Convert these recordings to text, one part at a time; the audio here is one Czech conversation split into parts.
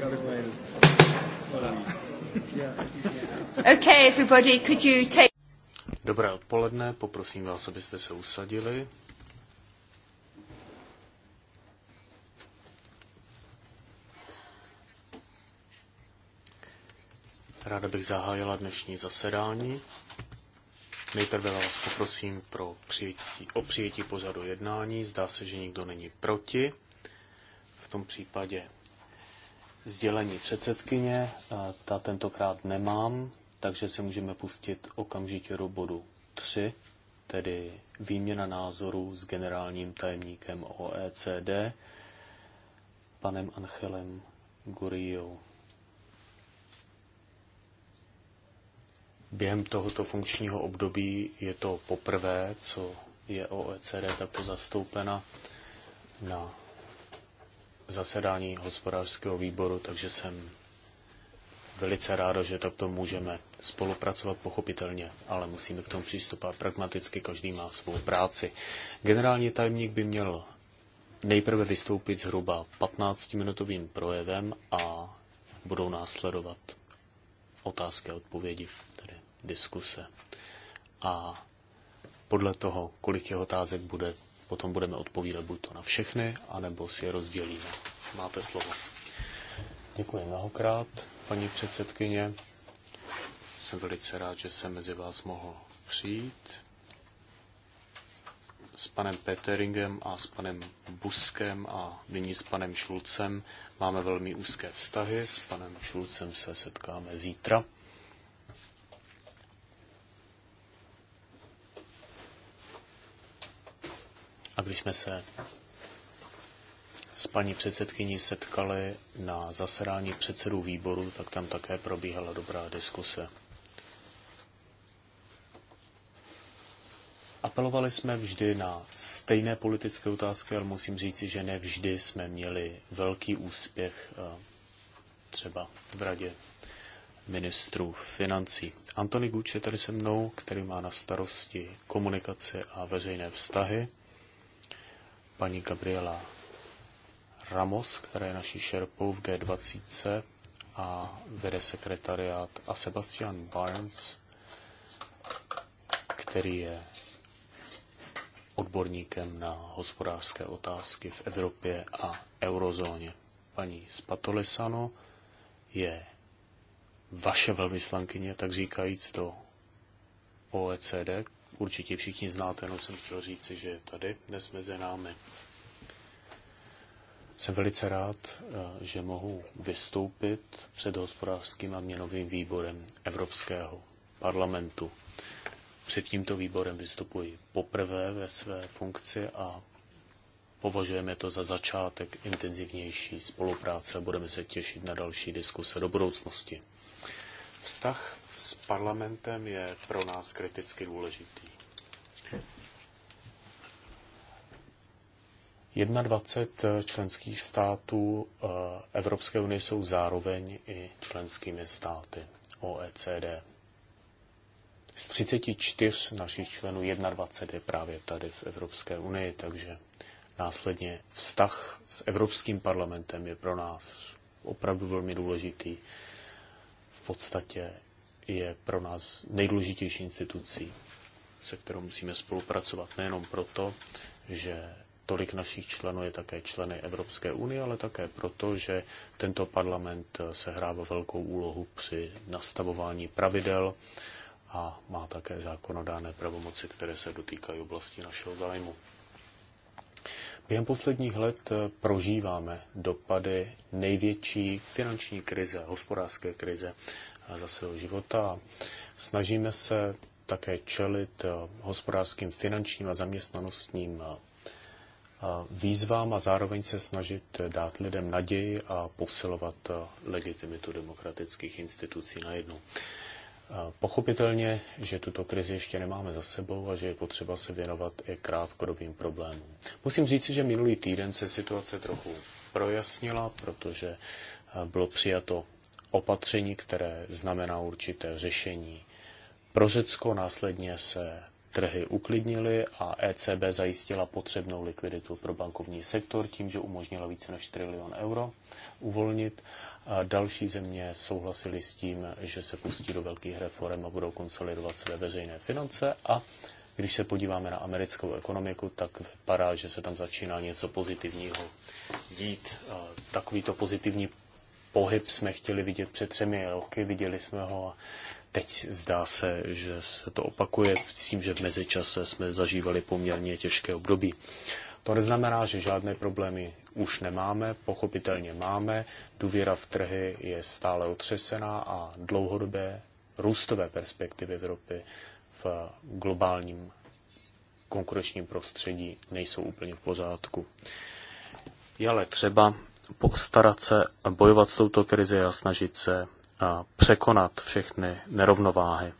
Okay, everybody, could you take... Dobré odpoledne, poprosím vás, abyste se usadili. Ráda bych zahájila dnešní zasedání. Nejprve vás poprosím pro přijetí, o přijetí pořadu jednání. Zdá se, že nikdo není proti. V tom případě sdělení předsedkyně. E, ta tentokrát nemám, takže se můžeme pustit okamžitě do bodu 3, tedy výměna názorů s generálním tajemníkem OECD, panem Angelem Gurijou. Během tohoto funkčního období je to poprvé, co je OECD takto zastoupena na zasedání hospodářského výboru, takže jsem velice ráda, že takto můžeme spolupracovat pochopitelně, ale musíme k tomu přistupovat pragmaticky, každý má svou práci. Generální tajemník by měl nejprve vystoupit zhruba 15-minutovým projevem a budou následovat otázky a odpovědi, tedy diskuse. A podle toho, kolik jeho otázek bude, potom budeme odpovídat buď to na všechny, anebo si je rozdělíme. Máte slovo. Děkuji mnohokrát, paní předsedkyně. Jsem velice rád, že jsem mezi vás mohl přijít. S panem Peteringem a s panem Buskem a nyní s panem Šulcem máme velmi úzké vztahy. S panem Šulcem se setkáme zítra. A když jsme se s paní předsedkyní setkali na zasedání předsedů výboru, tak tam také probíhala dobrá diskuse. Apelovali jsme vždy na stejné politické otázky, ale musím říci, že ne vždy jsme měli velký úspěch eh, třeba v radě ministrů financí. Antony Guč je tady se mnou, který má na starosti komunikaci a veřejné vztahy paní Gabriela Ramos, která je naší šerpou v G20 a vede sekretariát, a Sebastian Barnes, který je odborníkem na hospodářské otázky v Evropě a eurozóně. Paní Spatolisano je vaše velvyslankyně, tak říkajíc, do OECD, určitě všichni znáte, jenom jsem chtěl říci, že je tady dnes mezi námi. Jsem velice rád, eh, že mohu vystoupit před hospodářským a měnovým výborem Evropského parlamentu. Před tímto výborem vystupuji poprvé ve své funkci a považujeme to za začátek intenzivnější spolupráce a budeme se těšit na další diskuse do budoucnosti. Vztah s parlamentem je pro nás kriticky důležitý. 21 eh, členských států eh, Evropské unie jsou zároveň i členskými státy OECD. Z 34 našich členů 21 je právě tady v Evropské unii, takže následně vztah s Evropským parlamentem je pro nás opravdu velmi důležitý podstatě je pro nás nejdůležitější institucí, se kterou musíme spolupracovat nejenom proto, že tolik našich členů je také členy Evropské unie, ale také proto, že tento parlament sehrává velkou úlohu při nastavování pravidel a má také zákonodárné pravomoci, které se dotýkají oblasti našeho zájmu. Během posledních let eh, prožíváme dopady největší finanční krize, hospodářské krize eh, za svého života. Snažíme se také čelit eh, hospodářským, finančním a zaměstnanostním výzvám a zároveň se snažit dát lidem naději a posilovat legitimitu demokratických institucí najednou. jednu. Pochopitelně, že tuto krizi ještě nemáme za sebou a že je potřeba se věnovat i krátkodobým problémům. Musím říci, že minulý týden se situace trochu projasnila, protože eh, bylo přijato opatření, které znamená určité řešení pro Řecko. Následně se trhy uklidnily a ECB zajistila potřebnou likviditu pro bankovní sektor tím, že umožnila více než trilion euro uvolnit další země souhlasily s tím, že se pustí do velkých reform a budou konsolidovat své veřejné finance a když se podíváme na americkou ekonomiku, tak vypadá, že se tam začíná něco pozitivního dít. Takovýto pozitivní pohyb jsme chtěli vidět před třemi roky, viděli jsme ho a teď zdá se, že se to opakuje s tím, že v mezičase jsme zažívali poměrně těžké období. To neznamená, že žádné problémy už nemáme, pochopitelně máme. Důvěra v trhy je stále otřesená a dlouhodobé růstové perspektivy Evropy v globálním konkurenčním prostředí nejsou úplně v pořádku. Je ale třeba postarat se bojovat s touto krizi a snažit se překonat všechny nerovnováhy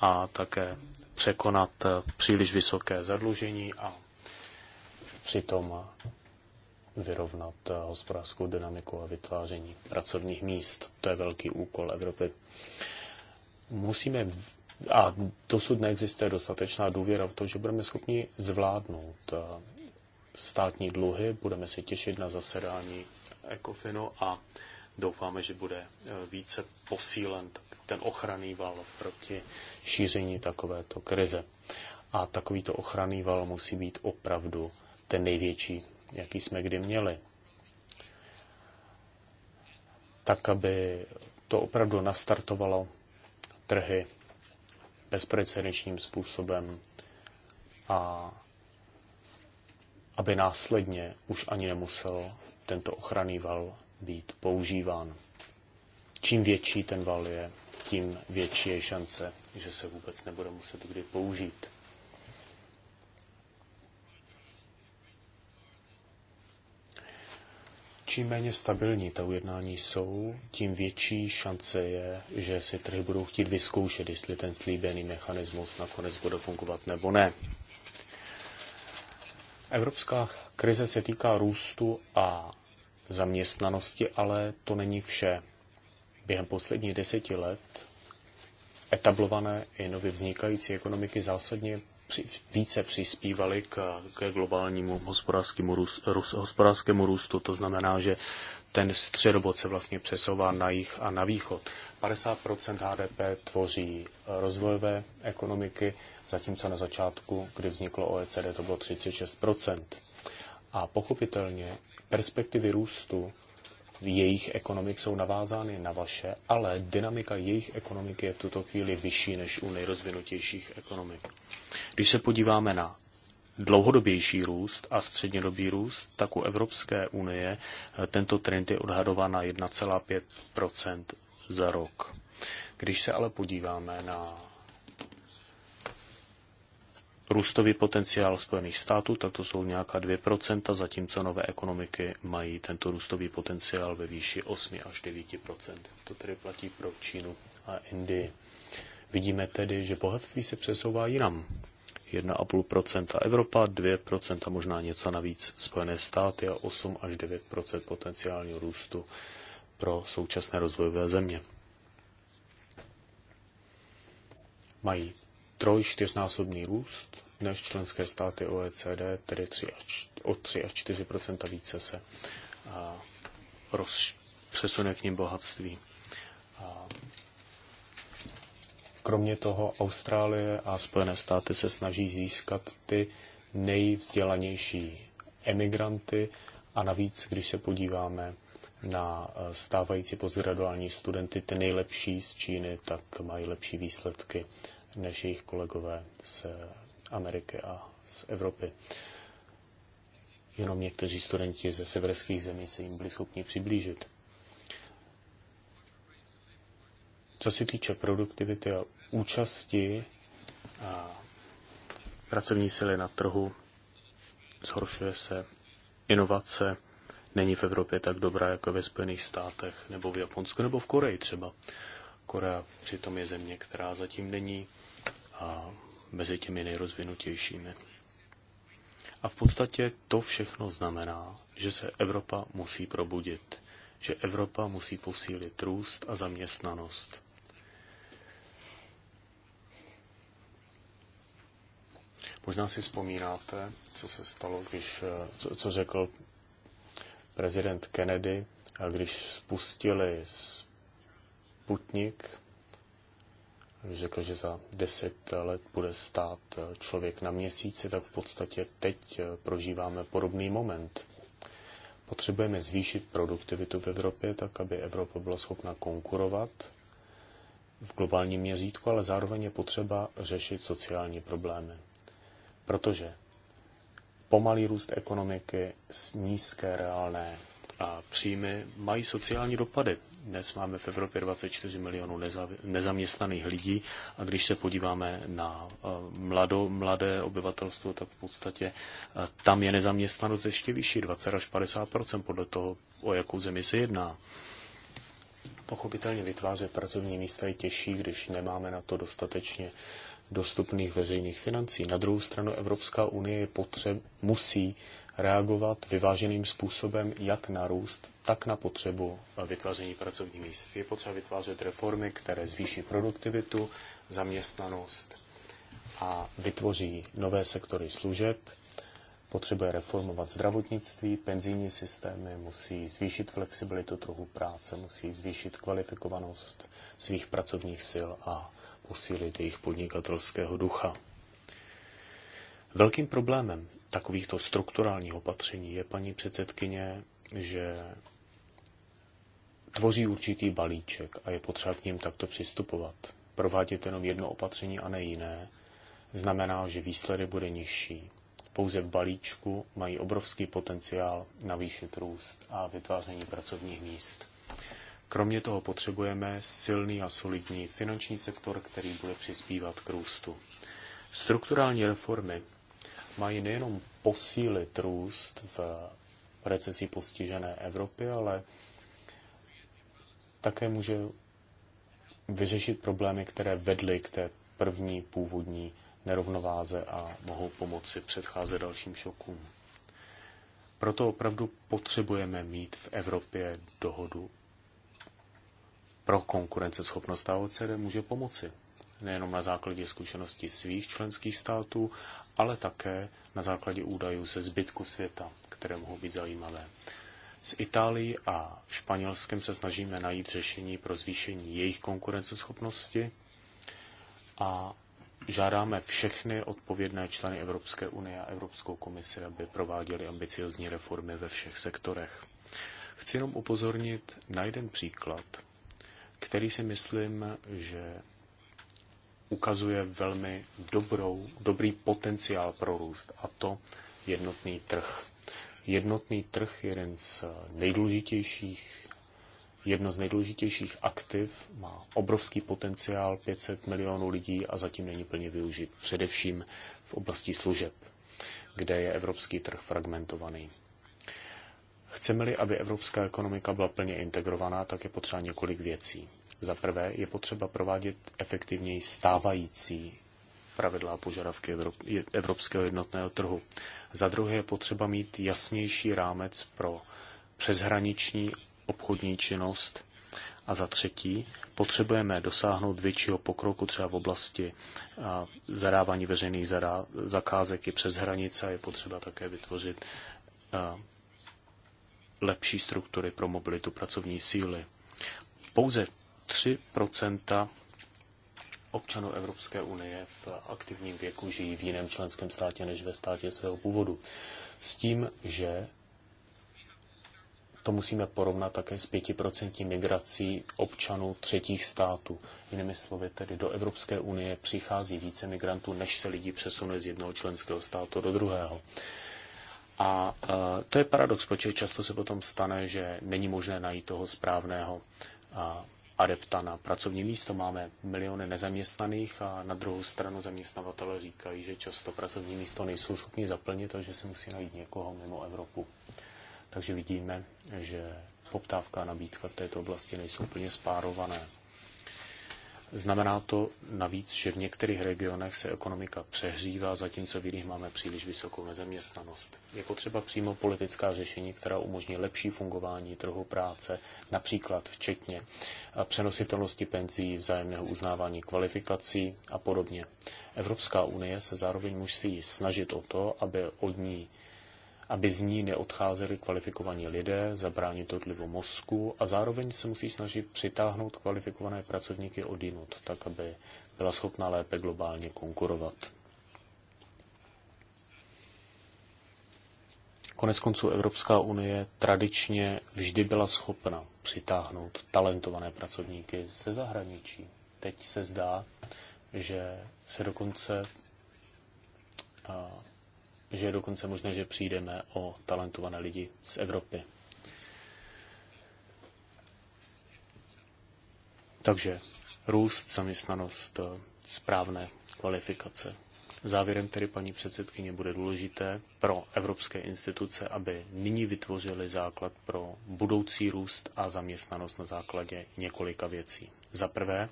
a také překonat příliš vysoké zadlužení a přitom vyrovnat eh, hospodářskou dynamiku a vytváření pracovních míst. To je velký úkol Evropy. Musíme a dosud neexistuje dostatečná důvěra v to, že budeme schopni zvládnout eh, státní dluhy. Budeme se těšit na zasedání ECOFINu a doufáme, že bude eh, více posílen ten ochranný val proti šíření takovéto krize. A takovýto ochranný val musí být opravdu ten největší jaký jsme kdy měli. Tak, aby to opravdu nastartovalo trhy bezprecedenčním způsobem a aby následně už ani nemusel tento ochranný val být používán. Čím větší ten val je, tím větší je šance, že se vůbec nebude muset kdy použít. čím méně stabilní ta ujednání jsou, tím větší šance je, že si trhy budou chtít vyzkoušet, jestli ten slíbený mechanismus nakonec bude fungovat nebo ne. Evropská krize se týká růstu a zaměstnanosti, ale to není vše. Během posledních deseti let etablované i nově vznikající ekonomiky zásadně při, více přispívali k, k globálnímu hospodářskému, růst, hospodářskému růstu. To znamená, že ten středobod se vlastně přesouvá na jih a na východ. 50 HDP tvoří rozvojové ekonomiky, zatímco na začátku, kdy vzniklo OECD, to bylo 36 A pochopitelně perspektivy růstu jejich ekonomik jsou navázány na vaše, ale dynamika jejich ekonomiky je v tuto chvíli vyšší než u nejrozvinutějších ekonomik. Když se podíváme na dlouhodobější růst a střednědobý růst, tak u Evropské unie eh, tento trend je odhadován na 1,5 za rok. Když se ale podíváme na růstový potenciál Spojených států, tak to jsou nějaká 2%, zatímco nové ekonomiky mají tento růstový potenciál ve výši 8 až 9%. To tedy platí pro Čínu a Indii. Vidíme tedy, že bohatství se přesouvá jinam. 1,5% Evropa, 2% možná něco navíc Spojené státy a 8 až 9% potenciálního růstu pro současné rozvojové země. Mají troj, čtyřnásobný růst než členské státy OECD, tedy 3 až, o 3 až 4 více se a, roz, přesune k ním bohatství. A, kromě toho Austrálie a Spojené státy se snaží získat ty nejvzdělanější emigranty a navíc, když se podíváme na e, stávající postgraduální studenty, ty nejlepší z Číny, tak mají lepší výsledky než jejich kolegové z Ameriky a z Evropy. Jenom někteří studenti ze severských zemí se jim byli schopni přiblížit. Co se týče produktivity a účasti a pracovní síly na trhu, zhoršuje se inovace, není v Evropě tak dobrá jako ve Spojených státech nebo v Japonsku nebo v Koreji třeba. Korea přitom je země, která zatím není a mezi těmi nejrozvinutějšími. A v podstatě to všechno znamená, že se Evropa musí probudit, že Evropa musí posílit růst a zaměstnanost. Možná si vzpomínáte, co se stalo, když, co, co řekl prezident Kennedy, když spustili Sputnik, řekl, že za deset let bude stát eh, člověk na měsíci, tak v podstatě teď eh, prožíváme podobný moment. Potřebujeme zvýšit produktivitu v Evropě, tak aby Evropa byla schopna konkurovat v globálním měřítku, ale zároveň je potřeba řešit sociální problémy. Protože pomalý růst ekonomiky s nízké reálné a příjmy mají sociální dopady. Dnes máme v Evropě 24 milionů nezaměstnaných lidí a když se podíváme na eh, mlado, mladé obyvatelstvo, tak v podstatě eh, tam je nezaměstnanost ještě vyšší, 20 až 50 podle toho, o jakou zemi se jedná. Pochopitelně vytvářet pracovní místa je těžší, když nemáme na to dostatečně dostupných veřejných financí. Na druhou stranu Evropská unie potřeb, musí reagovat vyváženým způsobem jak na růst, tak na potřebu vytváření pracovních míst. Je potřeba vytvářet reformy, které zvýší produktivitu, zaměstnanost a vytvoří nové sektory služeb. Potřebuje reformovat zdravotnictví, penzijní systémy, musí zvýšit flexibilitu trhu práce, musí zvýšit kvalifikovanost svých pracovních sil a posílit jejich podnikatelského ducha. Velkým problémem takovýchto strukturálních opatření je paní předsedkyně, že tvoří určitý balíček a je potřeba k ním takto přistupovat. Provádět jenom jedno opatření a ne jiné znamená, že výsledek bude nižší. Pouze v balíčku mají obrovský potenciál navýšit růst a vytváření pracovních míst. Kromě toho potřebujeme silný a solidní finanční sektor, který bude přispívat k růstu. Strukturální reformy mají nejenom posílit růst v recesí postižené Evropy, ale také může vyřešit problémy, které vedly k té první původní nerovnováze a mohou pomoci předcházet dalším šokům. Proto opravdu potřebujeme mít v Evropě dohodu pro konkurenceschopnost a OCD může pomoci nejenom na základě zkušeností svých členských států, ale také na základě údajů ze zbytku světa, které mohou být zajímavé. S Itálií a Španělskem se snažíme najít řešení pro zvýšení jejich konkurenceschopnosti a žádáme všechny odpovědné členy Evropské unie a Evropskou komisi, aby prováděli ambiciozní reformy ve všech sektorech. Chci jenom upozornit na jeden příklad, který si myslím, že ukazuje velmi dobrou, dobrý potenciál pro růst, a to jednotný trh. Jednotný trh je jeden z nejdůležitějších, jedno z nejdůležitějších aktiv, má obrovský potenciál 500 milionů lidí a zatím není plně využit, především v oblasti služeb, kde je evropský trh fragmentovaný. Chceme-li, aby evropská ekonomika byla plně integrovaná, tak je potřeba několik věcí. Za prvé je potřeba provádět efektivněji stávající pravidla a požadavky evropského jednotného trhu. Za druhé je potřeba mít jasnější rámec pro přeshraniční obchodní činnost. A za třetí, potřebujeme dosáhnout většího pokroku třeba v oblasti zadávání veřejných zakázek i přes hranice. Je potřeba také vytvořit lepší struktury pro mobilitu pracovní síly. Pouze 3 občanů Evropské unie v aktivním věku žijí v jiném členském státě než ve státě svého původu. S tím, že to musíme porovnat také s 5% migrací občanů třetích států. Jinými slovy, tedy do Evropské unie přichází více migrantů, než se lidí přesunuje z jednoho členského státu do druhého. A e, to je paradox, protože často se potom stane, že není možné najít toho správného adepta na pracovní místo. Máme miliony nezaměstnaných a na druhou stranu zaměstnavatele říkají, že často pracovní místo nejsou schopni zaplnit a že se musí najít někoho mimo Evropu. Takže vidíme, že poptávka a nabídka v této oblasti nejsou úplně spárované. Znamená to navíc, že v některých regionech se ekonomika přehřívá, zatímco v jiných máme příliš vysokou nezaměstnanost. Je potřeba přímo politická řešení, která umožní lepší fungování trhu práce, například včetně přenositelnosti penzí, vzájemného uznávání kvalifikací a podobně. Evropská unie se zároveň musí snažit o to, aby od ní aby z ní neodcházeli kvalifikovaní lidé, zabránit odlivu mozku a zároveň se musí snažit přitáhnout kvalifikované pracovníky odinut, tak aby byla schopna lépe globálně konkurovat. Konec konců Evropská unie tradičně vždy byla schopna přitáhnout talentované pracovníky ze zahraničí. Teď se zdá, že se dokonce že je dokonce možné, že přijdeme o talentované lidi z Evropy. Takže růst, zaměstnanost, správné kvalifikace. Závěrem tedy, paní předsedkyně, bude důležité pro evropské instituce, aby nyní vytvořili základ pro budoucí růst a zaměstnanost na základě několika věcí. Za prvé,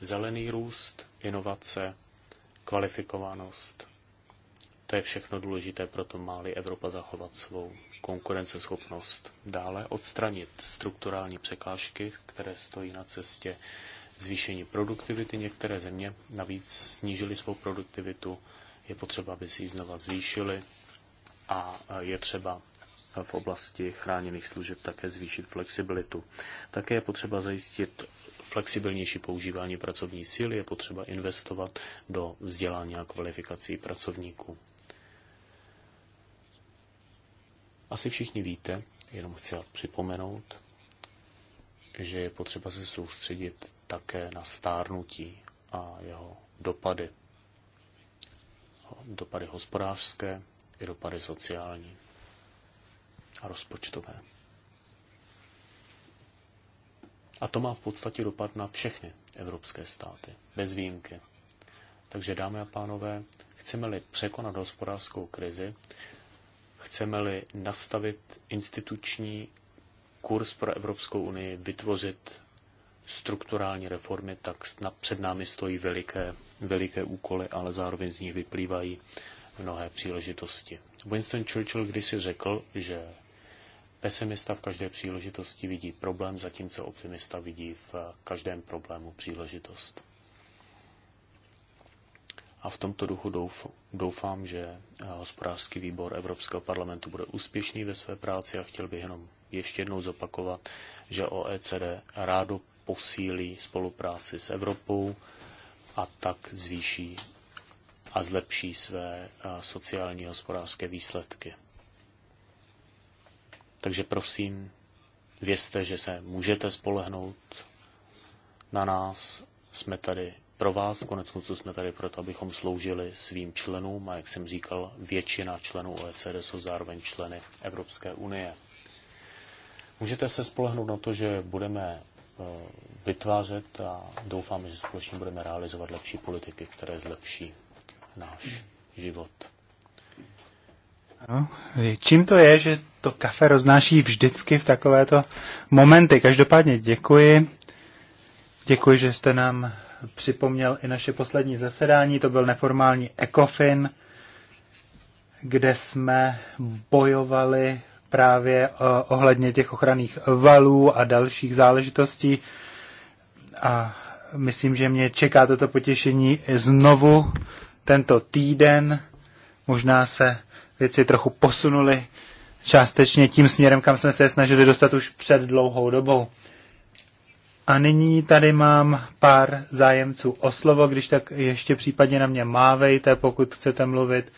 zelený růst, inovace, kvalifikovanost, to je všechno důležité, pro má máli Evropa zachovat svou konkurenceschopnost. Dále odstranit strukturální překážky, které stojí na cestě zvýšení produktivity. Některé země navíc snížily svou produktivitu, je potřeba, aby si ji znova zvýšili a je třeba v oblasti chráněných služeb také zvýšit flexibilitu. Také je potřeba zajistit flexibilnější používání pracovní síly, je potřeba investovat do vzdělání a kvalifikací pracovníků. Asi všichni víte, jenom chci připomenout, že je potřeba se soustředit také na stárnutí a jeho dopady. Dopady hospodářské i dopady sociální a rozpočtové. A to má v podstatě dopad na všechny evropské státy, bez výjimky. Takže, dámy a pánové, chceme-li překonat hospodářskou krizi, Chceme-li nastavit instituční kurz pro Evropskou unii, vytvořit strukturální reformy, tak před námi stojí veliké, veliké úkoly, ale zároveň z nich vyplývají mnohé příležitosti. Winston Churchill kdysi řekl, že pesimista v každé příležitosti vidí problém, zatímco optimista vidí v každém problému příležitost. A v tomto duchu doufám, Doufám, že eh, hospodářský výbor Evropského parlamentu bude úspěšný ve své práci a chtěl bych jenom ještě jednou zopakovat, že OECD rádo posílí spolupráci s Evropou a tak zvýší a zlepší své eh, sociální a hospodářské výsledky. Takže prosím, vězte, že se můžete spolehnout na nás. Jsme tady pro vás. Konec konců jsme tady proto, abychom sloužili svým členům a jak jsem říkal, většina členů OECD jsou zároveň členy Evropské unie. Můžete se spolehnout na to, že budeme eh, vytvářet a doufáme, že společně budeme realizovat lepší politiky, které zlepší náš život. No, čím to je, že to kafe roznáší vždycky v takovéto momenty? Každopádně děkuji. Děkuji, že jste nám připomněl i naše poslední zasedání, to byl neformální ECOFIN, kde jsme bojovali právě eh, ohledně těch ochranných valů a dalších záležitostí. A myslím, že mě čeká toto potěšení znovu tento týden. Možná se věci trochu posunuly částečně tím směrem, kam jsme se snažili dostat už před dlouhou dobou. A nyní tady mám pár zájemců o slovo, když tak ještě případně na mě mávejte, pokud chcete mluvit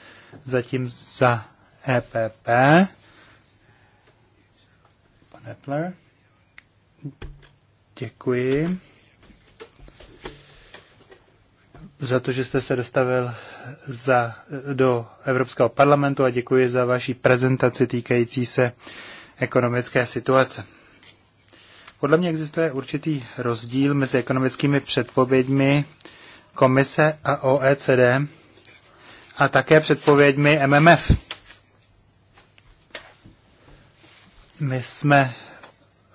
zatím za EPP. Pan Hitler. Děkuji za to, že jste se dostavil za, do Evropského parlamentu a děkuji za vaši prezentaci týkající se ekonomické situace. Podle mě existuje určitý rozdíl mezi ekonomickými předpověďmi Komise a OECD a také předpověďmi MMF. My jsme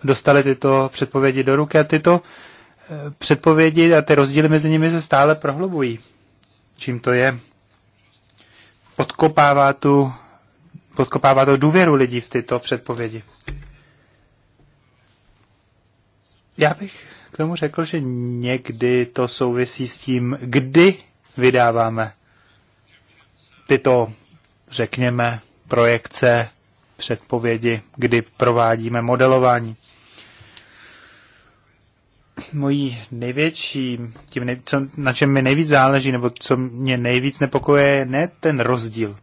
dostali tyto předpovědi do ruky a tyto eh, předpovědi a ty rozdíly mezi nimi se stále prohlubují. Čím to je? Podkopává, tu, podkopává to důvěru lidí v tyto předpovědi. Já bych k tomu řekl, že někdy to souvisí s tím, kdy vydáváme tyto, řekněme, projekce, předpovědi, kdy provádíme modelování. Mojí největší, tím nej, co, na čem mi nejvíc záleží, nebo co mě nejvíc nepokoje, je ne ten rozdíl,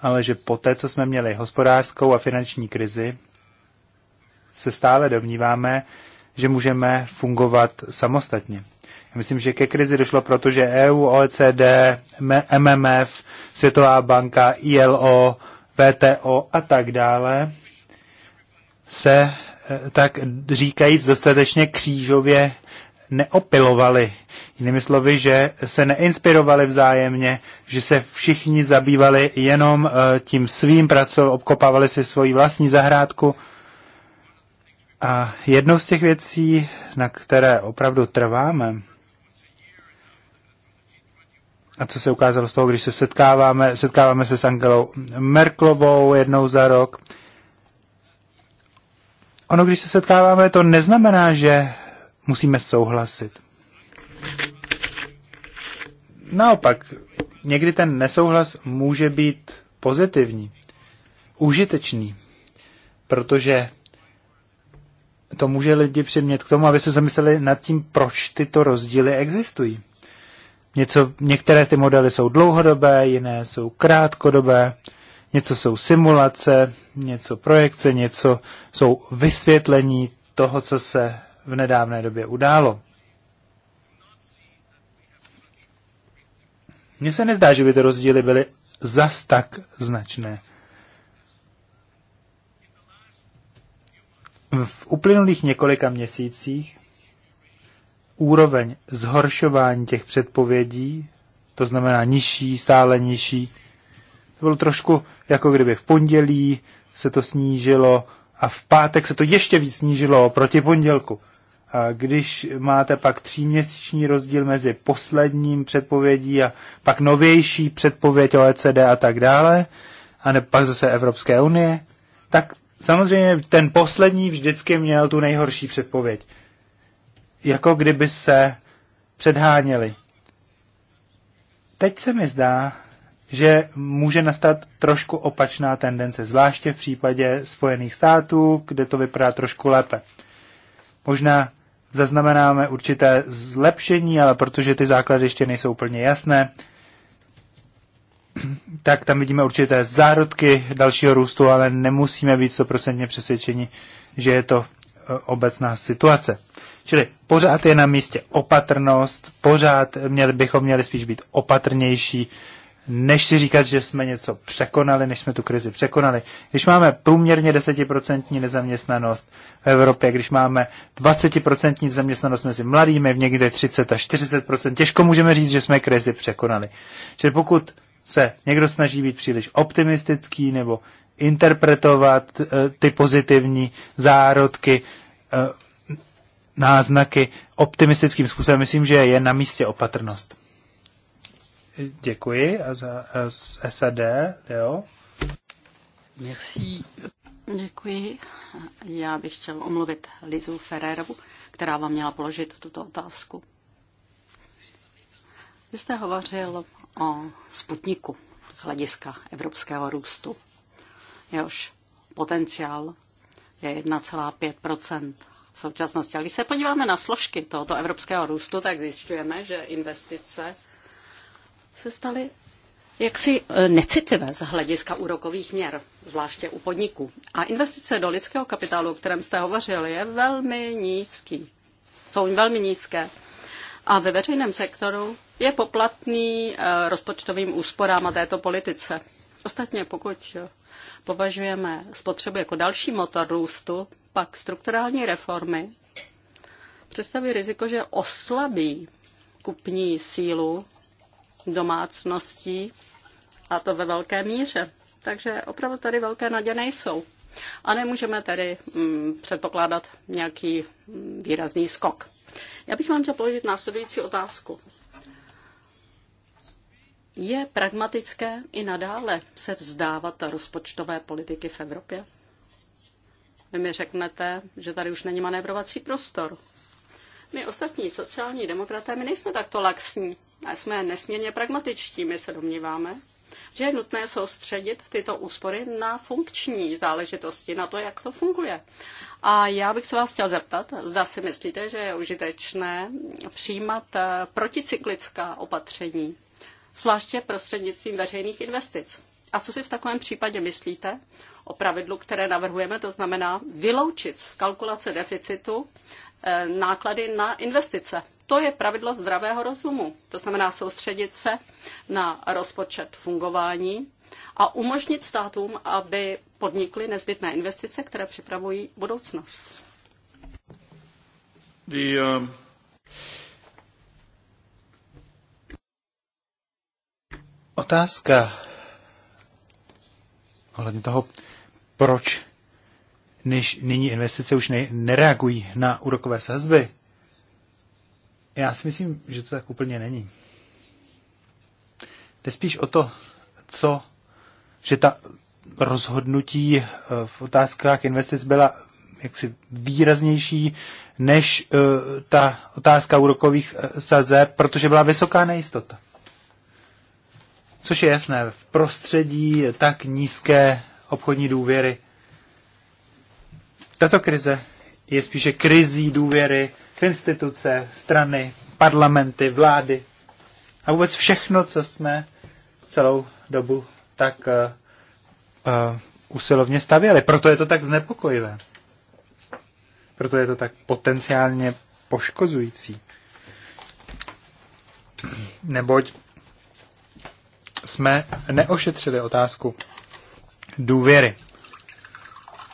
ale že poté, co jsme měli hospodářskou a finanční krizi, se stále domníváme, že můžeme fungovat samostatně. Já myslím, že ke krizi došlo proto, že EU, OECD, MMF, Světová banka, ILO, VTO a tak dále se eh, tak říkajíc dostatečně křížově neopilovali. Jinými slovy, že se neinspirovali vzájemně, že se všichni zabývali jenom eh, tím svým, pracov, obkopávali si svoji vlastní zahrádku a jednou z těch věcí, na které opravdu trváme, a co se ukázalo z toho, když se setkáváme, setkáváme se s Angelou Merklovou jednou za rok, ono, když se setkáváme, to neznamená, že musíme souhlasit. Naopak, někdy ten nesouhlas může být pozitivní, užitečný, protože to může lidi přimět k tomu, aby se zamysleli nad tím, proč tyto rozdíly existují. Něco, některé ty modely jsou dlouhodobé, jiné jsou krátkodobé, něco jsou simulace, něco projekce, něco jsou vysvětlení toho, co se v nedávné době událo. Mně se nezdá, že by ty rozdíly byly zas tak značné. V uplynulých několika měsících úroveň zhoršování těch předpovědí, to znamená nižší, stále nižší, to bylo trošku jako kdyby v pondělí se to snížilo a v pátek se to ještě víc snížilo proti pondělku. A když máte pak tříměsíční rozdíl mezi posledním předpovědí a pak novější předpověď OECD a tak dále, a ne pak zase Evropské unie, tak Samozřejmě ten poslední vždycky měl tu nejhorší předpověď. Jako kdyby se předháněli. Teď se mi zdá, že může nastat trošku opačná tendence, zvláště v případě Spojených států, kde to vypadá trošku lépe. Možná zaznamenáme určité zlepšení, ale protože ty základy ještě nejsou úplně jasné, tak tam vidíme určité zárodky dalšího růstu, ale nemusíme být stoprocentně přesvědčeni, že je to e, obecná situace. Čili pořád je na místě opatrnost, pořád měli, bychom měli spíš být opatrnější, než si říkat, že jsme něco překonali, než jsme tu krizi překonali. Když máme průměrně 10% nezaměstnanost v Evropě, když máme 20% zaměstnanost mezi mladými, v někde 30 a 40%, těžko můžeme říct, že jsme krizi překonali. Čili pokud se někdo snaží být příliš optimistický nebo interpretovat eh, ty pozitivní zárodky, eh, náznaky optimistickým způsobem. Myslím, že je na místě opatrnost. Děkuji a za eh, a z SAD, jo. Merci. Děkuji. Já bych chtěl omluvit Lizu Ferrerovu, která vám měla položit tuto otázku. Vy jste hovořil o Sputniku z hlediska evropského růstu. Jehož potenciál je 1,5 v současnosti. A když se podíváme na složky tohoto evropského růstu, tak zjišťujeme, že investice se staly jaksi e, necitlivé z hlediska úrokových měr, zvláště u podniků. A investice do lidského kapitálu, o kterém jste hovořili, je velmi nízký. Jsou velmi nízké. A ve veřejném sektoru je poplatný eh, rozpočtovým úsporám a této politice. Ostatně, pokud eh, považujeme spotřebu jako další motor růstu, pak strukturální reformy představí riziko, že oslabí kupní sílu domácností a to ve velké míře. Takže opravdu tady velké naděje nejsou. A nemůžeme tedy mm, předpokládat nějaký mm, výrazný skok. Já bych vám chtěla položit následující otázku. Je pragmatické i nadále se vzdávat rozpočtové politiky v Evropě? Vy mi řeknete, že tady už není manévrovací prostor. My ostatní sociální demokraté, my nejsme takto laxní a jsme nesmírně pragmatičtí. My se domníváme, že je nutné soustředit tyto úspory na funkční záležitosti, na to, jak to funguje. A já bych se vás chtěl zeptat, zda si myslíte, že je užitečné přijímat proticyklická opatření zvláště prostřednictvím veřejných investic. A co si v takovém případě myslíte o pravidlu, které navrhujeme, to znamená vyloučit z kalkulace deficitu eh, náklady na investice? To je pravidlo zdravého rozumu. To znamená soustředit se na rozpočet fungování a umožnit státům, aby podnikly nezbytné investice, které připravují budoucnost. The, um, Otázka ohledně toho, proč než nyní investice už ne, nereagují na úrokové sazby. Já si myslím, že to tak úplně není. Jde spíš o to, co, že ta rozhodnutí eh, v otázkách investic byla jaksi výraznější než eh, ta otázka úrokových eh, sazeb, protože byla vysoká nejistota. Což je jasné, v prostředí tak nízké obchodní důvěry. Tato krize je spíše krizí důvěry v instituce, strany, parlamenty, vlády a vůbec všechno, co jsme celou dobu tak uh, uh, usilovně stavěli. Proto je to tak znepokojivé. Proto je to tak potenciálně poškozující. Neboť jsme neošetřili otázku důvěry.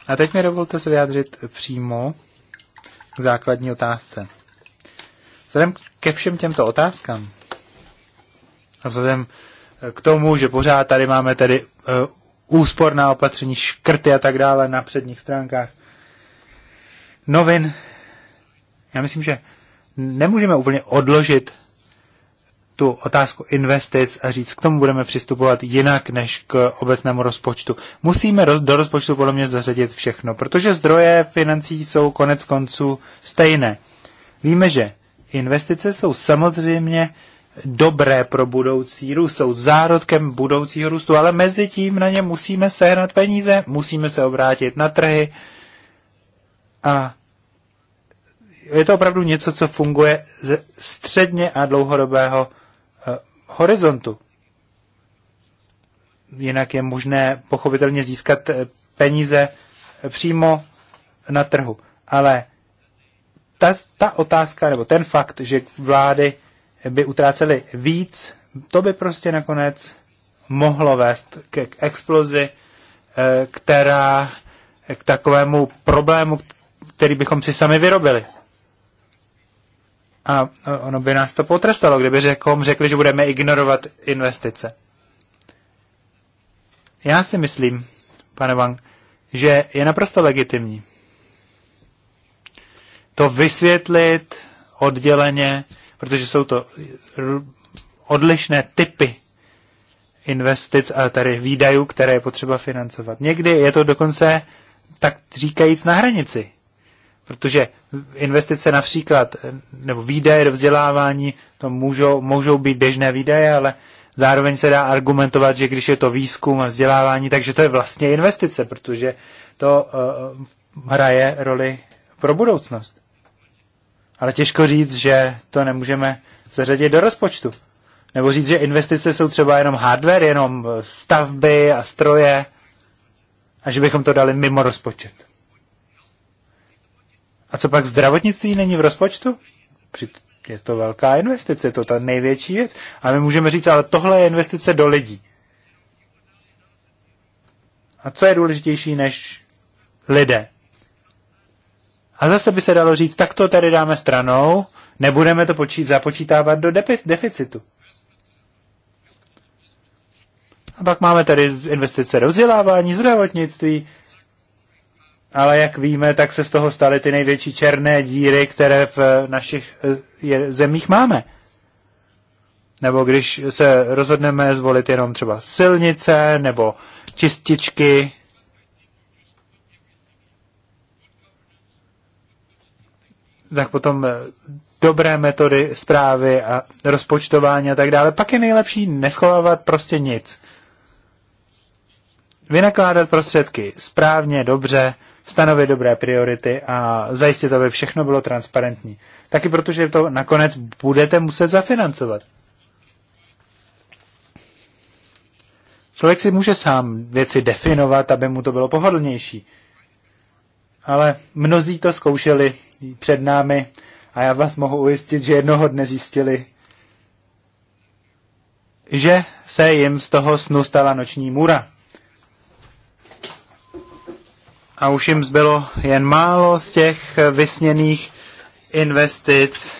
A teď mi dovolte se vyjádřit přímo k základní otázce. Vzhledem ke všem těmto otázkám a vzhledem eh, k tomu, že pořád tady máme tedy eh, úsporná opatření, škrty a tak dále na předních stránkách novin, já myslím, že nemůžeme úplně odložit tu otázku investic a říct, k tomu budeme přistupovat jinak než k obecnému rozpočtu. Musíme roz, do rozpočtu podle mě zařadit všechno, protože zdroje financí jsou konec konců stejné. Víme, že investice jsou samozřejmě dobré pro budoucí růst, jsou zárodkem budoucího růstu, ale mezi tím na ně musíme sehnat peníze, musíme se obrátit na trhy a je to opravdu něco, co funguje ze středně a dlouhodobého Eh, horizontu. Jinak je možné pochopitelně získat eh, peníze eh, přímo na trhu. Ale ta, ta otázka, nebo ten fakt, že vlády by utrácely víc, to by prostě nakonec mohlo vést k, k explozi, která k takovému problému, který bychom si sami vyrobili. A ono by nás to potrestalo, kdyby řekom řekli, že budeme ignorovat investice. Já si myslím, pane Wang, že je naprosto legitimní to vysvětlit odděleně, protože jsou to odlišné typy investic a tady výdajů, které je potřeba financovat. Někdy je to dokonce tak říkajíc na hranici protože investice například, nebo výdaje do vzdělávání, to můžou, můžou být běžné výdaje, ale zároveň se dá argumentovat, že když je to výzkum a vzdělávání, takže to je vlastně investice, protože to uh, hraje roli pro budoucnost. Ale těžko říct, že to nemůžeme zařadit do rozpočtu. Nebo říct, že investice jsou třeba jenom hardware, jenom stavby a stroje a že bychom to dali mimo rozpočet. A co pak zdravotnictví není v rozpočtu? Je to velká investice, je to ta největší věc. A my můžeme říct, ale tohle je investice do lidí. A co je důležitější než lidé? A zase by se dalo říct, tak to tady dáme stranou, nebudeme to počít, započítávat do deficitu. A pak máme tady investice do vzdělávání, zdravotnictví, ale jak víme, tak se z toho staly ty největší černé díry, které v našich eh, zemích máme. Nebo když se rozhodneme zvolit jenom třeba silnice nebo čističky, tak potom eh, dobré metody zprávy a rozpočtování a tak dále, pak je nejlepší neschovávat prostě nic. Vynakládat prostředky správně, dobře, stanovit dobré priority a zajistit, aby všechno bylo transparentní. Taky protože to nakonec budete muset zafinancovat. Člověk si může sám věci definovat, aby mu to bylo pohodlnější. Ale mnozí to zkoušeli před námi a já vás mohu ujistit, že jednoho dne zjistili, že se jim z toho snu stala noční můra. a už jim zbylo jen málo z těch vysněných investic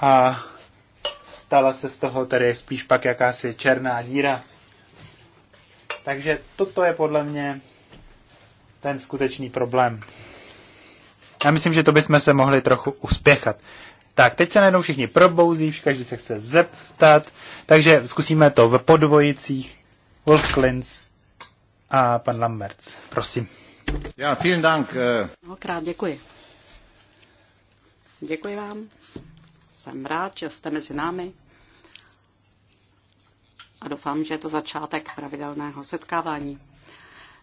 a stala se z toho tedy spíš pak jakási černá díra. Takže toto je podle mě ten skutečný problém. Já myslím, že to bychom se mohli trochu uspěchat. Tak, teď se najednou všichni probouzí, každý se chce zeptat, takže zkusíme to v podvojicích. Wolf Klins a pan Lambert, prosím. Já, vielen Dank. Eh. Mnohokrát děkuji. Děkuji vám. Jsem rád, že jste mezi námi. A doufám, že je to začátek pravidelného setkávání.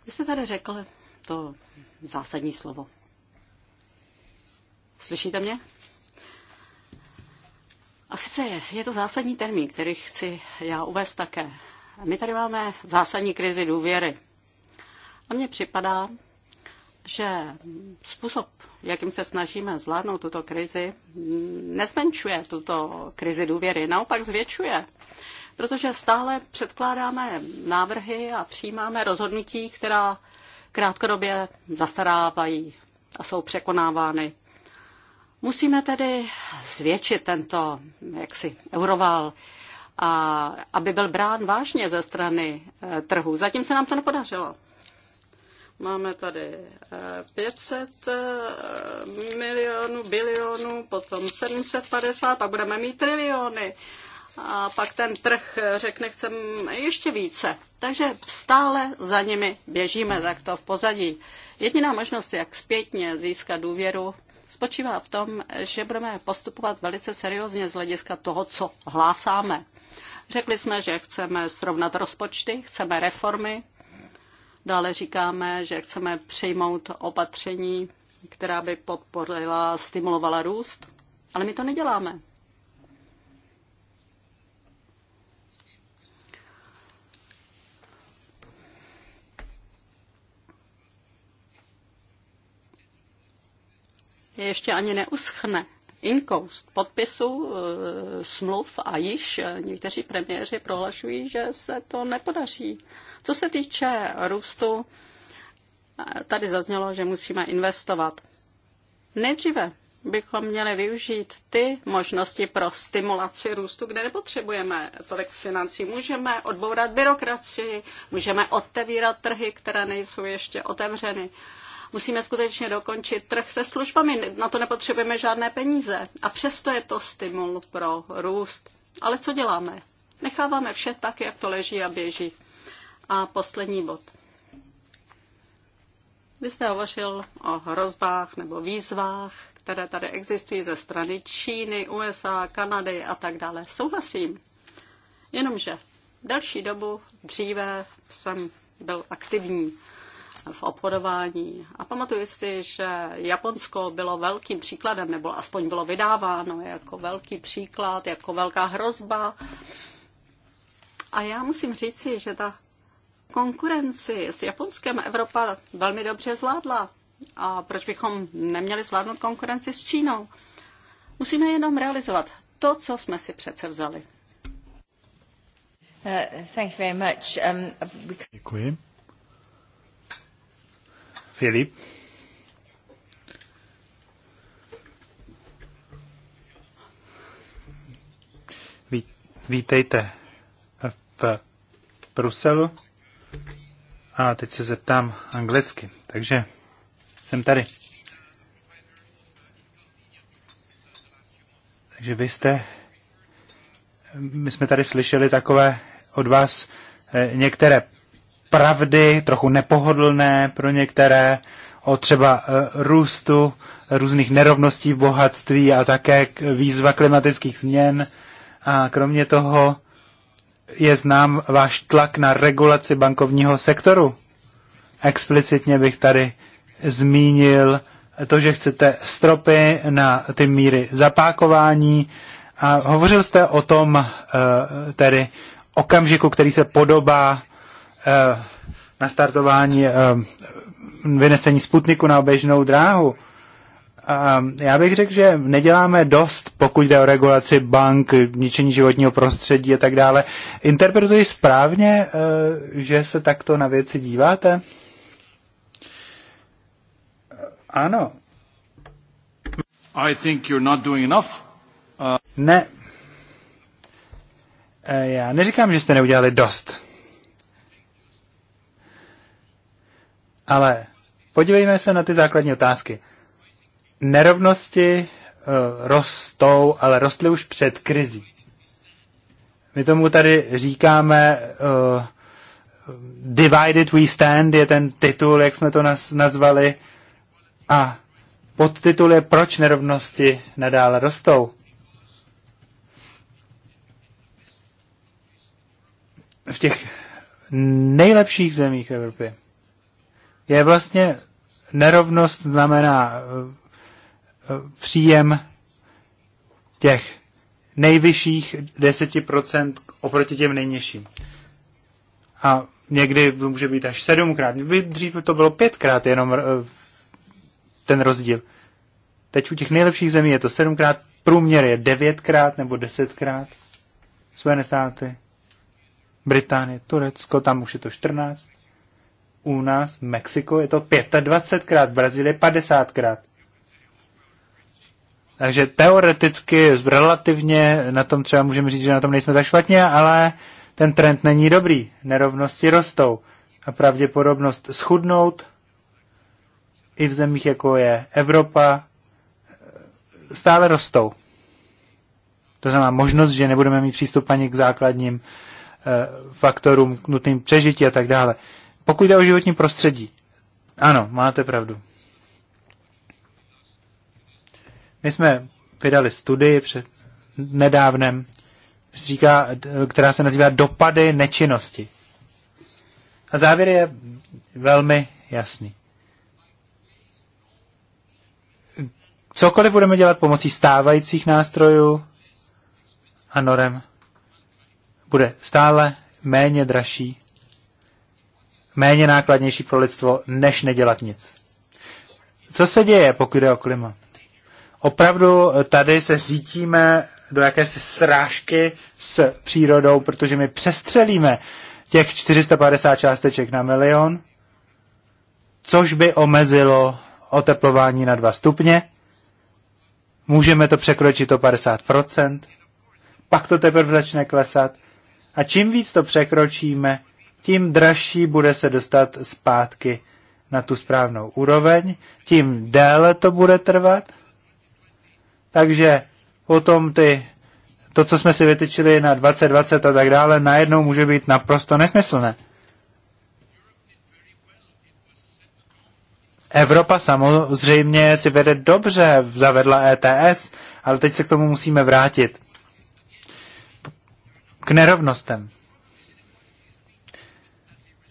Vy jste tady řekl to zásadní slovo. Slyšíte mě? A sice je, je to zásadní termín, který chci já uvést také. My tady máme zásadní krizi důvěry. A mně připadá, že způsob, jakým se snažíme zvládnout tuto krizi, nezmenšuje tuto krizi důvěry, naopak zvětšuje. Protože stále předkládáme návrhy a přijímáme rozhodnutí, která krátkodobě zastarávají a jsou překonávány. Musíme tedy zvětšit tento jaksi euroval, a aby byl brán vážně ze strany eh, trhu. Zatím se nám to nepodařilo. Máme tady 500 eh, eh, milionů, bilionů, potom 750, pak budeme mít triliony. A pak ten trh eh, řekne, chcem ještě více. Takže stále za nimi běžíme takto v pozadí. Jediná možnost, jak zpětně získat důvěru, spočívá v tom, že budeme postupovat velice seriózně z hlediska toho, co hlásáme. Řekli jsme, že chceme srovnat rozpočty, chceme reformy, Dále říkáme, že chceme přijmout opatření, která by podporila, stimulovala růst, ale my to neděláme. ještě ani neuschne inkoust podpisu e, smluv a již eh, někteří premiéři prohlašují, že se to nepodaří. Co se týče růstu, eh, tady zaznělo, že musíme investovat. Nejdříve bychom měli využít ty možnosti pro stimulaci růstu, kde nepotřebujeme tolik financí. Můžeme odbourat byrokracii, můžeme otevírat trhy, které nejsou ještě otevřeny. Musíme skutečně dokončit trh se službami, na to nepotřebujeme žádné peníze. A přesto je to stimul pro růst. Ale co děláme? Necháváme vše tak, jak to leží a běží. A poslední bod. Vy jste hovořil o hrozbách nebo výzvách, které tady existují ze strany Číny, USA, Kanady a tak dále. Souhlasím. Jenomže další dobu dříve jsem byl aktivní v obchodování. A pamatuju si, že Japonsko bylo velkým příkladem, nebo aspoň bylo vydáváno jako velký příklad, jako velká hrozba. A já musím říci, že ta konkurenci s Japonskem Evropa velmi dobře zvládla. A proč bychom neměli zvládnout konkurenci s Čínou? Musíme jenom realizovat to, co jsme si přece vzali. Uh, thank you very much. Um, because... Děkuji. Filip. Vítejte v Bruselu. A teď se zeptám anglicky. Takže jsem tady. Takže vy jste, my jsme tady slyšeli takové od vás eh, některé pravdy, trochu nepohodlné pro některé, o třeba e, růstu různých nerovností v bohatství a také výzva klimatických změn. A kromě toho je znám váš tlak na regulaci bankovního sektoru. Explicitně bych tady zmínil to, že chcete stropy na ty míry zapákování. A hovořil jste o tom e, tedy okamžiku, který se podobá Eh, nastartování eh, vynesení Sputniku na oběžnou dráhu. Eh, já bych řekl, že neděláme dost, pokud jde o regulaci bank, ničení životního prostředí a tak dále. Interpretuji správně, že se takto na věci díváte? Ano. I think you're not doing enough. Uh... Ne. Já neříkám, že jste neudělali dost. Ale podívejme se na ty základní otázky. Nerovnosti uh, rostou, ale rostly už před krizí. My tomu tady říkáme uh, Divided We Stand je ten titul, jak jsme to naz, nazvali. A podtitul je Proč nerovnosti nadále rostou. V těch nejlepších zemích Evropy je vlastně nerovnost znamená eh, eh, příjem těch nejvyšších 10% oproti těm nejnižším. A někdy to může být až sedmkrát. Dřív to bylo pětkrát jenom eh, ten rozdíl. Teď u těch nejlepších zemí je to sedmkrát, průměr je devětkrát nebo desetkrát. Spojené státy, Británie, Turecko, tam už je to 14 u nás v Mexiku je to 25krát, v Brazílii 50krát. Takže teoreticky relativně na tom třeba můžeme říct, že na tom nejsme tak špatně, ale ten trend není dobrý. Nerovnosti rostou a pravděpodobnost schudnout i v zemích, jako je Evropa, stále rostou. To znamená možnost, že nebudeme mít přístup ani k základním eh, faktorům nutným přežití a tak dále. Pokud jde o životní prostředí, ano, máte pravdu. My jsme vydali studii před nedávnem, říká, která se nazývá Dopady nečinnosti. A závěr je velmi jasný. Cokoliv budeme dělat pomocí stávajících nástrojů a norem, bude stále méně dražší méně nákladnější pro lidstvo, než nedělat nic. Co se děje, pokud jde o klima? Opravdu eh, tady se řítíme do jakési srážky s přírodou, protože my přestřelíme těch 450 částeček na milion, což by omezilo oteplování na 2 stupně. Můžeme to překročit o 50%, pak to teprve začne klesat. A čím víc to překročíme, tím dražší bude se dostat zpátky na tu správnou úroveň, tím déle to bude trvat. Takže potom ty, to, co jsme si vytyčili na 2020 a tak dále, najednou může být naprosto nesmyslné. Evropa samozřejmě si vede dobře, zavedla ETS, ale teď se k tomu musíme vrátit. K nerovnostem.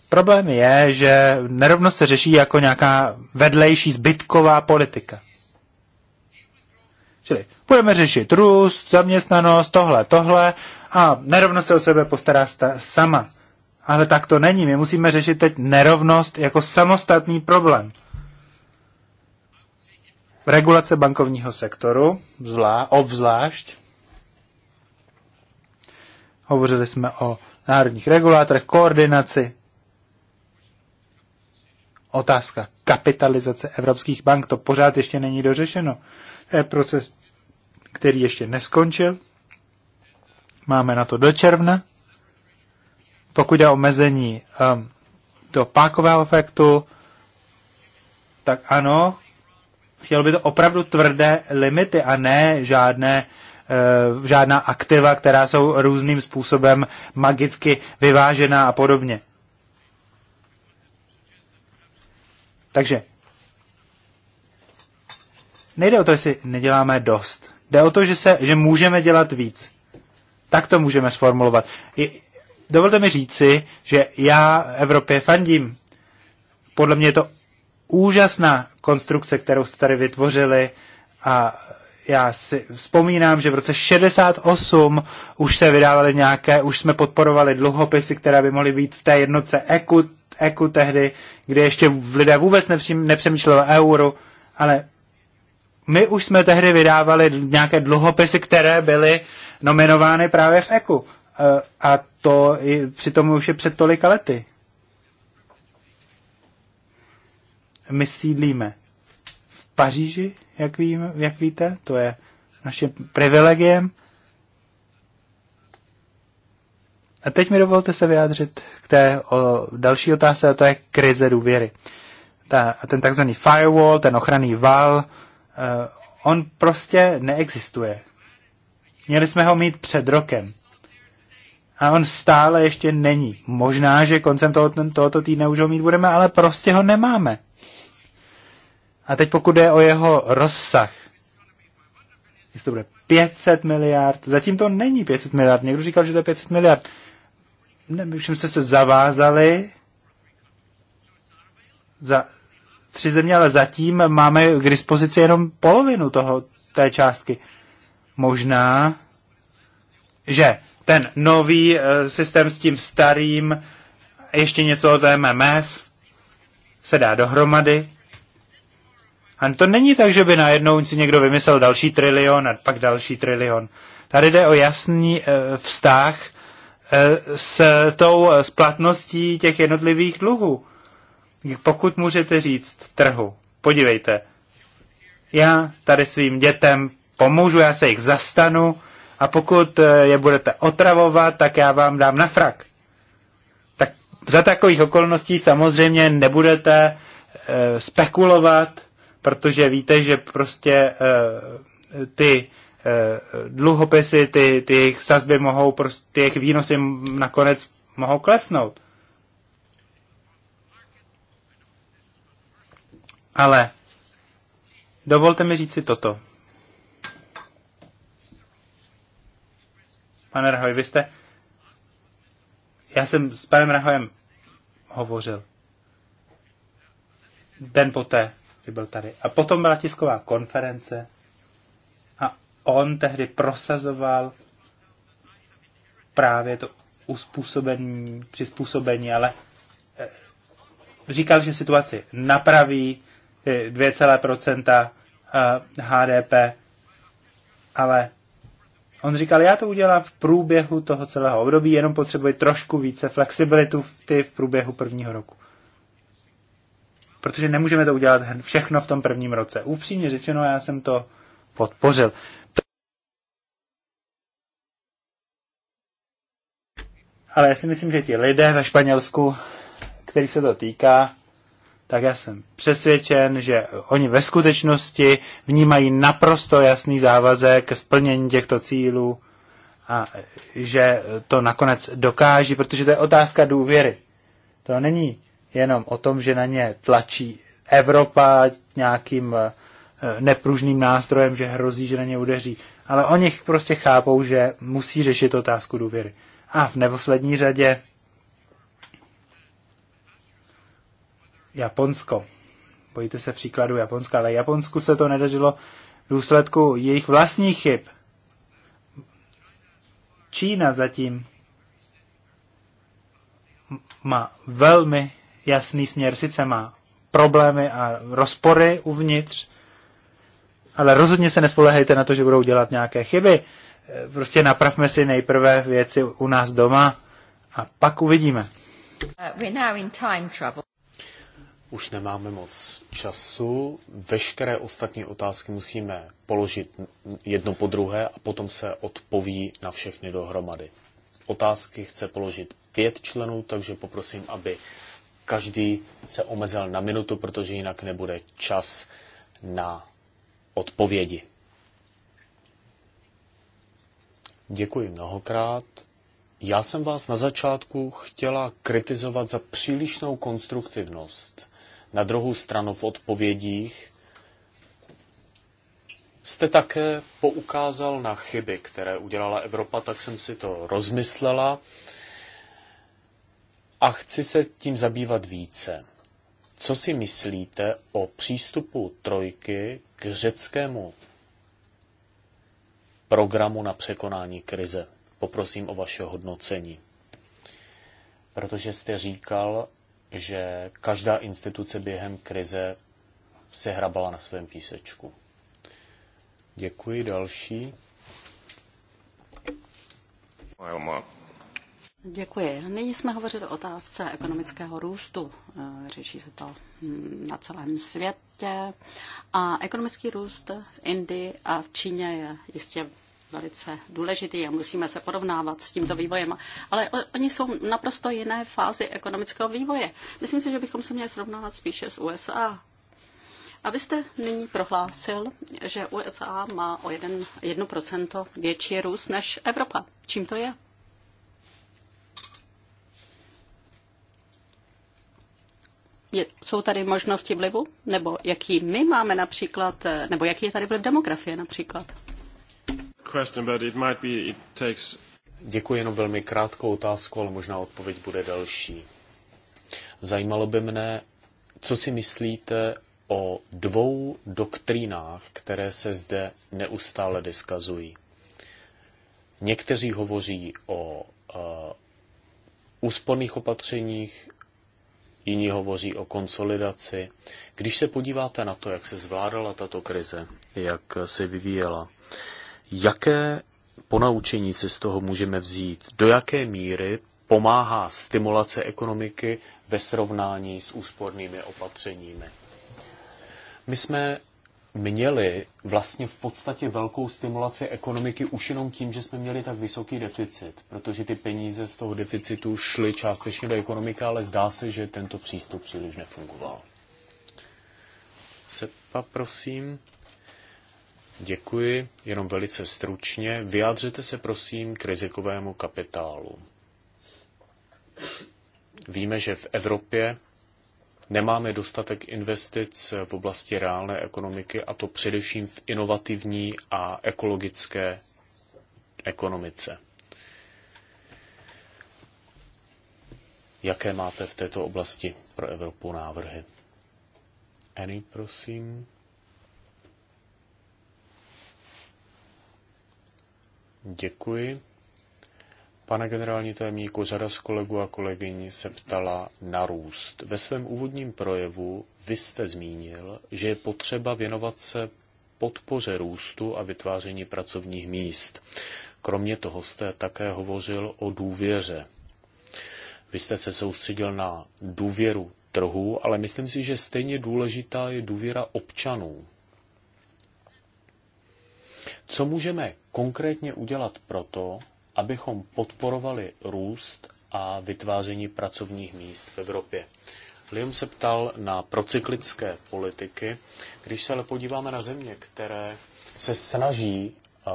Problém je, že nerovnost se řeší jako nějaká vedlejší zbytková politika. Čili budeme řešit růst, zaměstnanost, tohle, tohle a nerovnost se o sebe postará sama. Ale tak to není. My musíme řešit teď nerovnost jako samostatný problém. Regulace bankovního sektoru, zvlá, obzvlášť. Hovořili jsme o národních regulátorech, koordinaci otázka kapitalizace evropských bank. To pořád ještě není dořešeno. To je proces, který ještě neskončil. Máme na to do června. Pokud je omezení um, do pákového efektu, tak ano, chtěl by to opravdu tvrdé limity a ne žádné ehm, žádná aktiva, která jsou různým způsobem magicky vyvážená a podobně. Takže nejde o to, jestli neděláme dost. Jde o to, že, se, že můžeme dělat víc. Tak to můžeme sformulovat. Dovolte mi říci, že já Evropě fandím. Podle mě je to úžasná konstrukce, kterou jste tady vytvořili a já si vzpomínám, že v roce 68 už se vydávaly nějaké, už jsme podporovali dluhopisy, které by mohly být v té jednotce EKU, EKU tehdy, kde ještě lidé vůbec nepřemýšleli o euru, ale my už jsme tehdy vydávali nějaké dluhopisy, které byly nominovány právě v EKU. E, a to i, přitom už je před tolika lety. My sídlíme Paříži, jak, vím, jak víte, to je naším privilegiem. A teď mi dovolte se vyjádřit k té o další otázce, a to je krize důvěry. Ta, ten takzvaný firewall, ten ochranný val, uh, on prostě neexistuje. Měli jsme ho mít před rokem. A on stále ještě není. Možná, že koncem tohoto, tohoto týdne už ho mít budeme, ale prostě ho nemáme. A teď pokud jde o jeho rozsah, jestli to bude 500 miliard, zatím to není 500 miliard, někdo říkal, že to je 500 miliard. my všem jste se zavázali za tři země, ale zatím máme k dispozici jenom polovinu toho, té částky. Možná, že ten nový e, systém s tím starým, ještě něco od MMF, se dá dohromady a to není tak, že by najednou si někdo vymyslel další trilion a pak další trilion. Tady jde o jasný e, vztah e, s tou eh, splatností těch jednotlivých dluhů. Pokud můžete říct trhu, podívejte, já tady svým dětem pomůžu, já se jich zastanu a pokud je budete otravovat, tak já vám dám na frak. Tak za takových okolností samozřejmě nebudete e, spekulovat protože víte, že prostě eh, ty eh, dluhopisy, ty, ty jejich sazby mohou, prostě, ty jejich výnosy nakonec mohou klesnout. Ale dovolte mi říct si toto. Pane Rahoj, vy jste... Já jsem s panem Rahojem hovořil. Den poté byl tady. A potom byla tisková konference a on tehdy prosazoval právě to uspůsobení, přizpůsobení, ale eh, říkal, že situaci napraví 2,5% eh, eh, HDP, ale on říkal, já to udělám v průběhu toho celého období, jenom potřebuji trošku více flexibilitu v, ty v průběhu prvního roku protože nemůžeme to udělat všechno v tom prvním roce. Upřímně řečeno, já jsem to podpořil. Ale já si myslím, že ti lidé ve Španělsku, kterých se to týká, tak já jsem přesvědčen, že oni ve skutečnosti vnímají naprosto jasný závazek k splnění těchto cílů a že to nakonec dokáží, protože to je otázka důvěry. To není jenom o tom, že na ně tlačí Evropa nějakým eh, nepružným nástrojem, že hrozí, že na ně udeří. Ale o nich prostě chápou, že musí řešit otázku důvěry. A v neposlední řadě Japonsko. Bojíte se příkladu Japonska, ale Japonsku se to nedařilo v důsledku jejich vlastních chyb. Čína zatím má velmi jasný směr. Sice má problémy a rozpory uvnitř, ale rozhodně se nespolehejte na to, že budou dělat nějaké chyby. E, prostě napravme si nejprve věci u nás doma a pak uvidíme. Uh, Už nemáme moc času. Veškeré ostatní otázky musíme položit jedno po druhé a potom se odpoví na všechny dohromady. Otázky chce položit pět členů, takže poprosím, aby každý se omezil na minutu, protože jinak nebude čas na odpovědi. Děkuji mnohokrát. Já jsem vás na začátku chtěla kritizovat za přílišnou konstruktivnost. Na druhou stranu v odpovědích jste také poukázal na chyby, které udělala Evropa, tak jsem si to rozmyslela a chci se tím zabývat více. Co si myslíte o přístupu trojky k řeckému programu na překonání krize? Poprosím o vaše hodnocení. Protože jste říkal, že každá instituce během krize se hrabala na svém písečku. Děkuji, další. Well, Děkuji. Nyní jsme hovořili o otázce ekonomického růstu. Eh, řeší se to hm, na celém světě. A ekonomický růst v Indii a v Číně je jistě velice důležitý a musíme se porovnávat s tímto vývojem. Ale oni jsou naprosto jiné fázi ekonomického vývoje. Myslím si, že bychom se měli srovnávat spíše s USA. A vy jste nyní prohlásil, že USA má o 1, 1% větší růst než Evropa. Čím to je? je, jsou tady možnosti vlivu? Nebo jaký my máme například, eh, nebo jaký je tady vliv demografie například? Děkuji jenom velmi krátkou otázku, ale možná odpověď bude další. Zajímalo by mne, co si myslíte o dvou doktrínách, které se zde neustále diskazují. Někteří hovoří o uh, úsporných opatřeních, jiní hovoří o konsolidaci. Když se podíváte na to, jak se zvládala tato krize, jak se vyvíjela, jaké ponaučení si z toho můžeme vzít? Do jaké míry pomáhá stimulace ekonomiky ve srovnání s úspornými opatřeními? My jsme měli vlastně v podstatě velkou stimulaci ekonomiky už jenom tím, že jsme měli tak vysoký deficit, protože ty peníze z toho deficitu šly částečně do ekonomiky, ale zdá se, že tento přístup příliš nefungoval. Sepa, prosím. Děkuji, jenom velice stručně. Vyjádřete se prosím k rizikovému kapitálu. Víme, že v Evropě Nemáme dostatek investic v oblasti reálné ekonomiky, a to především v inovativní a ekologické ekonomice. Jaké máte v této oblasti pro Evropu návrhy? Any, prosím. Děkuji. Pane generální tajemníku, řada z kolegů a kolegyň se ptala na růst. Ve svém úvodním projevu vy jste zmínil, že je potřeba věnovat se podpoře růstu a vytváření pracovních míst. Kromě toho jste také hovořil o důvěře. Vy jste se soustředil na důvěru trhu, ale myslím si, že stejně důležitá je důvěra občanů. Co můžeme konkrétně udělat proto, abychom podporovali růst a vytváření pracovních míst v Evropě. Liam se ptal na procyklické politiky. Když se ale podíváme na země, které se snaží eh,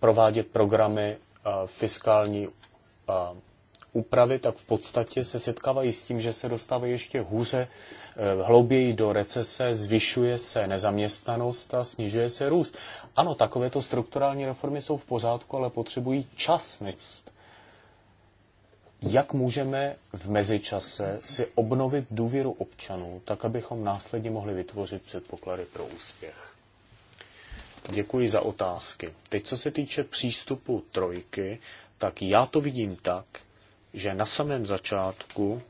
provádět programy eh, fiskální eh, úpravy, tak v podstatě se setkávají s tím, že se dostávají ještě hůře Eh, hlouběji do recese, zvyšuje se nezaměstnanost a snižuje se růst. Ano, takovéto strukturální reformy jsou v pořádku, ale potřebují časnost. Jak můžeme v mezičase si obnovit důvěru občanů, tak abychom následně mohli vytvořit předpoklady pro úspěch? Děkuji za otázky. Teď, co se týče přístupu trojky, tak já to vidím tak, že na samém začátku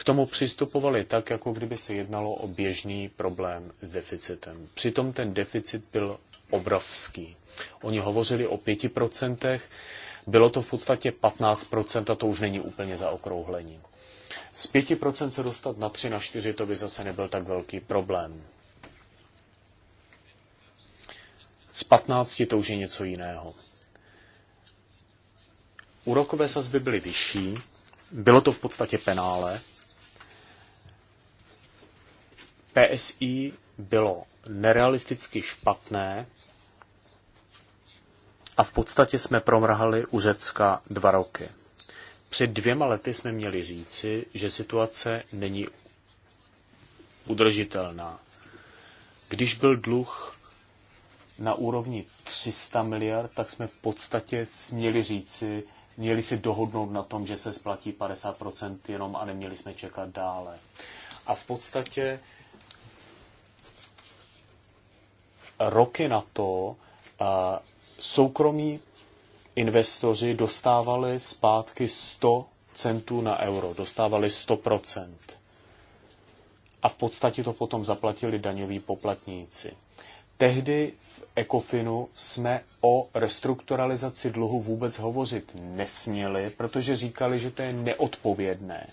k tomu přistupovali tak, jako kdyby se jednalo o běžný problém s deficitem. Přitom ten deficit byl obrovský. Oni hovořili o 5%, bylo to v podstatě 15% a to už není úplně zaokrouhlení. Z 5% se dostat na 3, na 4 to by zase nebyl tak velký problém. Z 15 to už je něco jiného. Úrokové sazby byly vyšší, bylo to v podstatě penále, PSI bylo nerealisticky špatné a v podstatě jsme promrhali u Řecka dva roky. Před dvěma lety jsme měli říci, že situace není udržitelná. Když byl dluh na úrovni 300 miliard, tak jsme v podstatě měli říci, měli si dohodnout na tom, že se splatí 50% jenom a neměli jsme čekat dále. A v podstatě roky na to soukromí investoři dostávali zpátky 100 centů na euro, dostávali 100%. A v podstatě to potom zaplatili daňoví poplatníci. Tehdy v Ekofinu jsme o restrukturalizaci dluhu vůbec hovořit nesměli, protože říkali, že to je neodpovědné.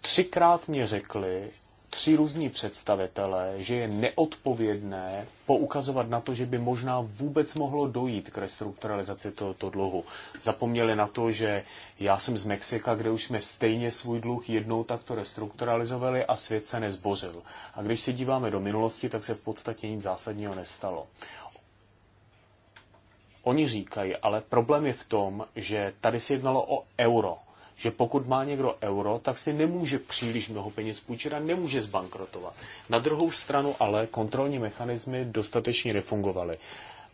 Třikrát mě řekli, tři různí představitelé, že je neodpovědné poukazovat na to, že by možná vůbec mohlo dojít k restrukturalizaci tohoto dluhu. Zapomněli na to, že já jsem z Mexika, kde už jsme stejně svůj dluh jednou takto restrukturalizovali a svět se nezbořil. A když se díváme do minulosti, tak se v podstatě nic zásadního nestalo. Oni říkají, ale problém je v tom, že tady se jednalo o euro, že pokud má někdo euro, tak si nemůže příliš mnoho peněz půjčit a nemůže zbankrotovat. Na druhou stranu ale kontrolní mechanismy dostatečně nefungovaly.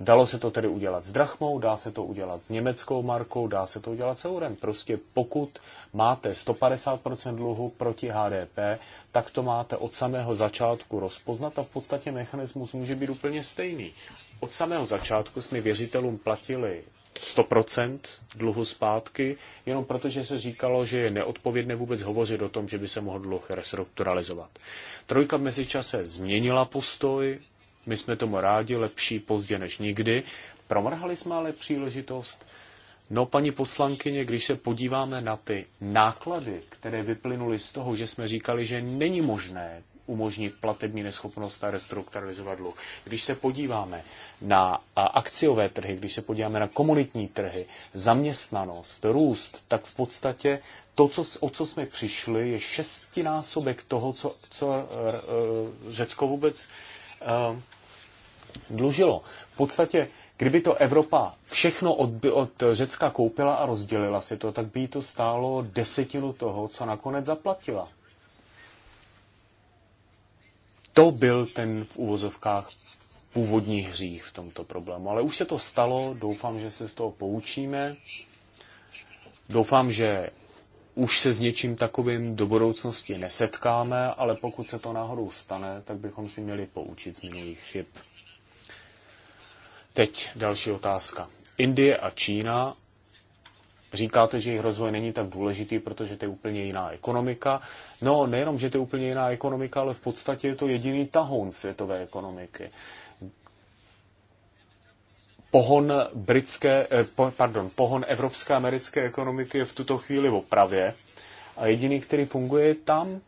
Dalo se to tedy udělat s drachmou, dá se to udělat s německou markou, dá se to udělat s eurem. Prostě pokud máte 150% dluhu proti HDP, tak to máte od samého začátku rozpoznat a v podstatě mechanismus může být úplně stejný. Od samého začátku jsme věřitelům platili 100% dluhu zpátky, jenom protože se říkalo, že je neodpovědné vůbec hovořit o tom, že by se mohl dluh restrukturalizovat. Trojka v mezičase změnila postoj, my jsme tomu rádi, lepší pozdě než nikdy. Promrhali jsme ale příležitost. No, paní poslankyně, když se podíváme na ty náklady, které vyplynuly z toho, že jsme říkali, že není možné umožnit platební neschopnost a restrukturalizovat dluh. Když se podíváme na akciové trhy, když se podíváme na komunitní trhy, zaměstnanost, růst, tak v podstatě to, co, o co jsme přišli, je šestinásobek toho, co, co e, e, Řecko vůbec e, dlužilo. V podstatě Kdyby to Evropa všechno od, od Řecka koupila a rozdělila si to, tak by jí to stálo desetinu toho, co nakonec zaplatila to byl ten v úvozovkách původní hřích v tomto problému. Ale už se to stalo, doufám, že se z toho poučíme. Doufám, že už se s něčím takovým do budoucnosti nesetkáme, ale pokud se to náhodou stane, tak bychom si měli poučit z minulých chyb. Teď další otázka. Indie a Čína Říkáte, že jejich rozvoj není tak důležitý, protože to je úplně jiná ekonomika. No, nejenom, že to je úplně jiná ekonomika, ale v podstatě je to jediný tahoun světové ekonomiky. Pohon, britské, eh, pardon, pohon evropské americké ekonomiky je v tuto chvíli v opravě a jediný, který funguje, je tam.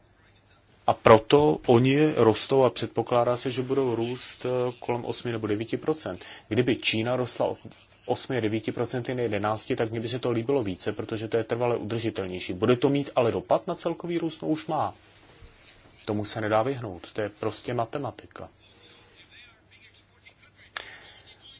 A proto oni rostou a předpokládá se, že budou růst eh, kolem 8 nebo 9 Kdyby Čína rostla 8-9% na 11, tak mně by se to líbilo více, protože to je trvale udržitelnější. Bude to mít ale dopad na celkový růst? No už má. Tomu se nedá vyhnout. To je prostě matematika.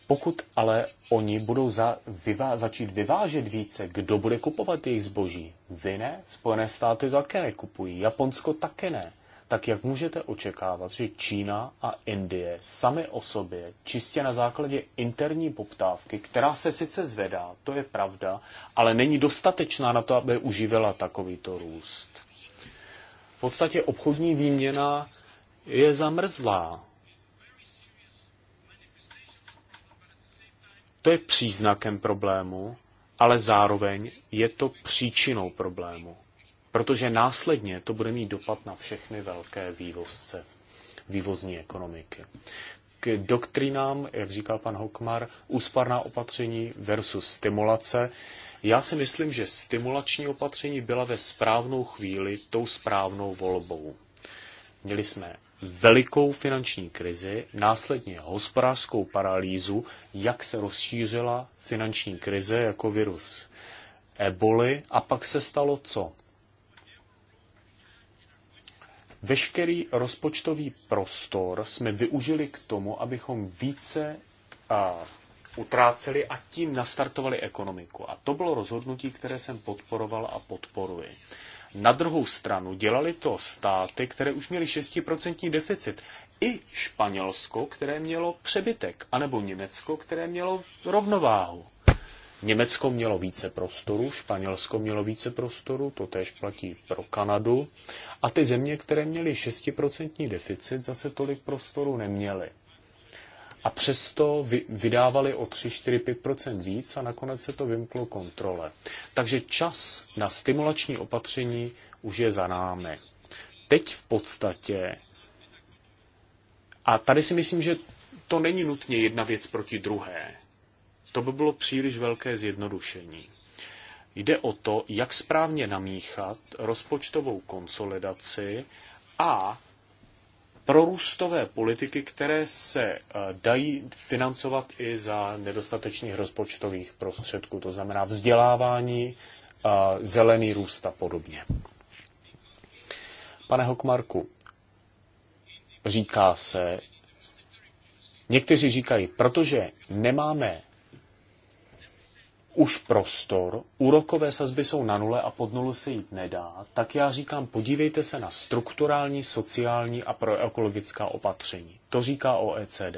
Pokud ale oni budou za, vyvá, začít vyvážet více, kdo bude kupovat jejich zboží? Vy ne? Spojené státy také nekupují, Japonsko také ne tak jak můžete očekávat, že Čína a Indie sami o sobě, čistě na základě interní poptávky, která se sice zvedá, to je pravda, ale není dostatečná na to, aby uživila takovýto růst. V podstatě obchodní výměna je zamrzlá. To je příznakem problému, ale zároveň je to příčinou problému protože následně to bude mít dopad na všechny velké vývozce, vývozní ekonomiky. K doktrinám, jak říkal pan Hokmar, úsporná opatření versus stimulace. Já si myslím, že stimulační opatření byla ve správnou chvíli tou správnou volbou. Měli jsme velikou finanční krizi, následně hospodářskou paralýzu, jak se rozšířila finanční krize jako virus eboli a pak se stalo co? Veškerý rozpočtový prostor jsme využili k tomu, abychom více a, utráceli a tím nastartovali ekonomiku. A to bylo rozhodnutí, které jsem podporoval a podporuji. Na druhou stranu dělali to státy, které už měly 6% deficit. I Španělsko, které mělo přebytek, anebo Německo, které mělo rovnováhu. Německo mělo více prostoru, Španělsko mělo více prostoru, to též platí pro Kanadu. A ty země, které měly 6% deficit, zase tolik prostoru neměly. A přesto vydávali o 3, 4, 5% víc a nakonec se to vymklo kontrole. Takže čas na stimulační opatření už je za námi. Teď v podstatě, a tady si myslím, že to není nutně jedna věc proti druhé to by bylo příliš velké zjednodušení. Jde o to, jak správně namíchat rozpočtovou konsolidaci a prorůstové politiky, které se eh, dají financovat i za nedostatečných rozpočtových prostředků, to znamená vzdělávání, eh, zelený růst a podobně. Pane Hokmarku, říká se, někteří říkají, protože nemáme už prostor, úrokové sazby jsou na nule a pod nulu se jít nedá, tak já říkám, podívejte se na strukturální, sociální a proekologická opatření. To říká OECD.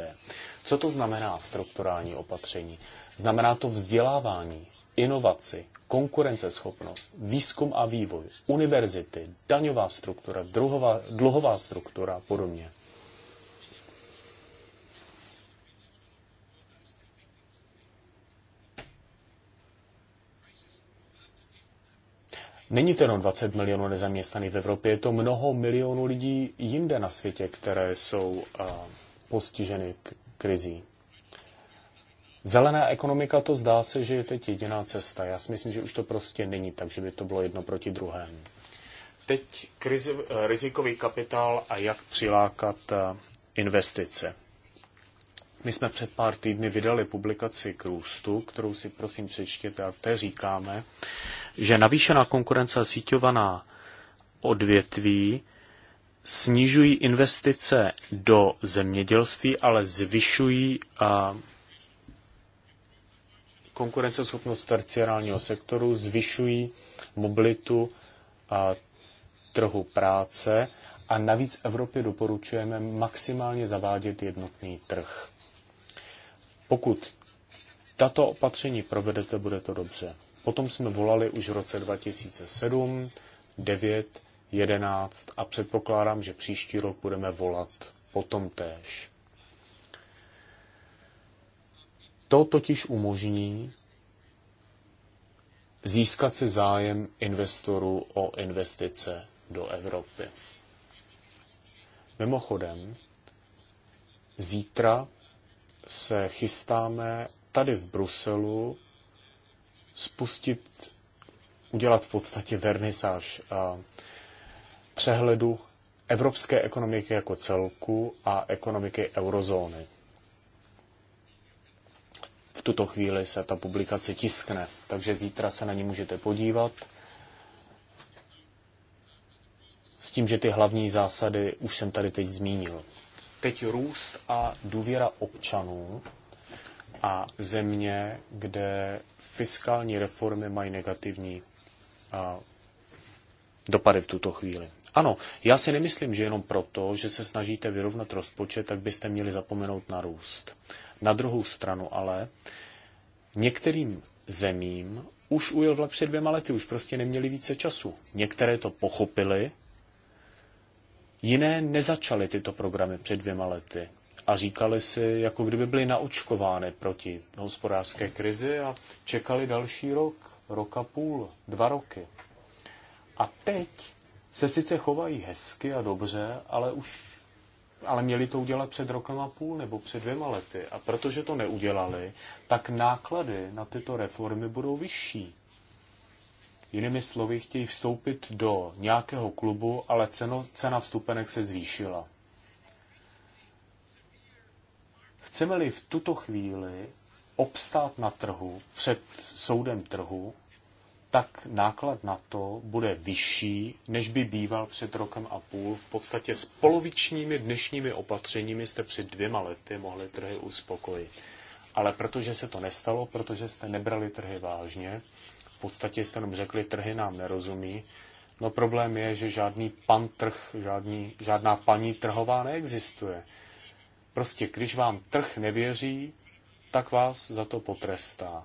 Co to znamená strukturální opatření? Znamená to vzdělávání, inovaci, konkurenceschopnost, výzkum a vývoj, univerzity, daňová struktura, druhová, dluhová struktura a podobně. Není to jenom 20 milionů nezaměstnaných v Evropě, je to mnoho milionů lidí jinde na světě, které jsou eh, postiženy krizí. Zelená ekonomika to zdá se, že je teď jediná cesta. Já si myslím, že už to prostě není tak, že by to bylo jedno proti druhému. Teď krizi, eh, rizikový kapitál a jak přilákat eh, investice. My jsme před pár týdny vydali publikaci k růstu, kterou si prosím přečtěte a v té říkáme, že navýšená konkurence a síťovaná odvětví snižují investice do zemědělství, ale zvyšují konkurenceschopnost terciárního sektoru, zvyšují mobilitu a trhu práce a navíc Evropě doporučujeme maximálně zavádět jednotný trh. Pokud tato opatření provedete, bude to dobře. Potom jsme volali už v roce 2007, 9, 11 a předpokládám, že příští rok budeme volat potom též. To totiž umožní získat si zájem investorů o investice do Evropy. Mimochodem, zítra se chystáme tady v Bruselu spustit, udělat v podstatě vernisáž eh, přehledu evropské ekonomiky jako celku a ekonomiky eurozóny. V tuto chvíli se ta publikace tiskne, takže zítra se na ní můžete podívat. S tím, že ty hlavní zásady už jsem tady teď zmínil. Teď růst a důvěra občanů a země, kde fiskální reformy mají negativní a, dopady v tuto chvíli. Ano, já si nemyslím, že jenom proto, že se snažíte vyrovnat rozpočet, tak byste měli zapomenout na růst. Na druhou stranu ale některým zemím už ujel vlak před dvěma lety, už prostě neměli více času. Některé to pochopili, jiné nezačaly tyto programy před dvěma lety a říkali si, jako kdyby byly naočkovány proti hospodářské krizi a čekali další rok, rok a půl, dva roky. A teď se sice chovají hezky a dobře, ale už ale měli to udělat před rokem a půl nebo před dvěma lety. A protože to neudělali, tak náklady na tyto reformy budou vyšší. Jinými slovy, chtějí vstoupit do nějakého klubu, ale ceno, cena vstupenek se zvýšila. Chceme-li v tuto chvíli obstát na trhu, před soudem trhu, tak náklad na to bude vyšší, než by býval před rokem a půl. V podstatě s polovičními dnešními opatřeními jste před dvěma lety mohli trhy uspokojit. Ale protože se to nestalo, protože jste nebrali trhy vážně, v podstatě jste nám řekli, trhy nám nerozumí, no problém je, že žádný pan trh, žádný, žádná paní trhová neexistuje. Prostě když vám trh nevěří, tak vás za to potrestá.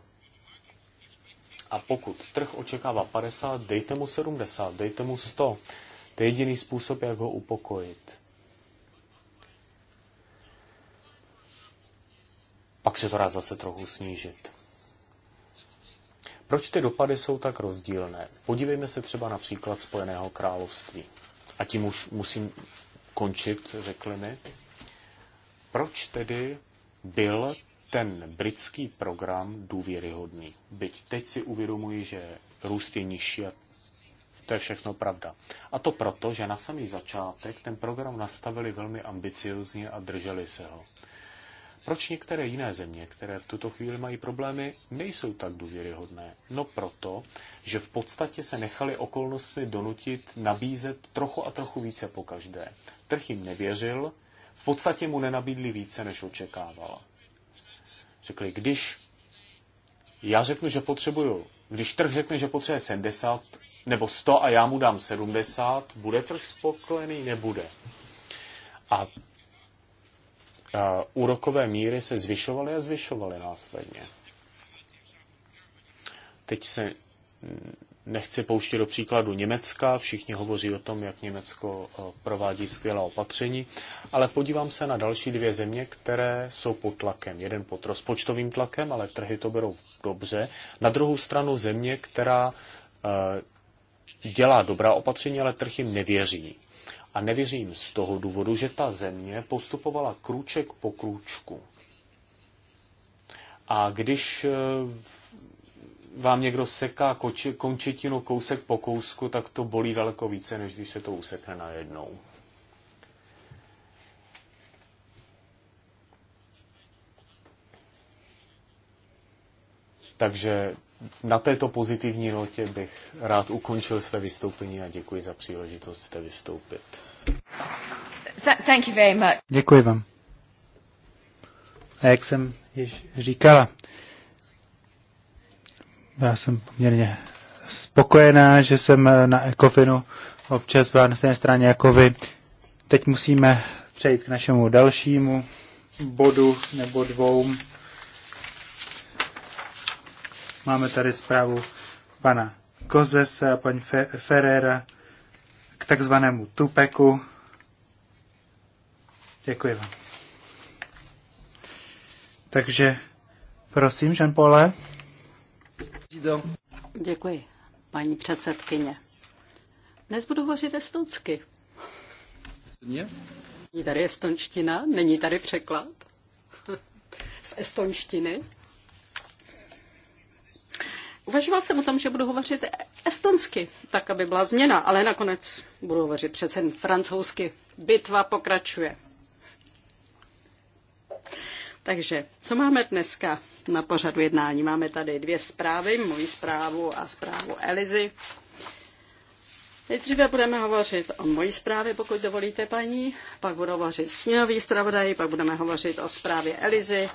A pokud trh očekává 50, dejte mu 70, dejte mu 100. To je jediný způsob, jak ho upokojit. Pak se to dá zase trochu snížit. Proč ty dopady jsou tak rozdílné? Podívejme se třeba na příklad Spojeného království. A tím už musím končit, řekli mi. Proč tedy byl ten britský program důvěryhodný? Byť teď si uvědomuji, že růst je nižší a to je všechno pravda. A to proto, že na samý začátek ten program nastavili velmi ambiciozně a drželi se ho. Proč některé jiné země, které v tuto chvíli mají problémy, nejsou tak důvěryhodné? No proto, že v podstatě se nechali okolnostmi donutit nabízet trochu a trochu více po každé. Trh jim nevěřil, podstatě mu nenabídli více, než očekávala. Řekli, když já řeknu, že potřebuju, když trh řekne, že potřebuje 70 nebo 100 a já mu dám 70, bude trh spokojený? Nebude. A, a úrokové míry se zvyšovaly a zvyšovaly následně. Teď se nechci pouštět do příkladu Německa, všichni hovoří o tom, jak Německo eh, provádí skvělá opatření, ale podívám se na další dvě země, které jsou pod tlakem. Jeden pod rozpočtovým tlakem, ale trhy to berou dobře. Na druhou stranu země, která eh, dělá dobrá opatření, ale trh jim nevěří. A nevěřím z toho důvodu, že ta země postupovala krůček po krůčku. A když eh, vám někdo seká koči, končetinu kousek po kousku, tak to bolí daleko více, než když se to usekne najednou. Takže na této pozitivní notě bych rád ukončil své vystoupení a děkuji za příležitost zde vystoupit. Thank you very much. Děkuji vám. A jak jsem již říkala, já jsem poměrně spokojená, že jsem na Ekofinu občas byla na stejné straně jako vy. Teď musíme přejít k našemu dalšímu bodu nebo dvou. Máme tady zprávu pana Kozese a paní Fe Ferrera k takzvanému tupeku. Děkuji vám. Takže prosím, Jean-Paul. Děkuji, paní předsedkyně. Dnes budu hovořit estonsky. Není tady estonština, není tady překlad z estonštiny. Uvažoval jsem o tom, že budu hovořit estonsky, tak aby byla změna, ale nakonec budu hovořit přece francouzsky. Bitva pokračuje. Takže, co máme dneska na pořadu jednání? Máme tady dvě zprávy, moji zprávu a zprávu Elizy. Nejdříve budeme hovořit o mojí zprávě, pokud dovolíte, paní, pak budu hovořit s nový zpravodají, pak budeme hovořit o zprávě Elizy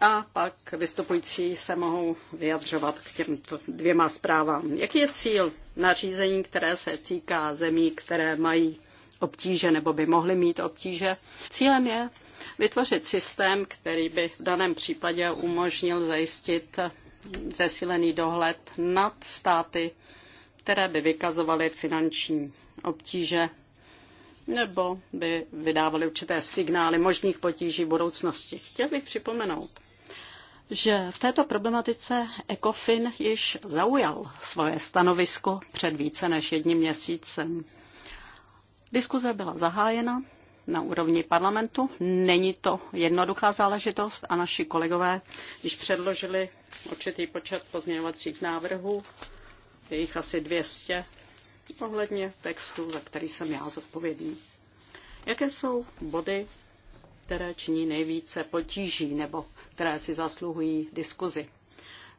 a pak vystupující se mohou vyjadřovat k těmto dvěma zprávám. Jaký je cíl nařízení, které se týká zemí, které mají obtíže nebo by mohly mít obtíže? Cílem je vytvořit systém, který by v daném případě umožnil zajistit zesílený dohled nad státy, které by vykazovaly finanční obtíže nebo by vydávaly určité signály možných potíží v budoucnosti. Chtěl bych připomenout, že v této problematice ECOFIN již zaujal svoje stanovisko před více než jedním měsícem. Diskuze byla zahájena na úrovni parlamentu. Není to jednoduchá záležitost a naši kolegové když předložili určitý počet pozměňovacích návrhů, je jich asi 200, ohledně textu, za který jsem já zodpovědný. Jaké jsou body, které činí nejvíce potíží nebo které si zasluhují diskuzi?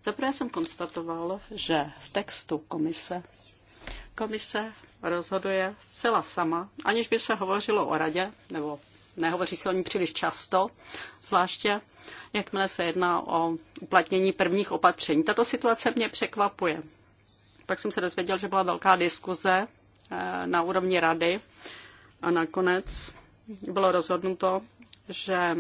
Zaprvé jsem konstatoval, že v textu komise Komise rozhoduje zcela sama, aniž by se hovořilo o radě, nebo nehovoří se o ní příliš často, zvláště jakmile se jedná o uplatnění prvních opatření. Tato situace mě překvapuje. Pak jsem se dozvěděl, že byla velká diskuze eh, na úrovni rady a nakonec bylo rozhodnuto, že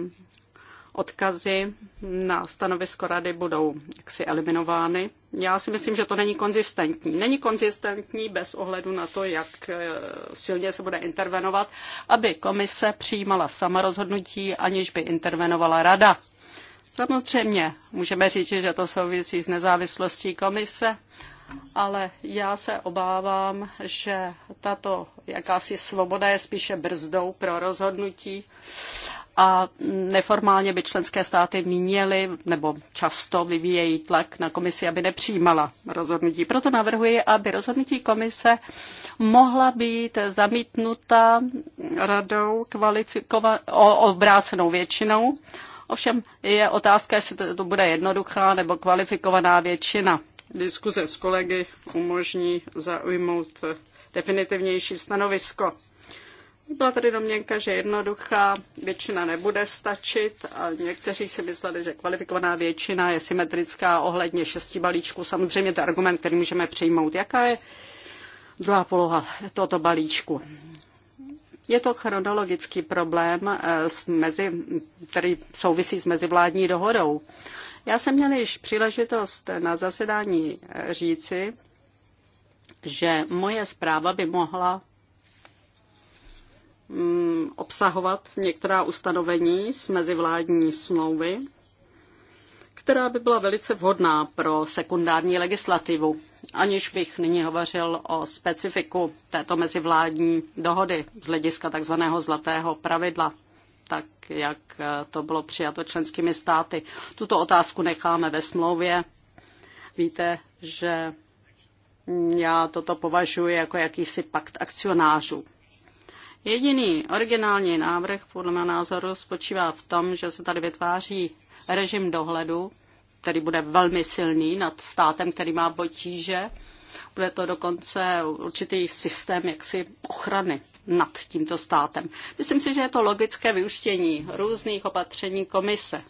odkazy na stanovisko rady budou jaksi eliminovány já si myslím, že to není konzistentní. Není konzistentní bez ohledu na to, jak eh, silně se bude intervenovat, aby komise přijímala sama rozhodnutí, aniž by intervenovala rada. Samozřejmě můžeme říct, že to souvisí s nezávislostí komise, ale já se obávám, že tato jakási svoboda je spíše brzdou pro rozhodnutí a neformálně by členské státy měly nebo často vyvíjejí tlak na komisi, aby nepřijímala rozhodnutí. Proto navrhuji, aby rozhodnutí komise mohla být zamítnuta radou kvalifikova- o obrácenou většinou. Ovšem je otázka, jestli to, to bude jednoduchá nebo kvalifikovaná většina. Diskuze s kolegy umožní zaujmout definitivnější stanovisko. Byla tady domněnka, že jednoduchá většina nebude stačit a někteří si mysleli, že kvalifikovaná většina je symetrická ohledně šesti balíčků. Samozřejmě to argument, který můžeme přijmout. Jaká je druhá poloha tohoto balíčku? Je to chronologický problém, eh, mezi, který souvisí s mezivládní dohodou. Já jsem měl již příležitost na zasedání eh, říci, že moje zpráva by mohla Mm, obsahovat některá ustanovení z mezivládní smlouvy, která by byla velice vhodná pro sekundární legislativu, aniž bych nyní hovořil o specifiku této mezivládní dohody z hlediska tzv. zlatého pravidla, tak jak eh, to bylo přijato členskými státy. Tuto otázku necháme ve smlouvě. Víte, že já toto považuji jako jakýsi pakt akcionářů. Jediný originální návrh, podle mého názoru, spočívá v tom, že se tady vytváří režim dohledu, který bude velmi silný nad státem, který má potíže. Bude to dokonce určitý systém jaksi ochrany nad tímto státem. Myslím si, že je to logické vyústění různých opatření komise.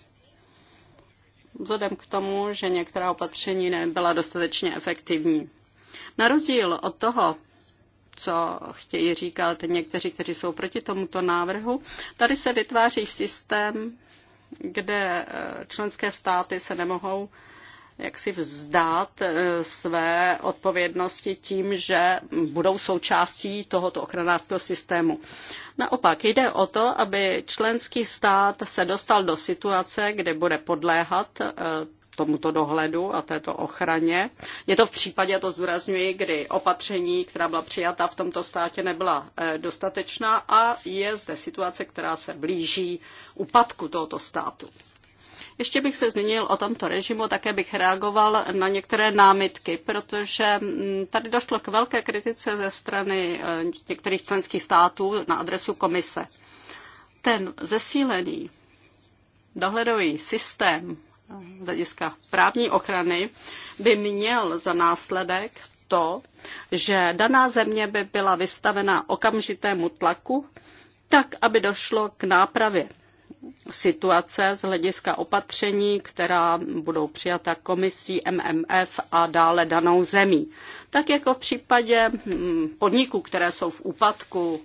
Vzhledem k tomu, že některá opatření nebyla dostatečně efektivní. Na rozdíl od toho, co chtějí říkat někteří, kteří jsou proti tomuto návrhu. Tady se vytváří systém, kde e, členské státy se nemohou jak si vzdát e, své odpovědnosti tím, že budou součástí tohoto ochranářského systému. Naopak jde o to, aby členský stát se dostal do situace, kde bude podléhat e, tomuto dohledu a této ochraně. Je to v případě, a to zdůrazňuji, kdy opatření, která byla přijata v tomto státě, nebyla eh, dostatečná a je zde situace, která se blíží úpadku tohoto státu. Ještě bych se zmínil o tomto režimu, také bych reagoval na některé námitky, protože mm, tady došlo k velké kritice ze strany eh, některých členských států na adresu komise. Ten zesílený dohledový systém hlediska právní ochrany by měl za následek to, že daná země by byla vystavena okamžitému tlaku, tak aby došlo k nápravě situace z hlediska opatření, která budou přijata komisí MMF a dále danou zemí. Tak jako v případě mm, podniků, které jsou v úpadku,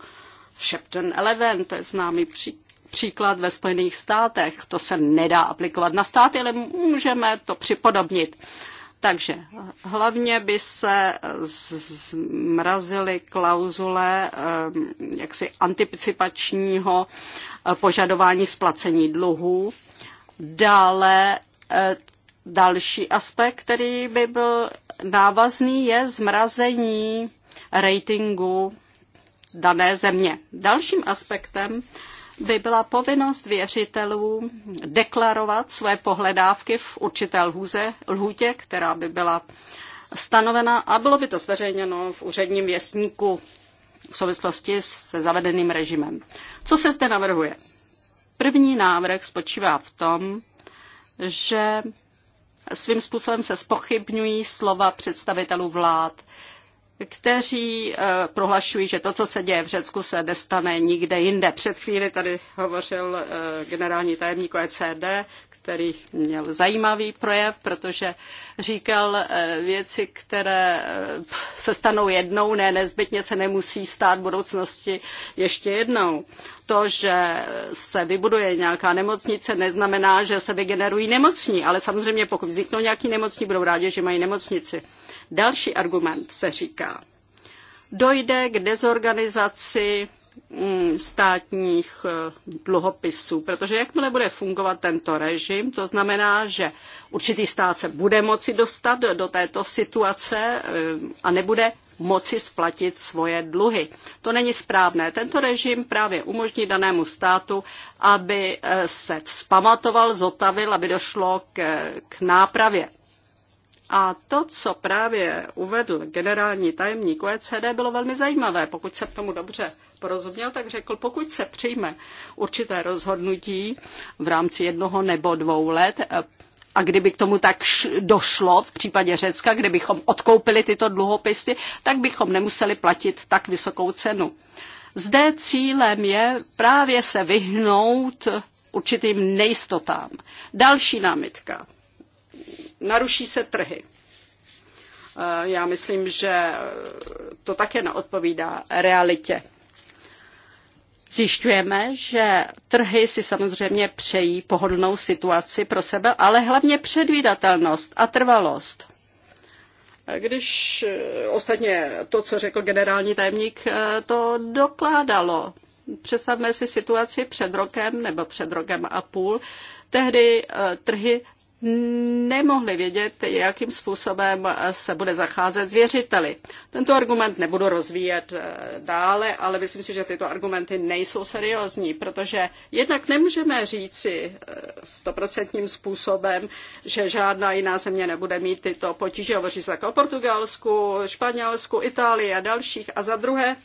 Shepton Eleven, to je známý příklad, příklad ve Spojených státech. To se nedá aplikovat na státy, ale můžeme to připodobnit. Takže hlavně by se zmrazily klauzule eh, jaksi anticipačního eh, požadování splacení dluhů. Dále eh, další aspekt, který by byl návazný, je zmrazení ratingu dané země. Dalším aspektem by byla povinnost věřitelů deklarovat své pohledávky v určité lhůze, lhůtě, která by byla stanovena a bylo by to zveřejněno v úředním věstníku v souvislosti se zavedeným režimem. Co se zde navrhuje? První návrh spočívá v tom, že svým způsobem se spochybňují slova představitelů vlád, kteří eh, prohlašují, že to, co se děje v Řecku, se nestane nikde jinde. Před chvíli tady hovořil eh, generální tajemník OECD, který měl zajímavý projev, protože říkal eh, věci, které se stanou jednou, ne nezbytně se nemusí stát v budoucnosti ještě jednou to, že se vybuduje nějaká nemocnice, neznamená, že se vygenerují nemocní, ale samozřejmě pokud vzniknou nějaký nemocní, budou rádi, že mají nemocnici. Další argument se říká, dojde k dezorganizaci Mm, státních eh, dluhopisů, protože jakmile bude fungovat tento režim, to znamená, že určitý stát se bude moci dostat do této situace eh, a nebude moci splatit svoje dluhy. To není správné. Tento režim právě umožní danému státu, aby eh, se vzpamatoval, zotavil, aby došlo k, k nápravě. A to, co právě uvedl generální tajemník OECD, bylo velmi zajímavé, pokud se k tomu dobře porozuměl, tak řekl, pokud se přijme určité rozhodnutí v rámci jednoho nebo dvou let, a kdyby k tomu tak došlo v případě Řecka, kdybychom odkoupili tyto dluhopisy, tak bychom nemuseli platit tak vysokou cenu. Zde cílem je právě se vyhnout určitým nejistotám. Další námitka. Naruší se trhy. E, já myslím, že to také neodpovídá realitě. Zjišťujeme, že trhy si samozřejmě přejí pohodlnou situaci pro sebe, ale hlavně předvídatelnost a trvalost. Když eh, ostatně to, co řekl generální tajemník, eh, to dokládalo. Představme si situaci před rokem nebo před rokem a půl. Tehdy eh, trhy nemohli vědět, jakým způsobem se bude zacházet s věřiteli. Tento argument nebudu rozvíjet eh, dále, ale myslím si, že tyto argumenty nejsou seriózní, protože jednak nemůžeme říci eh, stoprocentním způsobem, že žádná jiná země nebude mít tyto potíže. Hovoří se tak o Portugalsku, Španělsku, Itálii a dalších. A za druhé,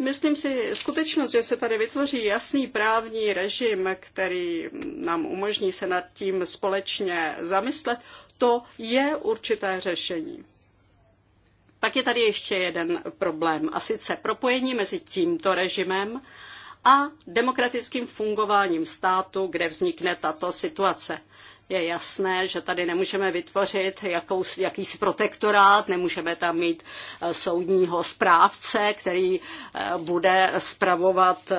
Myslím si, skutečnost, že se tady vytvoří jasný právní režim, který nám umožní se nad tím společně zamyslet, to je určité řešení. Pak je tady ještě jeden problém, a sice propojení mezi tímto režimem a demokratickým fungováním státu, kde vznikne tato situace. Je jasné, že tady nemůžeme vytvořit jakou, jakýsi protektorát, nemůžeme tam mít eh, soudního správce, který eh, bude spravovat eh,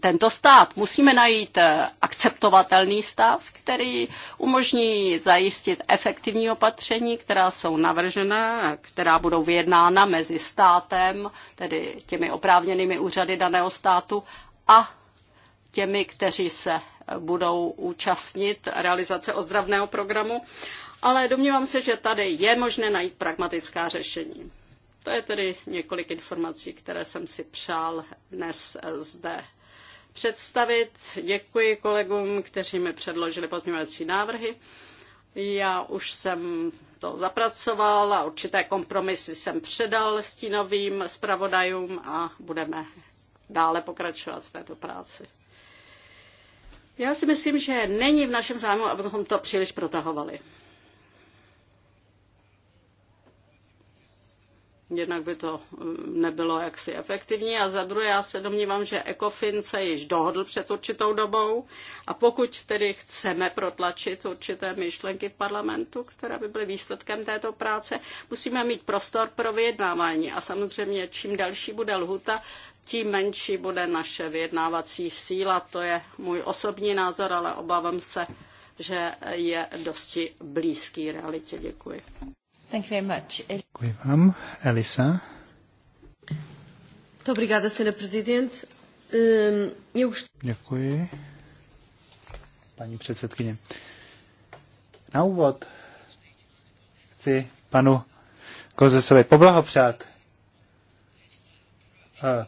tento stát. Musíme najít akceptovatelný stav, který umožní zajistit efektivní opatření, která jsou navržena, která budou vyjednána mezi státem, tedy těmi oprávněnými úřady daného státu a těmi, kteří se budou účastnit realizace ozdravného programu, ale domnívám se, že tady je možné najít pragmatická řešení. To je tedy několik informací, které jsem si přál dnes zde představit. Děkuji kolegům, kteří mi předložili pozměňovací návrhy. Já už jsem to zapracoval a určité kompromisy jsem předal stínovým zpravodajům a budeme dále pokračovat v této práci. Já si myslím, že není v našem zájmu, abychom to příliš protahovali. Jednak by to mm, nebylo jaksi efektivní a za druhé já se domnívám, že ECOFIN se již dohodl před určitou dobou a pokud tedy chceme protlačit určité myšlenky v parlamentu, které by byly výsledkem této práce, musíme mít prostor pro vyjednávání a samozřejmě čím další bude lhuta, tím menší bude naše vyjednávací síla. To je můj osobní názor, ale obávám se, že je dosti blízký realitě. Děkuji. Thank you very much. Děkuji vám. Elisa. Obrigada, senhora prezident. Um, Děkuji. Paní předsedkyně. Na úvod chci panu Kozesovi poblahopřát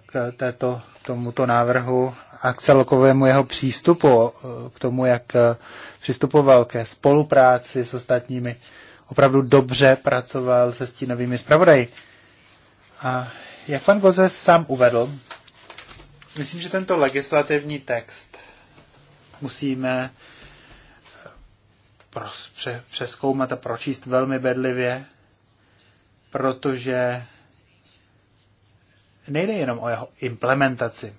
k této, tomuto návrhu a k celkovému jeho přístupu, k tomu, jak e, přistupoval ke spolupráci s ostatními. Opravdu dobře pracoval se stínovými zpravodaji. A jak pan Goze sám uvedl, myslím, že tento legislativní text musíme e, přeskoumat a pročíst velmi bedlivě, protože nejde jenom o jeho implementaci,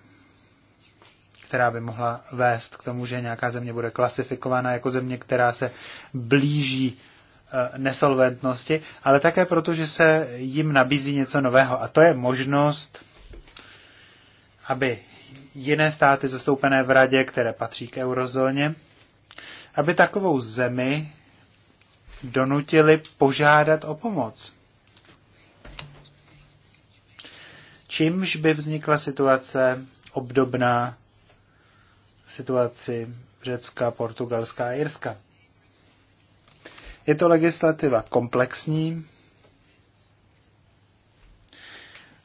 která by mohla vést k tomu, že nějaká země bude klasifikována jako země, která se blíží eh, nesolventnosti, ale také proto, že se jim nabízí něco nového. A to je možnost, aby jiné státy zastoupené v radě, které patří k eurozóně, aby takovou zemi donutili požádat o pomoc. čímž by vznikla situace obdobná situaci Řecka, Portugalska a Jirska. Je to legislativa komplexní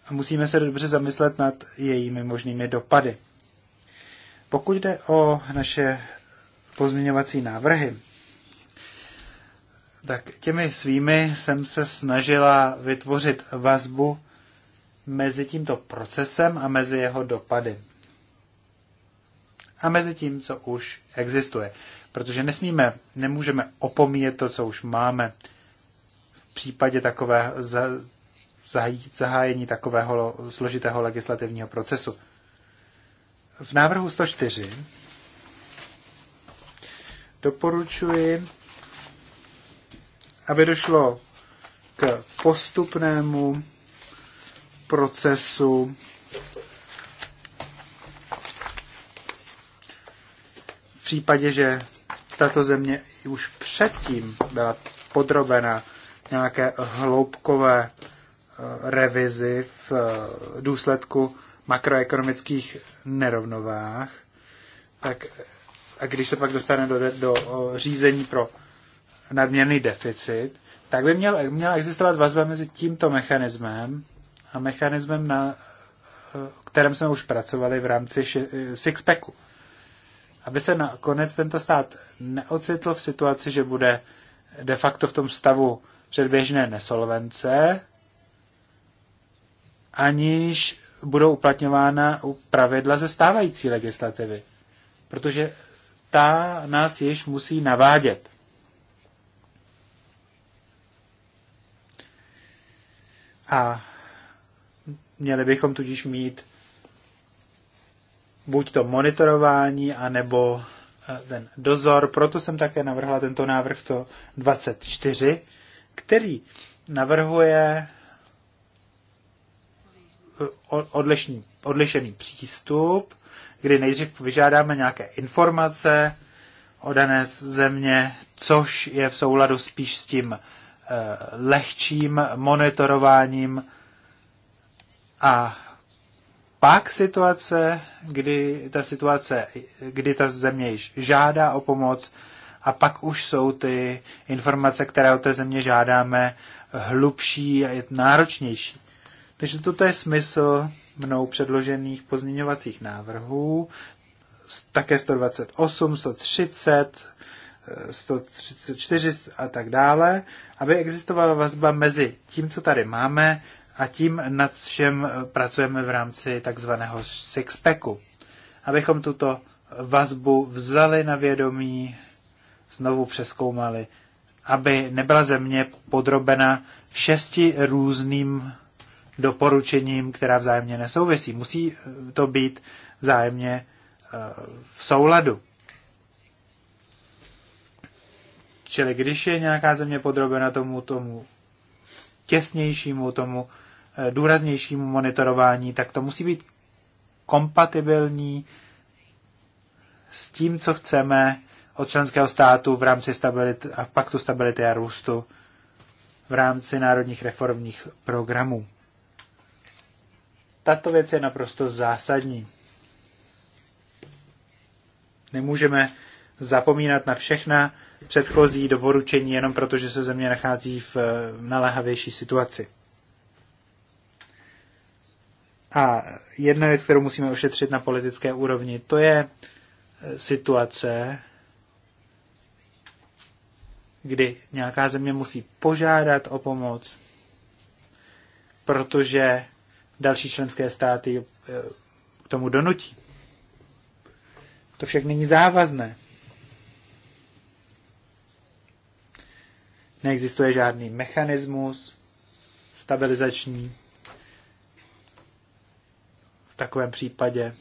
a musíme se dobře zamyslet nad jejími možnými dopady. Pokud jde o naše pozměňovací návrhy, tak těmi svými jsem se snažila vytvořit vazbu mezi tímto procesem a mezi jeho dopady. A mezi tím, co už existuje. Protože nesmíme, nemůžeme opomíjet to, co už máme. V případě takové zahájení takového složitého legislativního procesu. V návrhu 104 doporučuji, aby došlo k postupnému procesu. V případě, že tato země už předtím byla podrobena nějaké hloubkové eh, revizi v eh, důsledku makroekonomických nerovnovách, tak a když se pak dostane do, do eh, řízení pro nadměrný deficit, tak by měl, měla existovat vazba mezi tímto mechanismem a mechanismem, na kterém jsme už pracovali v rámci eh, Sixpacku. Aby se nakonec tento stát neocitl v situaci, že bude de facto v tom stavu předběžné nesolvence, aniž budou uplatňována pravidla ze stávající legislativy. Protože ta nás již musí navádět. A Měli bychom tudíž mít buď to monitorování, anebo eh, ten dozor. Proto jsem také navrhla tento návrh to 24, který navrhuje eh, odlišný, odlišený přístup, kdy nejdřív vyžádáme nějaké informace o dané země, což je v souladu spíš s tím eh, lehčím monitorováním a pak situace, kdy ta situace, kdy ta země již žádá o pomoc, a pak už jsou ty informace, které o té země žádáme, hlubší a je náročnější. Takže toto je smysl mnou předložených pozměňovacích návrhů, také 128, 130, 134 a tak dále, aby existovala vazba mezi tím, co tady máme, a tím nad všem eh, pracujeme v rámci takzvaného sixpacku. Abychom tuto vazbu vzali na vědomí, znovu přeskoumali, aby nebyla země podrobena šesti různým doporučením, která vzájemně nesouvisí. Musí eh, to být vzájemně eh, v souladu. Čili když je nějaká země podrobena tomu, tomu těsnějšímu, tomu důraznějšímu monitorování, tak to musí být kompatibilní s tím, co chceme od členského státu v rámci stability, a paktu stability a růstu v rámci národních reformních programů. Tato věc je naprosto zásadní. Nemůžeme zapomínat na všechna předchozí doporučení jenom proto, že se země nachází v naléhavější situaci. A jedna věc, kterou musíme ošetřit na politické úrovni, to je eh, situace, kdy nějaká země musí požádat o pomoc, protože další členské státy eh, k tomu donutí. To však není závazné. Neexistuje žádný mechanismus stabilizační, takovém případě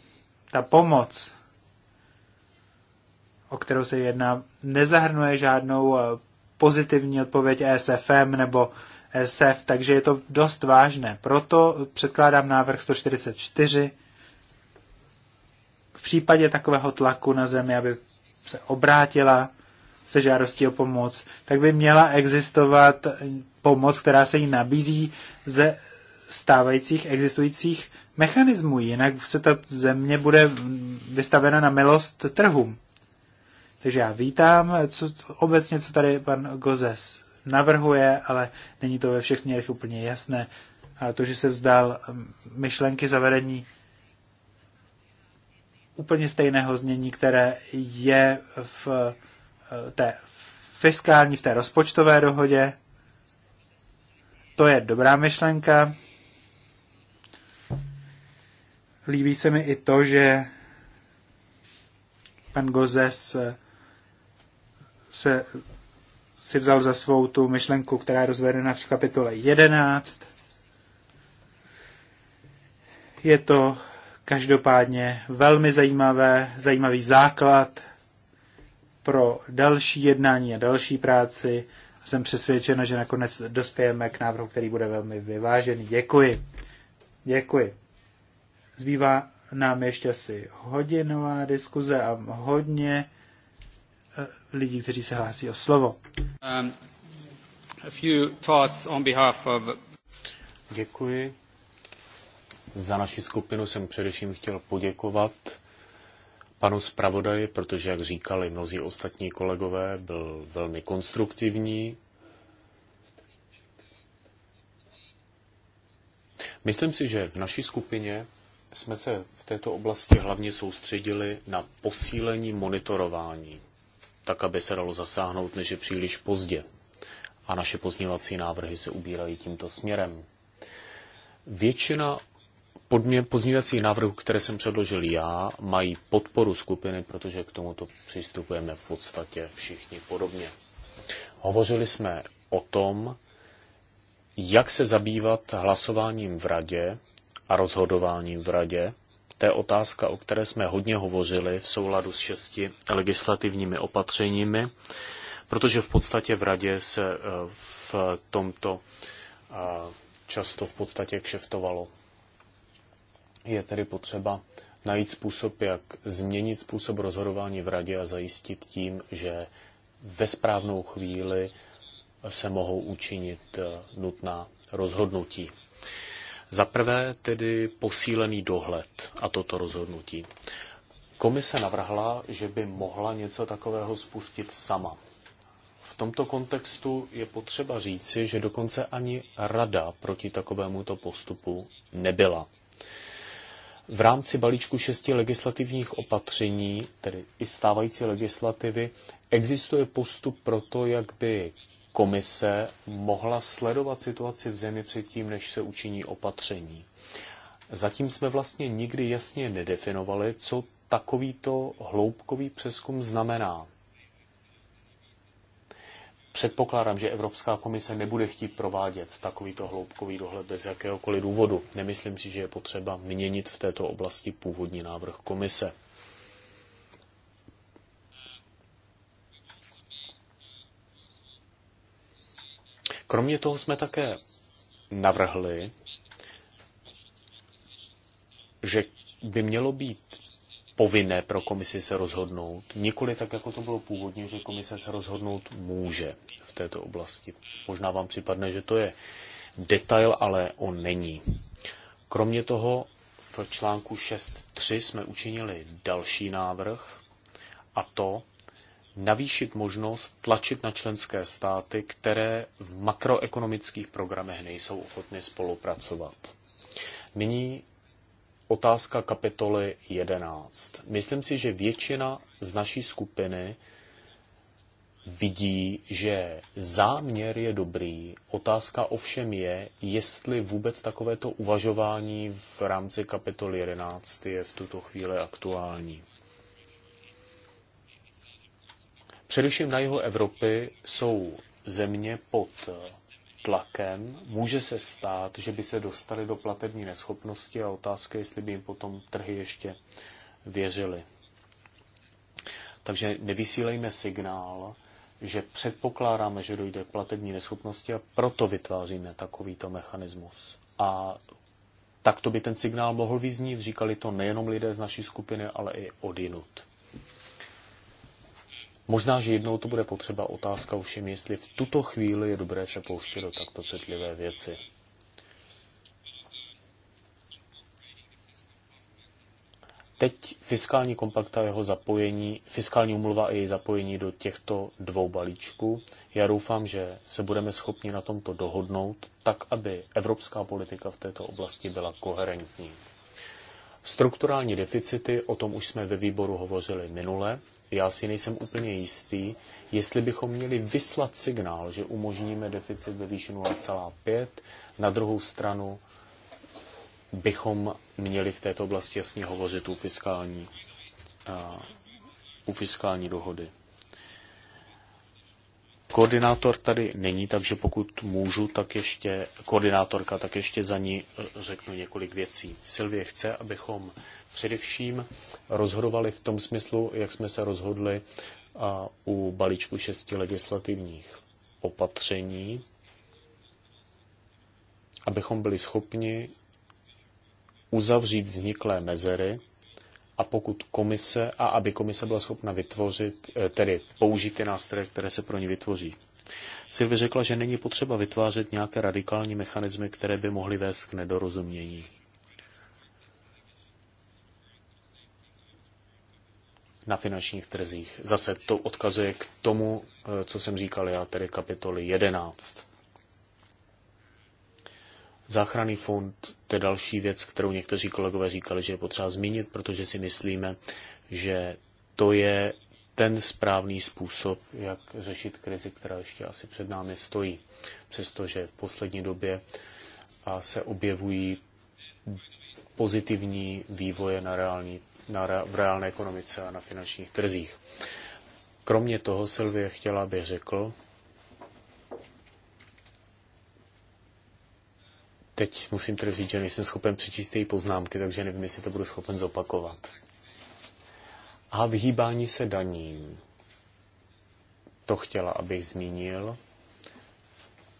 ta pomoc, o kterou se jedná, nezahrnuje žádnou eh, pozitivní odpověď SFM nebo SF, takže je to dost vážné. Proto předkládám návrh 144 v případě takového tlaku na zemi, aby se obrátila se žádostí o pomoc, tak by měla existovat eh, pomoc, která se jí nabízí ze stávajících existujících mechanismů, jinak se ta země bude vystavena na milost trhům. Takže já vítám co, obecně, co tady pan Gozes navrhuje, ale není to ve všech směrech úplně jasné. A to, že se vzdal um, myšlenky zavedení úplně stejného znění, které je v uh, té fiskální, v té rozpočtové dohodě, to je dobrá myšlenka. Líbí se mi i to, že pan Gozes eh, se, si vzal za svou tu myšlenku, která je rozvedena v kapitole 11. Je to každopádně velmi zajímavé, zajímavý základ pro další jednání a další práci. Jsem přesvědčena, že nakonec dospějeme k návrhu, který bude velmi vyvážený. Děkuji. Děkuji. Zbývá nám ještě asi hodinová diskuze a hodně eh, lidí, kteří se hlásí o slovo. Um, a few thoughts on behalf of... Děkuji. Za naši skupinu jsem především chtěl poděkovat panu zpravodaji, protože, jak říkali mnozí ostatní kolegové, byl velmi konstruktivní. Myslím si, že v naší skupině jsme se v této oblasti hlavně soustředili na posílení monitorování, tak aby se dalo zasáhnout, než je příliš pozdě. A naše pozměvací návrhy se ubírají tímto směrem. Většina podmě, pozměvacích návrhů, které jsem předložil já, mají podporu skupiny, protože k tomuto přistupujeme v podstatě všichni podobně. Hovořili jsme o tom, jak se zabývat hlasováním v radě a rozhodováním v radě. To je otázka, o které jsme hodně hovořili v souladu s šesti legislativními opatřeními, protože v podstatě v radě se eh, v tomto eh, často v podstatě kšeftovalo. Je tedy potřeba najít způsob, jak změnit způsob rozhodování v radě a zajistit tím, že ve správnou chvíli se mohou učinit eh, nutná rozhodnutí. Za prvé tedy posílený dohled a toto rozhodnutí. Komise navrhla, že by mohla něco takového spustit sama. V tomto kontextu je potřeba říci, že dokonce ani rada proti takovémuto postupu nebyla. V rámci balíčku šesti legislativních opatření, tedy i stávající legislativy, existuje postup pro to, jak by komise mohla sledovat situaci v zemi předtím, než se učiní opatření. Zatím jsme vlastně nikdy jasně nedefinovali, co takovýto hloubkový přeskum znamená. Předpokládám, že Evropská komise nebude chtít provádět takovýto hloubkový dohled bez jakéhokoliv důvodu. Nemyslím si, že je potřeba měnit v této oblasti původní návrh komise. Kromě toho jsme také navrhli, že by mělo být povinné pro komisi se rozhodnout, nikoli tak, jako to bylo původně, že komise se rozhodnout může v této oblasti. Možná vám připadne, že to je detail, ale on není. Kromě toho v článku 6.3 jsme učinili další návrh, a to, navýšit možnost tlačit na členské státy, které v makroekonomických programech nejsou ochotny spolupracovat. Nyní otázka kapitoly 11. Myslím si, že většina z naší skupiny vidí, že záměr je dobrý. Otázka ovšem je, jestli vůbec takovéto uvažování v rámci kapitoly 11 je v tuto chvíli aktuální. Především na jihu Evropy jsou země pod tlakem. Může se stát, že by se dostali do platební neschopnosti a otázka, jestli by jim potom trhy ještě věřily. Takže nevysílejme signál, že předpokládáme, že dojde k platební neschopnosti a proto vytváříme takovýto mechanismus. A tak to by ten signál mohl vyznít, říkali to nejenom lidé z naší skupiny, ale i odinut. Možná, že jednou to bude potřeba otázka všem, jestli v tuto chvíli je dobré se pouštět do takto citlivé věci. Teď fiskální kompakt a jeho zapojení, fiskální umluva a její zapojení do těchto dvou balíčků. Já doufám, že se budeme schopni na tomto dohodnout, tak aby evropská politika v této oblasti byla koherentní. Strukturální deficity, o tom už jsme ve výboru hovořili minule já si nejsem úplně jistý, jestli bychom měli vyslat signál, že umožníme deficit ve výši 0,5, na druhou stranu bychom měli v této oblasti jasně hovořit u fiskální, uh, u fiskální dohody. Koordinátor tady není, takže pokud můžu, tak ještě, koordinátorka, tak ještě za ní eh, řeknu několik věcí. Silvie chce, abychom především rozhodovali v tom smyslu, jak jsme se rozhodli a u balíčku šesti legislativních opatření, abychom byli schopni uzavřít vzniklé mezery a pokud komise, a aby komise byla schopna vytvořit, eh, tedy použít ty nástroje, které se pro ní vytvoří. Silvi řekla, že není potřeba vytvářet nějaké radikální mechanismy, které by mohly vést k nedorozumění. na finančních trzích. Zase to odkazuje k tomu, eh, co jsem říkal já, tedy kapitoly 11. Záchranný fond, to je další věc, kterou někteří kolegové říkali, že je potřeba zmínit, protože si myslíme, že to je ten správný způsob, jak řešit krizi, která ještě asi před námi stojí. Přestože v poslední době se objevují pozitivní vývoje na reální, na, re, v reálné ekonomice a na finančních trzích. Kromě toho Silvie chtěla, aby řekl, Teď musím tedy říct, že nejsem schopen přečíst její poznámky, takže nevím, jestli to budu schopen zopakovat. A vyhýbání se daním. To chtěla, abych zmínil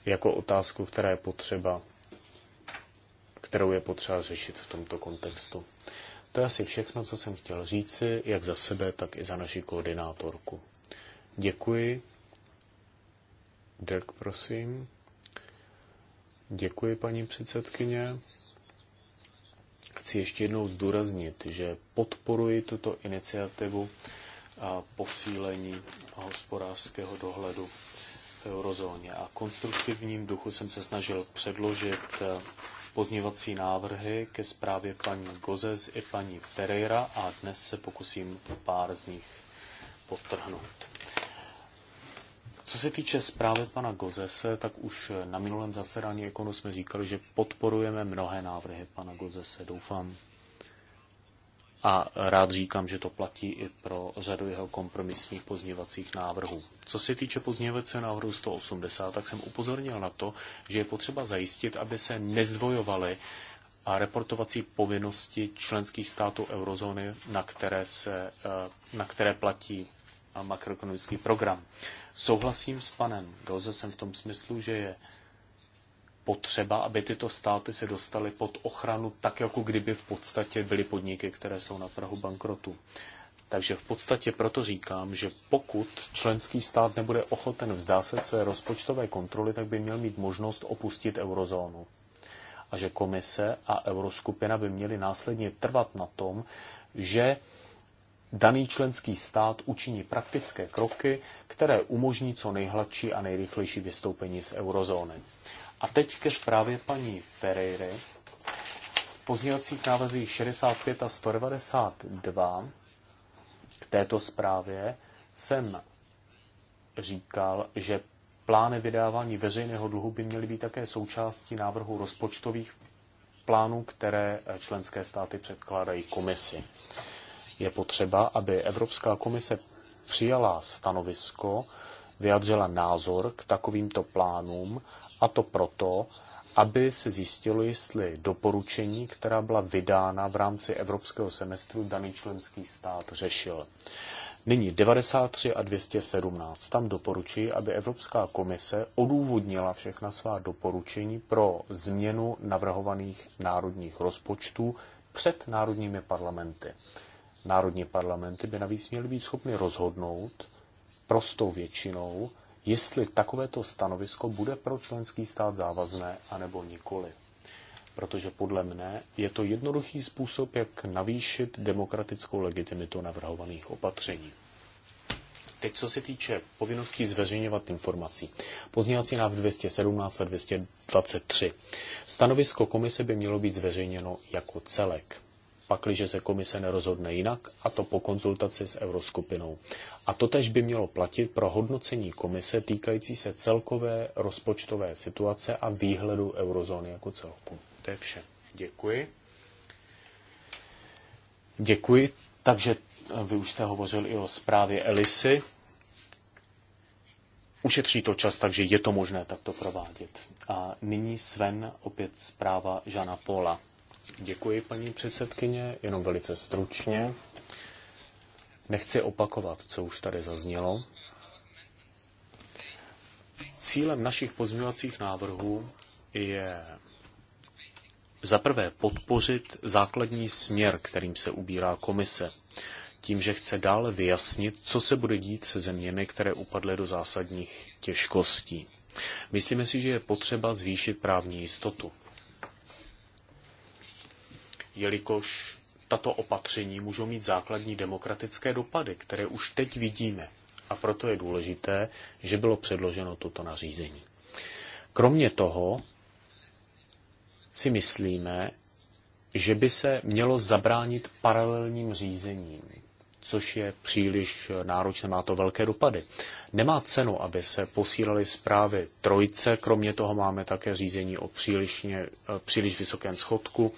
jako otázku, která je potřeba, kterou je potřeba řešit v tomto kontextu. To je asi všechno, co jsem chtěl říci, jak za sebe, tak i za naši koordinátorku. Děkuji. Dirk, prosím. Děkuji, paní předsedkyně. Chci ještě jednou zdůraznit, že podporuji tuto iniciativu a posílení hospodářského dohledu v eurozóně. A konstruktivním duchu jsem se snažil předložit eh, pozněvací návrhy ke zprávě paní Gozes i paní Ferreira a dnes se pokusím pár z nich potrhnout. Co se týče zprávy pana Gozese, tak už na minulém zasedání Ekonu jsme říkali, že podporujeme mnohé návrhy pana Gozese, doufám. A rád říkám, že to platí i pro řadu jeho kompromisních pozněvacích návrhů. Co se týče pozměvacího návrhu 180, tak jsem upozornil na to, že je potřeba zajistit, aby se nezdvojovaly a reportovací povinnosti členských států eurozóny, na které, se, eh, na které platí makroekonomický program. Souhlasím s panem Gozesem v tom smyslu, že je potřeba, aby tyto státy se dostaly pod ochranu, tak jako kdyby v podstatě byly podniky, které jsou na Prahu bankrotu. Takže v podstatě proto říkám, že pokud členský stát nebude ochoten vzdát se své rozpočtové kontroly, tak by měl mít možnost opustit eurozónu. A že komise a euroskupina by měly následně trvat na tom, že daný členský stát učiní praktické kroky, které umožní co nejhladší a nejrychlejší vystoupení z eurozóny. A teď ke zprávě paní Ferreira. V pozdějacích návazích 65 a 192 k této zprávě jsem říkal, že plány vydávání veřejného dluhu by měly být také součástí návrhu rozpočtových plánů, které členské státy předkládají komisi. Je potřeba, aby Evropská komise přijala stanovisko, vyjadřila názor k takovýmto plánům a to proto, aby se zjistilo, jestli doporučení, která byla vydána v rámci evropského semestru, daný členský stát řešil. Nyní 93 a 217. Tam doporučuji, aby Evropská komise odůvodnila všechna svá doporučení pro změnu navrhovaných národních rozpočtů před národními parlamenty národní parlamenty by navíc měly být schopny rozhodnout prostou většinou, jestli takovéto stanovisko bude pro členský stát závazné anebo nikoli. Protože podle mne je to jednoduchý způsob, jak navýšit demokratickou legitimitu navrhovaných opatření. Teď, co se týče povinnosti zveřejňovat informací. Pozněvací návrh 217 a 223. Stanovisko komise by mělo být zveřejněno jako celek pakliže se komise nerozhodne jinak, a to po konzultaci s Euroskupinou. A totež by mělo platit pro hodnocení komise týkající se celkové rozpočtové situace a výhledu eurozóny jako celku. To je vše. Děkuji. Děkuji. Takže eh, vy už jste hovořil i o zprávě Elisy. Ušetří to čas, takže je to možné takto provádět. A nyní Sven, opět zpráva Žana Pola. Děkuji, paní předsedkyně, jenom velice stručně. Nechci opakovat, co už tady zaznělo. Cílem našich pozměňovacích návrhů je zaprvé podpořit základní směr, kterým se ubírá komise, tím, že chce dále vyjasnit, co se bude dít se zeměmi, které upadly do zásadních těžkostí. Myslíme si, že je potřeba zvýšit právní jistotu jelikož tato opatření můžou mít základní demokratické dopady, které už teď vidíme. A proto je důležité, že bylo předloženo toto nařízení. Kromě toho si myslíme, že by se mělo zabránit paralelním řízením, což je příliš náročné, má to velké dopady. Nemá cenu, aby se posílaly zprávy trojce, kromě toho máme také řízení o přílišně, příliš vysokém schodku,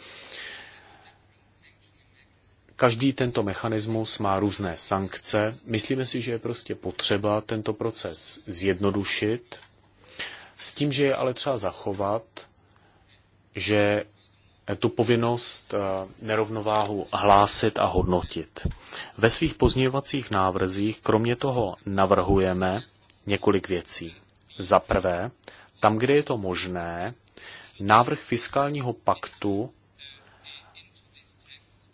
Každý tento mechanismus má různé sankce. Myslíme si, že je prostě potřeba tento proces zjednodušit, s tím, že je ale třeba zachovat, že tu povinnost eh, nerovnováhu hlásit a hodnotit. Ve svých pozměňovacích návrzích kromě toho navrhujeme několik věcí. Za prvé, tam, kde je to možné, návrh fiskálního paktu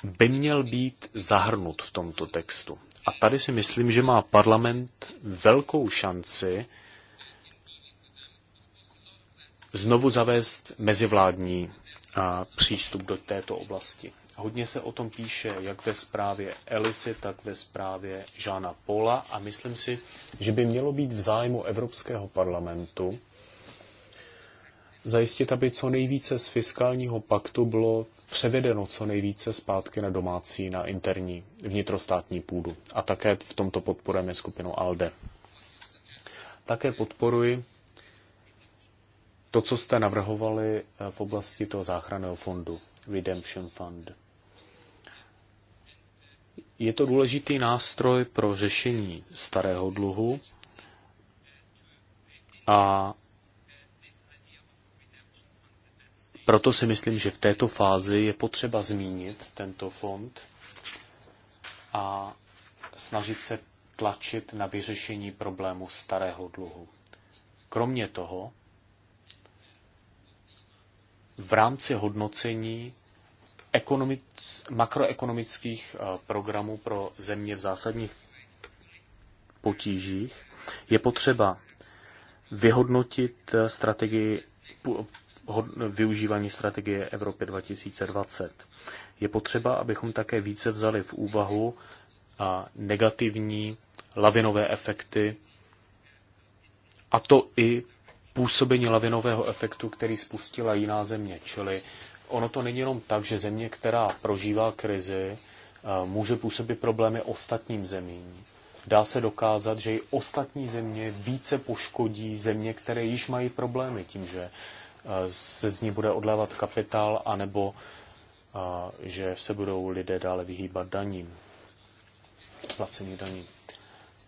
by měl být zahrnut v tomto textu. A tady si myslím, že má parlament velkou šanci znovu zavést mezivládní přístup do této oblasti. Hodně se o tom píše jak ve zprávě Elisy, tak ve zprávě Žána Pola a myslím si, že by mělo být v zájmu Evropského parlamentu zajistit, aby co nejvíce z fiskálního paktu bylo převedeno co nejvíce zpátky na domácí, na interní vnitrostátní půdu. A také v tomto podporujeme skupinu ALDE. Také podporuji to, co jste navrhovali eh, v oblasti toho záchranného fondu, Redemption Fund. Je to důležitý nástroj pro řešení starého dluhu a Proto si myslím, že v této fázi je potřeba zmínit tento fond a snažit se tlačit na vyřešení problému starého dluhu. Kromě toho, v rámci hodnocení ekonomic, makroekonomických eh, programů pro země v zásadních potížích je potřeba vyhodnotit eh, strategii využívání strategie Evropy 2020. Je potřeba, abychom také více vzali v úvahu a negativní lavinové efekty, a to i působení lavinového efektu, který spustila jiná země. Čili ono to není jenom tak, že země, která prožívá krizi, eh, může působit problémy ostatním zemím. Dá se dokázat, že i ostatní země více poškodí země, které již mají problémy tím, že se z ní bude odlévat kapitál, anebo že se budou lidé dále vyhýbat daním, placení daní.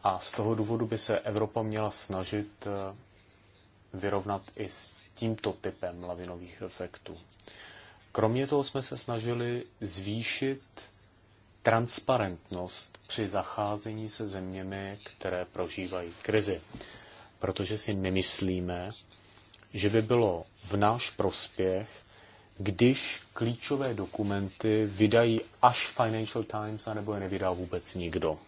A z toho důvodu by se Evropa měla snažit e, vyrovnat i s tímto typem lavinových efektů. Kromě toho jsme se snažili zvýšit transparentnost při zacházení se zeměmi, které prožívají krizi. Protože si nemyslíme, že by bylo v náš prospěch, když klíčové dokumenty vydají až Financial Times, anebo je nevydá vůbec nikdo.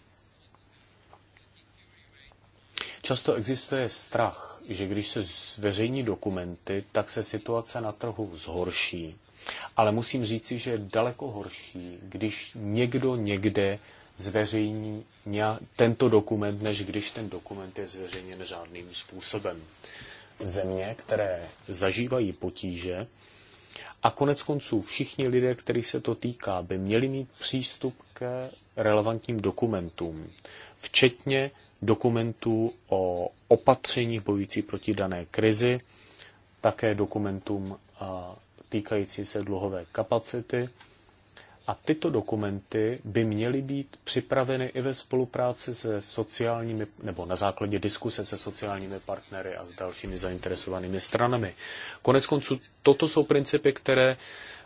Často existuje strach, že když se zveřejní dokumenty, tak se situace na trhu zhorší. Ale musím říci, že je daleko horší, když někdo někde zveřejní tento dokument, než když ten dokument je zveřejněn žádným způsobem země, které zažívají potíže, a konec konců všichni lidé, kterých se to týká, by měli mít přístup k relevantním dokumentům, včetně dokumentů o opatřeních bojící proti dané krizi, také dokumentům týkající se dluhové kapacity a tyto dokumenty by měly být připraveny i ve spolupráci se sociálními, nebo na základě diskuse se sociálními partnery a s dalšími zainteresovanými stranami. Konec konců, toto jsou principy, které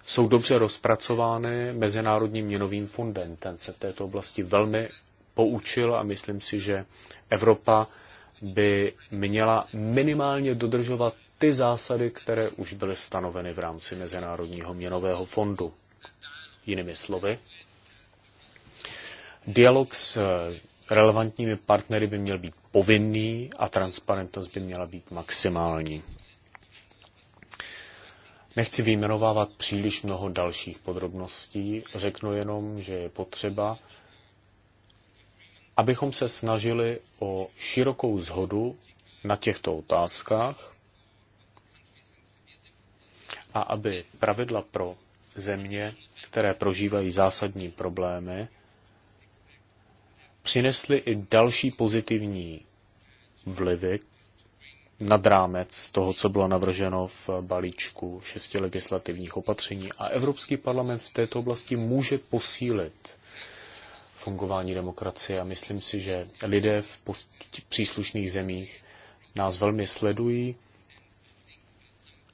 jsou dobře rozpracovány Mezinárodním měnovým fondem. Ten se v této oblasti velmi poučil a myslím si, že Evropa by měla minimálně dodržovat ty zásady, které už byly stanoveny v rámci Mezinárodního měnového fondu jinými slovy. Dialog s eh, relevantními partnery by měl být povinný a transparentnost by měla být maximální. Nechci vyjmenovávat příliš mnoho dalších podrobností, řeknu jenom, že je potřeba, abychom se snažili o širokou zhodu na těchto otázkách a aby pravidla pro země které prožívají zásadní problémy, přinesly i další pozitivní vlivy nad rámec toho, co bylo navrženo v balíčku šesti legislativních opatření. A Evropský parlament v této oblasti může posílit fungování demokracie a myslím si, že lidé v příslušných zemích nás velmi sledují,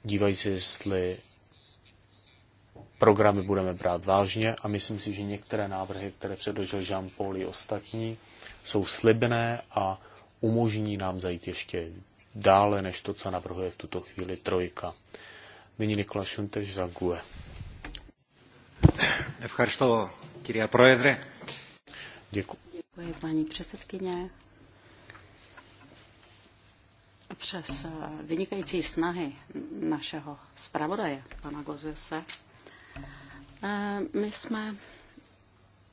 dívají se, jestli programy budeme brát vážně a myslím si, že některé návrhy, které předložil Jean-Paul i ostatní, jsou slibné a umožní nám zajít ještě dále, než to, co navrhuje v tuto chvíli trojka. Nyní Nikola Šuntež za GUE. Děkuji. paní předsedkyně. Přes vynikající snahy našeho zpravodaje, pana Gozese, Eh, my jsme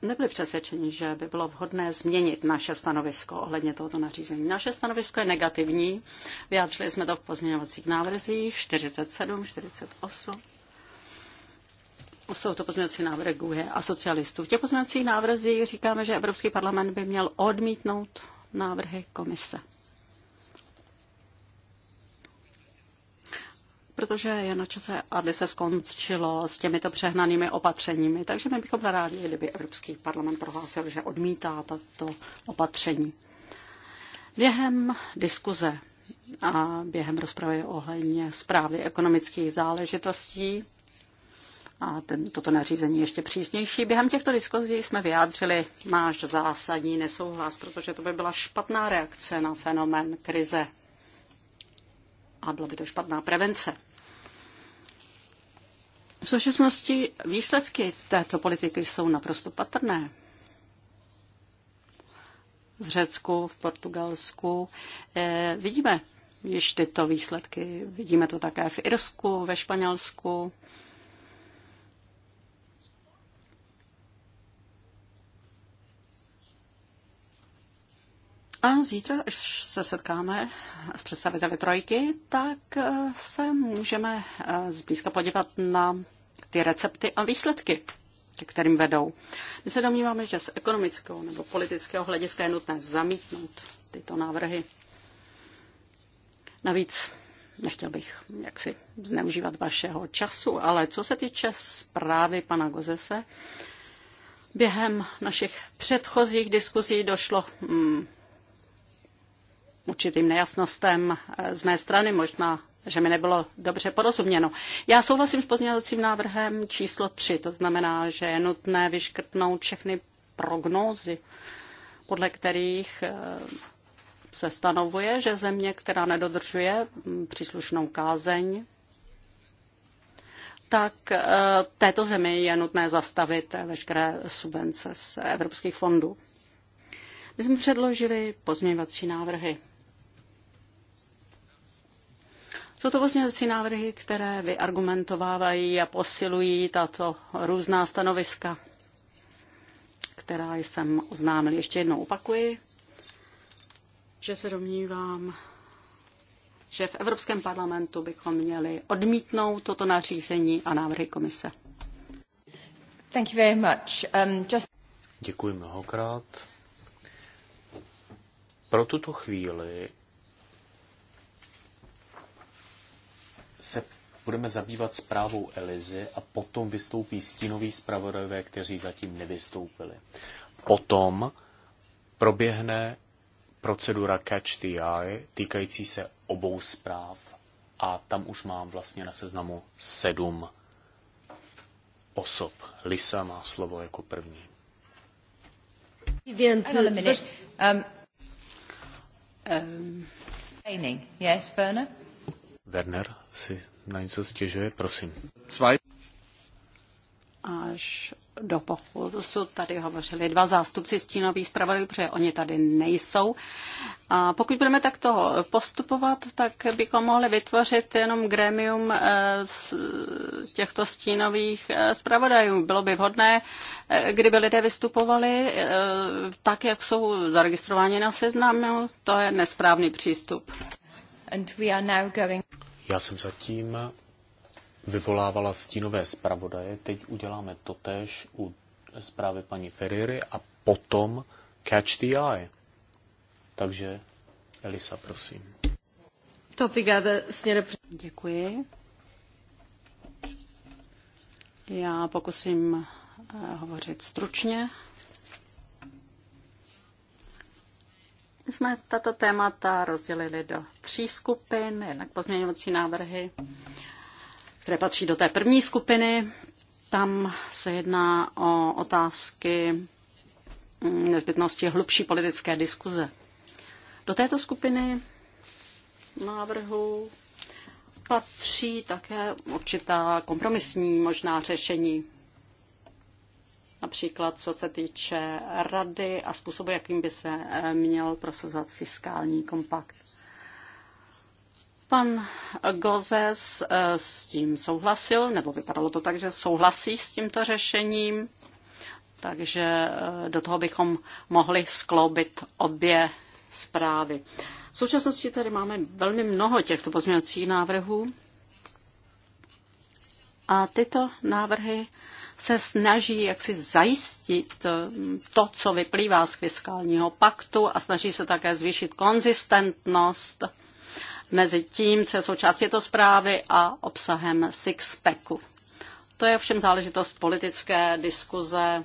nebyli přesvědčeni, že by bylo vhodné změnit naše stanovisko ohledně tohoto nařízení. Naše stanovisko je negativní. Vyjádřili jsme to v pozměňovacích návrzích 47, 48. Jsou to pozměňovací návrhy GUE a socialistů. V těch pozměňovacích návrzích říkáme, že Evropský parlament by měl odmítnout návrhy komise. protože je na čase, aby se skončilo s těmito přehnanými opatřeními. Takže my bychom rádi, kdyby Evropský parlament prohlásil, že odmítá tato opatření. Během diskuze a během rozpravy ohledně zprávy ekonomických záležitostí a ten, toto nařízení ještě přísnější. Během těchto diskuzí jsme vyjádřili náš zásadní nesouhlas, protože to by byla špatná reakce na fenomén krize a byla by to špatná prevence. V současnosti výsledky této politiky jsou naprosto patrné. V Řecku, v Portugalsku eh, vidíme již tyto výsledky. Vidíme to také v Irsku, ve Španělsku. A zítra, až se setkáme s představiteli trojky, tak eh, se můžeme eh, zblízka podívat na ty recepty a výsledky, ke kterým vedou. My se domníváme, že z ekonomického nebo politického hlediska je nutné zamítnout tyto návrhy. Navíc nechtěl bych jaksi zneužívat vašeho času, ale co se týče zprávy pana Gozese, během našich předchozích diskuzí došlo hmm, určitým nejasnostem eh, z mé strany, možná že mi nebylo dobře porozuměno. Já souhlasím s pozměňovacím návrhem číslo 3, to znamená, že je nutné vyškrtnout všechny prognózy, podle kterých eh, se stanovuje, že země, která nedodržuje mm, příslušnou kázeň, tak eh, této zemi je nutné zastavit veškeré subvence z evropských fondů. My jsme předložili pozměňovací návrhy. Jsou to vlastně si návrhy, které vyargumentovávají a posilují tato různá stanoviska, která jsem oznámil. Ještě jednou opakuji, že se domnívám, že v Evropském parlamentu bychom měli odmítnout toto nařízení a návrhy komise. Thank you very much. Um, just... Děkuji mnohokrát. Pro tuto chvíli se budeme zabývat zprávou Elizy a potom vystoupí stínoví zpravodajové, kteří zatím nevystoupili. Potom proběhne procedura Catch the Eye týkající se obou zpráv a tam už mám vlastně na seznamu sedm osob. Lisa má slovo jako první. Um, um, Werner? si na něco stěžuje, prosím. Až do pochodu tady hovořili dva zástupci stínových zpravodajů, protože oni tady nejsou. A pokud budeme takto postupovat, tak bychom mohli vytvořit jenom gremium eh, těchto stínových eh, zpravodajů. Bylo by vhodné, eh, kdyby lidé vystupovali tak, jak jsou zaregistrováni na seznamu. To je nesprávný přístup. And we are now going... Já jsem zatím vyvolávala stínové zpravodaje, teď uděláme to tež u zprávy paní Ferriery a potom Catch the Eye. Takže Elisa, prosím. Děkuji. Já pokusím eh, hovořit stručně. My jsme tato témata rozdělili do tří skupin, jednak pozměňovací návrhy, které patří do té první skupiny. Tam se jedná o otázky nezbytnosti hlubší politické diskuze. Do této skupiny návrhu patří také určitá kompromisní možná řešení například co se týče rady a způsobu, jakým by se eh, měl prosazovat fiskální kompakt. Pan Gozes eh, s tím souhlasil, nebo vypadalo to tak, že souhlasí s tímto řešením, takže eh, do toho bychom mohli skloubit obě zprávy. V současnosti tady máme velmi mnoho těchto pozměňovacích návrhů a tyto návrhy se snaží jaksi zajistit eh, to, co vyplývá z fiskálního paktu a snaží se také zvýšit konzistentnost mezi tím, co je součástí této zprávy a obsahem sixpacku. To je ovšem záležitost politické diskuze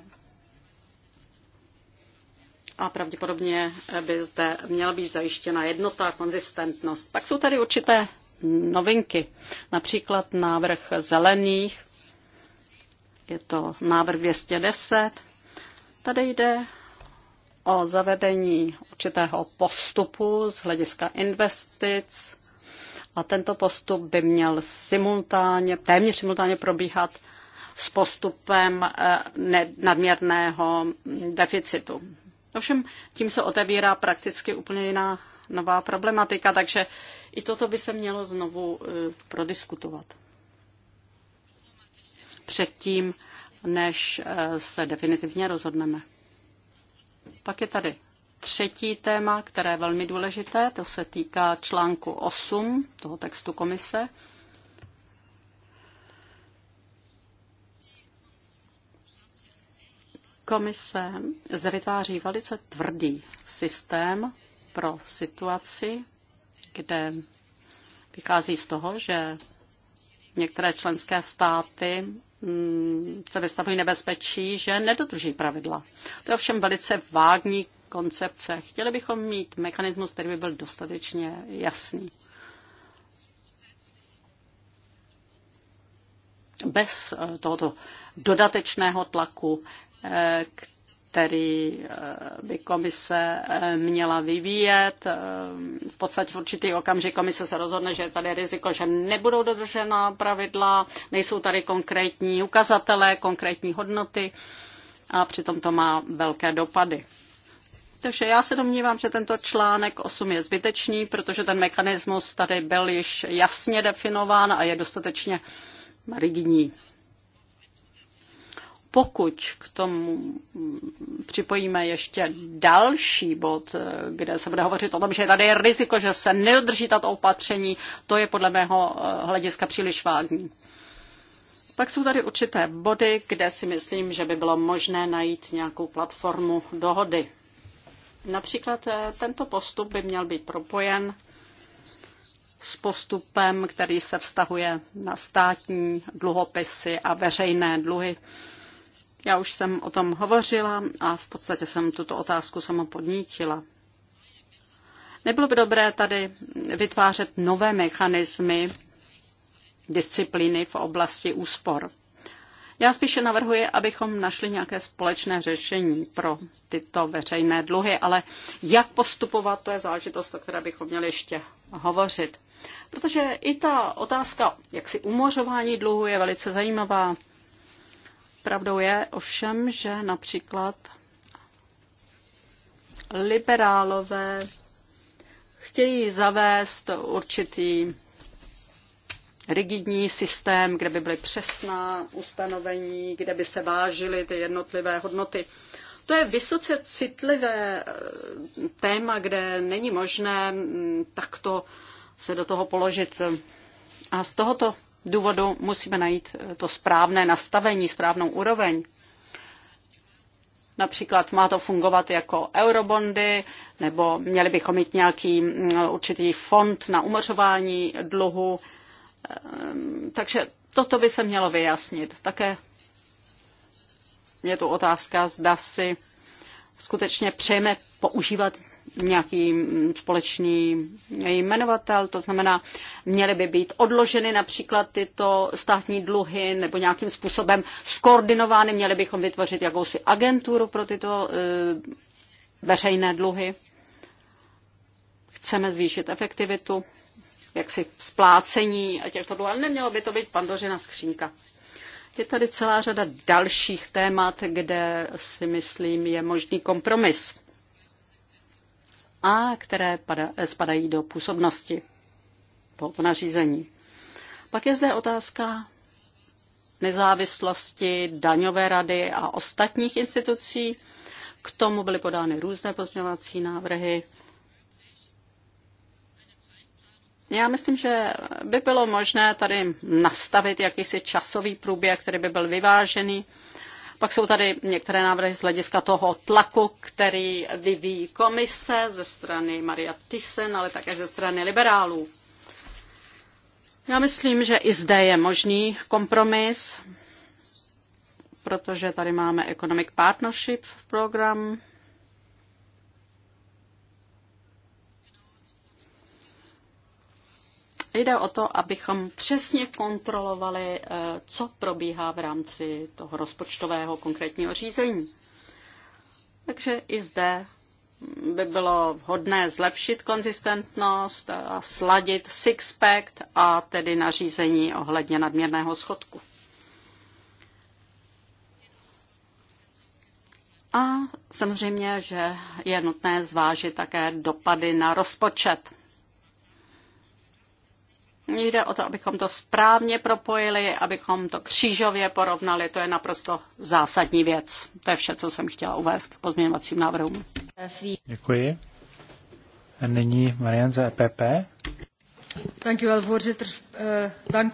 a pravděpodobně by zde měla být zajištěna jednota a konzistentnost. Pak jsou tady určité novinky, například návrh zelených, je to návrh 210. Tady jde o zavedení určitého postupu z hlediska investic a tento postup by měl simultánně, téměř simultánně probíhat s postupem eh, nadměrného deficitu. Ovšem tím se otevírá prakticky úplně jiná nová problematika, takže i toto by se mělo znovu eh, prodiskutovat předtím, než eh, se definitivně rozhodneme. Pak je tady třetí téma, které je velmi důležité, to se týká článku 8 toho textu komise. Komise zde vytváří velice tvrdý systém pro situaci, kde vychází z toho, že některé členské státy Mm, se vystavují nebezpečí, že nedodrží pravidla. To je ovšem velice vágní koncepce. Chtěli bychom mít mechanismus, který by byl dostatečně jasný. Bez eh, tohoto dodatečného tlaku, eh, který eh, by komise eh, měla vyvíjet. Eh, v podstatě v určitý okamžik komise se rozhodne, že je tady riziko, že nebudou dodržena pravidla, nejsou tady konkrétní ukazatele, konkrétní hodnoty a přitom to má velké dopady. Takže já se domnívám, že tento článek 8 je zbytečný, protože ten mechanismus tady byl již jasně definován a je dostatečně rigidní pokud k tomu připojíme ještě další bod, eh, kde se bude hovořit o tom, že tady je riziko, že se nedodrží tato opatření, to je podle mého eh, hlediska příliš vágní. Pak jsou tady určité body, kde si myslím, že by bylo možné najít nějakou platformu dohody. Například eh, tento postup by měl být propojen s postupem, který se vztahuje na státní dluhopisy a veřejné dluhy. Já už jsem o tom hovořila a v podstatě jsem tuto otázku sama podnítila. Nebylo by dobré tady vytvářet nové mechanismy disciplíny v oblasti úspor. Já spíše navrhuji, abychom našli nějaké společné řešení pro tyto veřejné dluhy, ale jak postupovat, to je záležitost, o které bychom měli ještě hovořit. Protože i ta otázka jak si umořování dluhu je velice zajímavá. Pravdou je ovšem, že například liberálové chtějí zavést určitý rigidní systém, kde by byly přesná ustanovení, kde by se vážily ty jednotlivé hodnoty. To je vysoce citlivé eh, téma, kde není možné mm, takto se do toho položit. A z tohoto důvodu musíme najít eh, to správné nastavení, správnou úroveň. Například má to fungovat jako eurobondy, nebo měli bychom mít nějaký mm, určitý fond na umořování dluhu. Ehm, takže toto by se mělo vyjasnit. Také je tu otázka, zda si skutečně přejeme používat nějaký společný jmenovatel, to znamená, měly by být odloženy například tyto státní dluhy nebo nějakým způsobem skoordinovány, měli bychom vytvořit jakousi agenturu pro tyto e, veřejné dluhy. Chceme zvýšit efektivitu, jaksi splácení a těchto dluhů, ale nemělo by to být pandořina skřínka. Je tady celá řada dalších témat, kde si myslím je možný kompromis a které spadají do působnosti tohoto nařízení. Pak je zde otázka nezávislosti daňové rady a ostatních institucí. K tomu byly podány různé pozměňovací návrhy. Já myslím, že by bylo možné tady nastavit jakýsi časový průběh, který by byl vyvážený pak jsou tady některé návrhy z hlediska toho tlaku, který vyvíjí komise ze strany Maria Thyssen, ale také ze strany liberálů. Já myslím, že i zde je možný kompromis, protože tady máme Economic Partnership program, Jde o to, abychom přesně kontrolovali, eh, co probíhá v rámci toho rozpočtového konkrétního řízení. Takže i zde by bylo hodné zlepšit konzistentnost a sladit six pact a tedy nařízení ohledně nadměrného schodku. A samozřejmě, že je nutné zvážit také dopady na rozpočet. Jde o to, abychom to správně propojili, abychom to křížově porovnali. To je naprosto zásadní věc. To je vše, co jsem chtěla uvést k pozměňovacím návrhům. Děkuji. A nyní Marian za e eh, eh, EPP.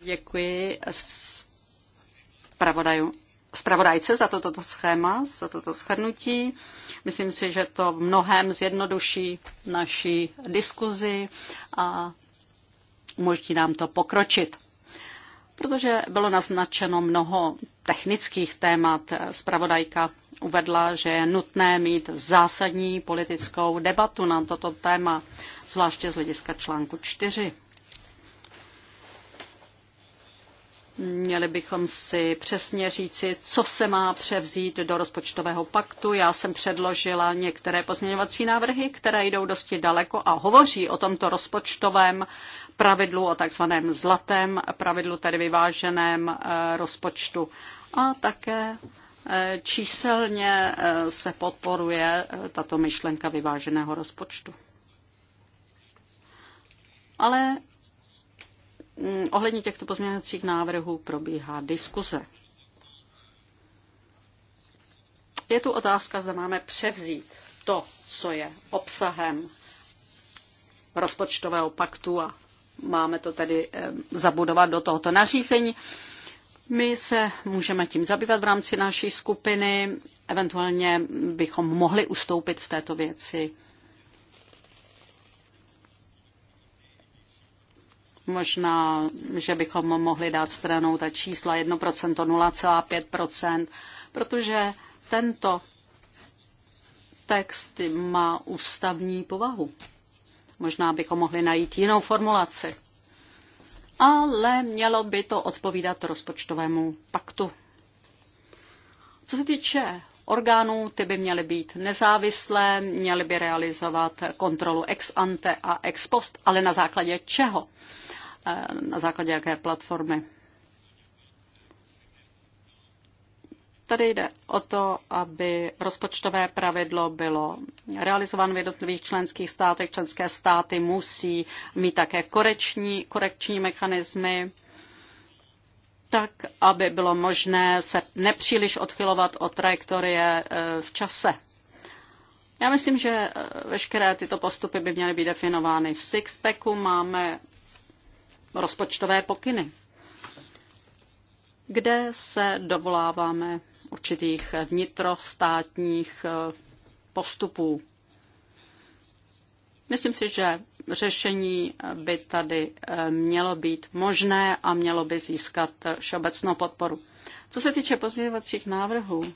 Děkuji zpravodaju zpravodajce za toto schéma, za toto schrnutí. Myslím si, že to v mnohem zjednoduší naší diskuzi a umožní nám to pokročit. Protože bylo naznačeno mnoho technických témat, zpravodajka uvedla, že je nutné mít zásadní politickou debatu na toto téma, zvláště z hlediska článku 4. Měli bychom si přesně říci, co se má převzít do rozpočtového paktu. Já jsem předložila některé pozměňovací návrhy, které jdou dosti daleko a hovoří o tomto rozpočtovém pravidlu, o takzvaném zlatém pravidlu, tedy vyváženém eh, rozpočtu. A také eh, číselně eh, se podporuje tato myšlenka vyváženého rozpočtu. Ale Mm, ohledně těchto pozměňovacích návrhů probíhá diskuze. Je tu otázka, zda máme převzít to, co je obsahem rozpočtového paktu a máme to tedy zabudovat do tohoto nařízení. My se můžeme tím zabývat v rámci naší skupiny, eventuálně bychom mohli ustoupit v této věci Možná, že bychom mohli dát stranou ta čísla 1%, 0,5%, protože tento text má ústavní povahu. Možná bychom mohli najít jinou formulaci. Ale mělo by to odpovídat rozpočtovému paktu. Co se týče orgánů, ty by měly být nezávislé, měly by realizovat kontrolu ex ante a ex post, ale na základě čeho? Eh, na základě jaké platformy. Tady jde o to, aby rozpočtové pravidlo bylo realizováno v jednotlivých členských státech. Členské státy musí mít také korekční, korekční mechanismy, tak, aby bylo možné se nepříliš odchylovat od trajektorie eh, v čase. Já myslím, že eh, veškeré tyto postupy by měly být definovány v Sixpacku. Máme rozpočtové pokyny, kde se dovoláváme určitých vnitrostátních eh, postupů. Myslím si, že řešení by tady eh, mělo být možné a mělo by získat všeobecnou podporu. Co se týče pozměňovacích návrhů,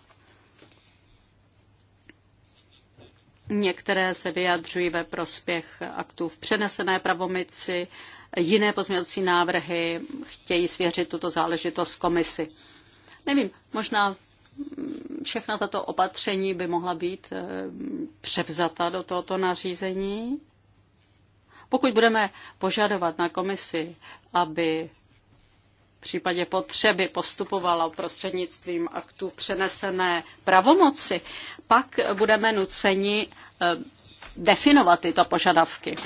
některé se vyjadřují ve prospěch aktů v přenesené pravomici jiné pozměňovací návrhy chtějí svěřit tuto záležitost komisi. Nevím, možná všechna tato opatření by mohla být eh, převzata do tohoto nařízení. Pokud budeme požadovat na komisi, aby v případě potřeby postupovala prostřednictvím aktů přenesené pravomoci, pak budeme nuceni eh, definovat tyto požadavky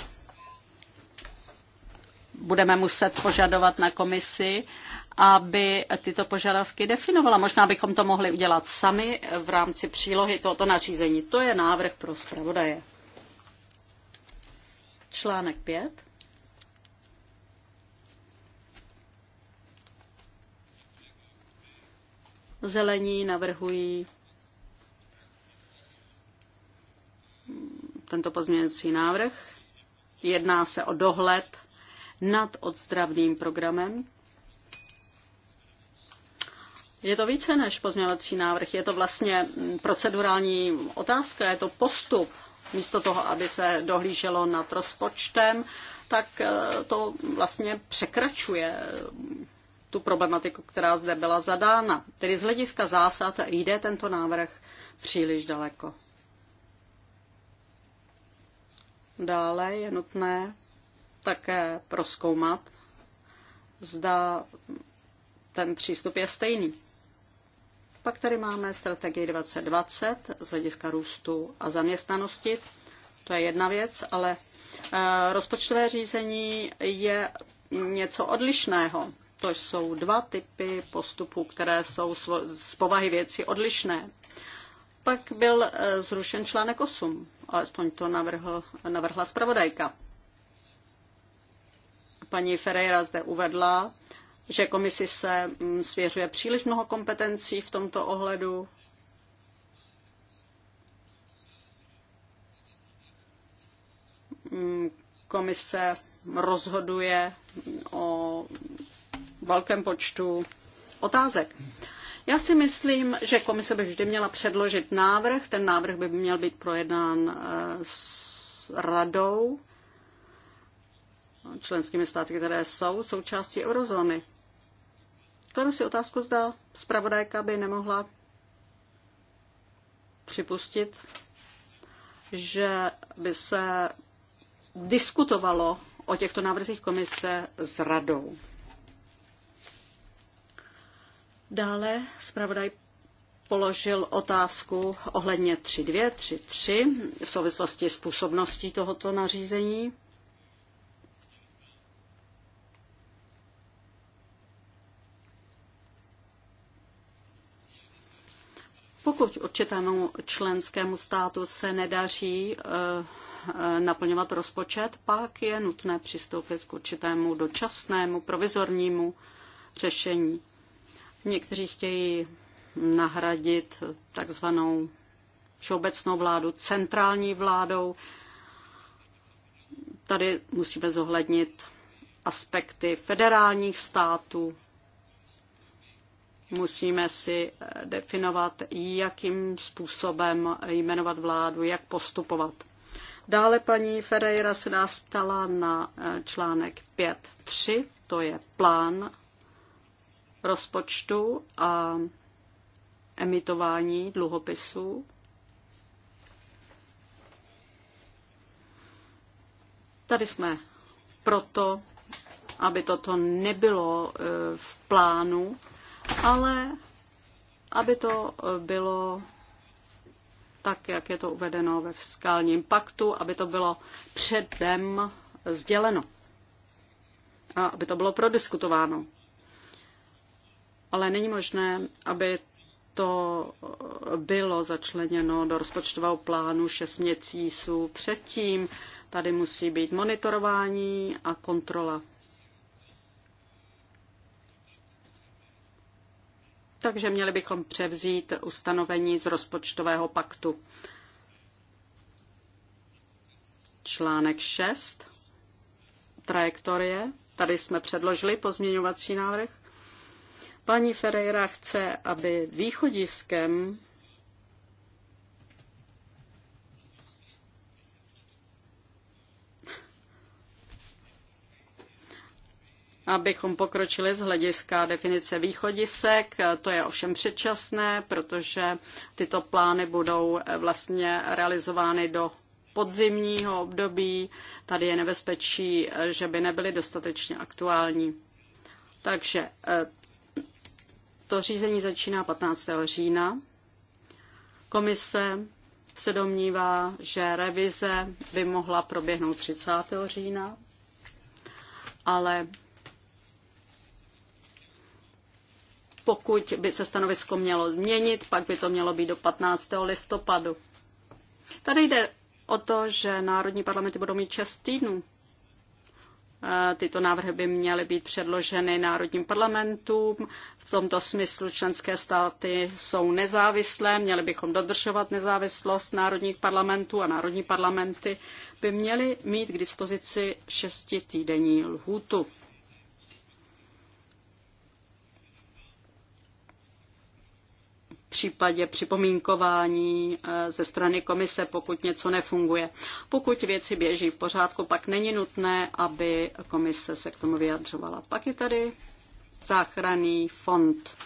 budeme muset požadovat na komisi, aby tyto požadavky definovala. Možná bychom to mohli udělat sami v rámci přílohy tohoto nařízení. To je návrh pro zpravodaje. Článek 5. Zelení navrhují tento pozměňovací návrh. Jedná se o dohled nad odstravným programem. Je to více než pozměňovací návrh, je to vlastně mm, procedurální otázka, je to postup. Místo toho, aby se dohlíželo nad rozpočtem, tak e, to vlastně překračuje mm, tu problematiku, která zde byla zadána. Tedy z hlediska zásad jde tento návrh příliš daleko. Dále je nutné také proskoumat, zda ten přístup je stejný. Pak tady máme strategii 2020 z hlediska růstu a zaměstnanosti. To je jedna věc, ale eh, rozpočtové řízení je něco odlišného. To jsou dva typy postupů, které jsou z povahy věci odlišné. Pak byl eh, zrušen článek 8, alespoň to navrhl, navrhla zpravodajka. Paní Ferreira zde uvedla, že komisi se mm, svěřuje příliš mnoho kompetencí v tomto ohledu. Mm, komise rozhoduje o velkém počtu otázek. Já si myslím, že komise by vždy měla předložit návrh. Ten návrh by měl být projednán eh, s radou členskými státy, které jsou součástí eurozóny. Kladu si otázku, zda zpravodajka by nemohla připustit, že by se diskutovalo o těchto návrzích komise s radou. Dále zpravodaj položil otázku ohledně 3.2, 3.3 v souvislosti s působností tohoto nařízení. Pokud určitému členskému státu se nedaří eh, naplňovat rozpočet, pak je nutné přistoupit k určitému dočasnému, provizornímu řešení. Někteří chtějí nahradit takzvanou všeobecnou vládu centrální vládou. Tady musíme zohlednit aspekty federálních států Musíme si eh, definovat, jakým způsobem jmenovat vládu, jak postupovat. Dále paní Ferreira se nás ptala na eh, článek 5.3, to je plán rozpočtu a emitování dluhopisů. Tady jsme proto, aby toto nebylo eh, v plánu ale aby to eh, bylo tak, jak je to uvedeno ve skalním paktu, aby to bylo předem sděleno a aby to bylo prodiskutováno. Ale není možné, aby to eh, bylo začleněno do rozpočtového plánu 6 měsíců předtím. Tady musí být monitorování a kontrola. takže měli bychom převzít ustanovení z rozpočtového paktu. Článek 6. Trajektorie. Tady jsme předložili pozměňovací návrh. Paní Ferreira chce, aby východiskem abychom pokročili z hlediska definice východisek. To je ovšem předčasné, protože tyto plány budou eh, vlastně realizovány do podzimního období. Tady je nebezpečí, eh, že by nebyly dostatečně aktuální. Takže eh, to řízení začíná 15. října. Komise se domnívá, že revize by mohla proběhnout 30. října, ale Pokud by se stanovisko mělo změnit, pak by to mělo být do 15. listopadu. Tady jde o to, že národní parlamenty budou mít 6 týdnů. E, tyto návrhy by měly být předloženy národním parlamentům. V tomto smyslu členské státy jsou nezávislé, měli bychom dodržovat nezávislost národních parlamentů a národní parlamenty by měly mít k dispozici šestitýdenní lhůtu. případě připomínkování eh, ze strany komise, pokud něco nefunguje. Pokud věci běží v pořádku, pak není nutné, aby komise se k tomu vyjadřovala. Pak je tady záchranný fond.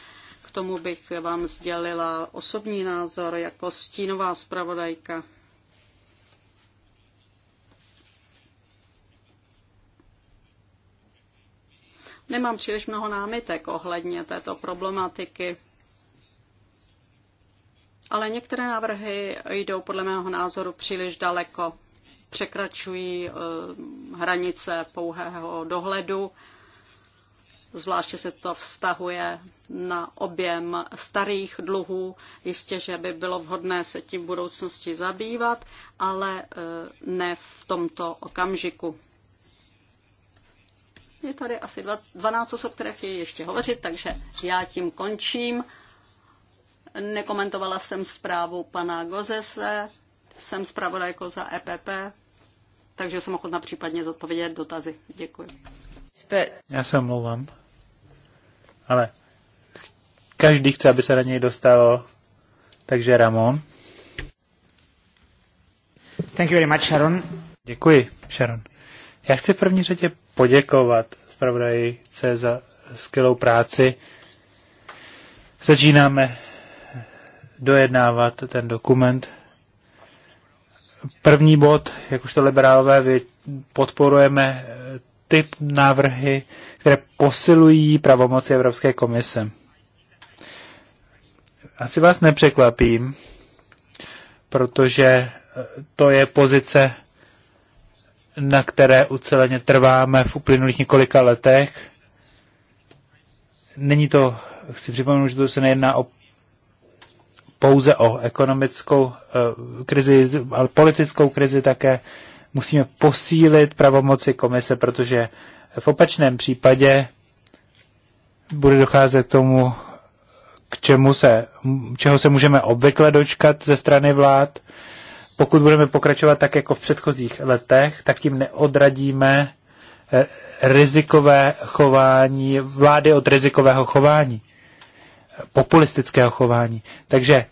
K tomu bych vám sdělila osobní názor jako stínová zpravodajka. Nemám příliš mnoho námitek ohledně této problematiky ale některé návrhy jdou podle mého názoru příliš daleko. Překračují eh, hranice pouhého dohledu, zvláště se to vztahuje na objem starých dluhů. Jistě, že by bylo vhodné se tím v budoucnosti zabývat, ale eh, ne v tomto okamžiku. Je tady asi 12 osob, které chtějí ještě hovořit, takže já tím končím. Nekomentovala jsem zprávu pana Gozese, jsem zpravodajkou za EPP, takže jsem ochotná případně zodpovědět dotazy. Děkuji. Já se omlouvám, ale každý chce, aby se na něj dostalo, takže Ramon. Thank you very much, Sharon. Děkuji, Sharon. Já chci v první řadě poděkovat zpravodajce za skvělou práci. Začínáme dojednávat ten dokument. První bod, jak už to liberálové podporujeme eh, ty návrhy, které posilují pravomoci Evropské komise. Asi vás nepřekvapím, protože eh, to je pozice, na které uceleně trváme v uplynulých několika letech. Není to, chci připomenout, že to se nejedná o pouze o ekonomickou eh, krizi, ale politickou krizi také. Musíme posílit pravomoci komise, protože v opačném případě bude docházet k tomu, k čemu se, čeho se můžeme obvykle dočkat ze strany vlád. Pokud budeme pokračovat tak jako v předchozích letech, tak tím neodradíme eh, rizikové chování, vlády od rizikového chování populistického chování. Takže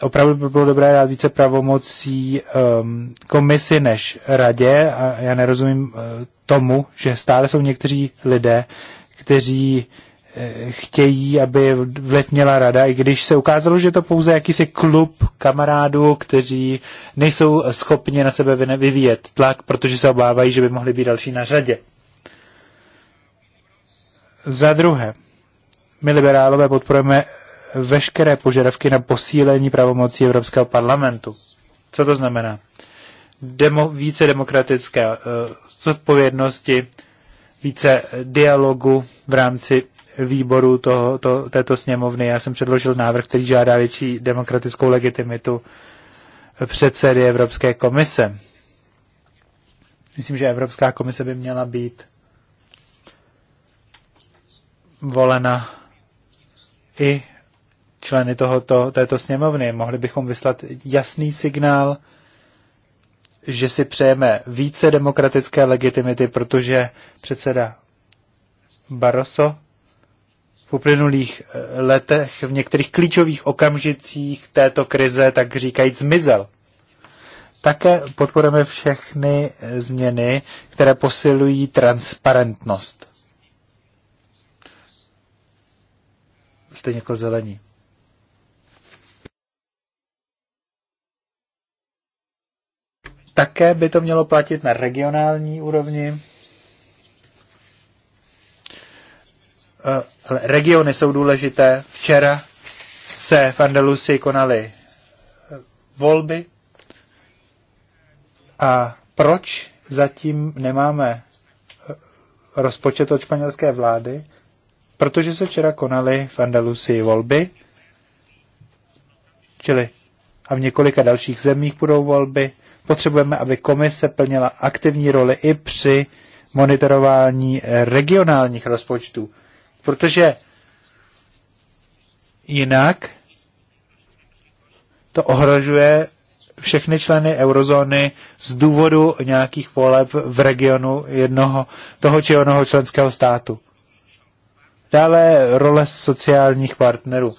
opravdu by bylo dobré dát více pravomocí um, komisi než radě a já nerozumím uh, tomu, že stále jsou někteří lidé, kteří uh, chtějí, aby vliv měla rada, i když se ukázalo, že je to pouze jakýsi klub kamarádů, kteří nejsou schopni na sebe vyvíjet tlak, protože se obávají, že by mohli být další na řadě. Za druhé, my liberálové podporujeme veškeré požadavky na posílení pravomocí Evropského parlamentu. Co to znamená? Demo, více demokratické uh, zodpovědnosti, více dialogu v rámci výboru toho, to, této sněmovny. Já jsem předložil návrh, který žádá větší demokratickou legitimitu předsedy Evropské komise. Myslím, že Evropská komise by měla být volena i členy tohoto, této sněmovny. Mohli bychom vyslat jasný signál, že si přejeme více demokratické legitimity, protože předseda Barroso v uplynulých eh, letech v některých klíčových okamžicích této krize, tak říkajíc, zmizel. Také podporujeme všechny eh, změny, které posilují transparentnost. stejně jako zelení. Také by to mělo platit na regionální úrovni. Eh, regiony jsou důležité. Včera se v Andalusii konaly eh, volby. A proč zatím nemáme eh, rozpočet od španělské vlády? protože se včera konaly v Andalusii volby, čili a v několika dalších zemích budou volby, potřebujeme, aby komise plnila aktivní roli i při monitorování regionálních rozpočtů, protože jinak to ohrožuje všechny členy eurozóny z důvodu nějakých voleb v regionu jednoho, toho či onoho členského státu. Dále role sociálních partnerů.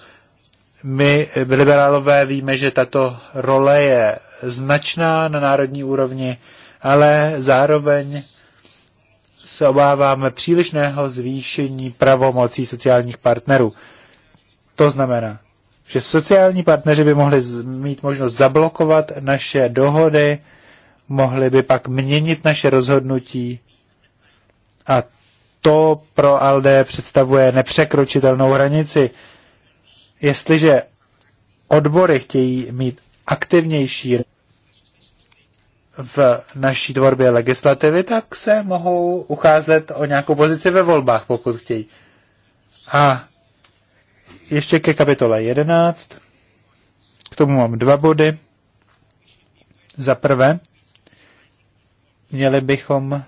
My, liberálové, víme, že tato role je značná na národní úrovni, ale zároveň se obáváme přílišného zvýšení pravomocí sociálních partnerů. To znamená, že sociální partneři by mohli mít možnost zablokovat naše dohody, mohli by pak měnit naše rozhodnutí a to pro ALDE představuje nepřekročitelnou hranici. Jestliže odbory chtějí mít aktivnější v naší tvorbě legislativy, tak se mohou ucházet o nějakou pozici ve volbách, pokud chtějí. A ještě ke kapitole 11. K tomu mám dva body. Za prvé, měli bychom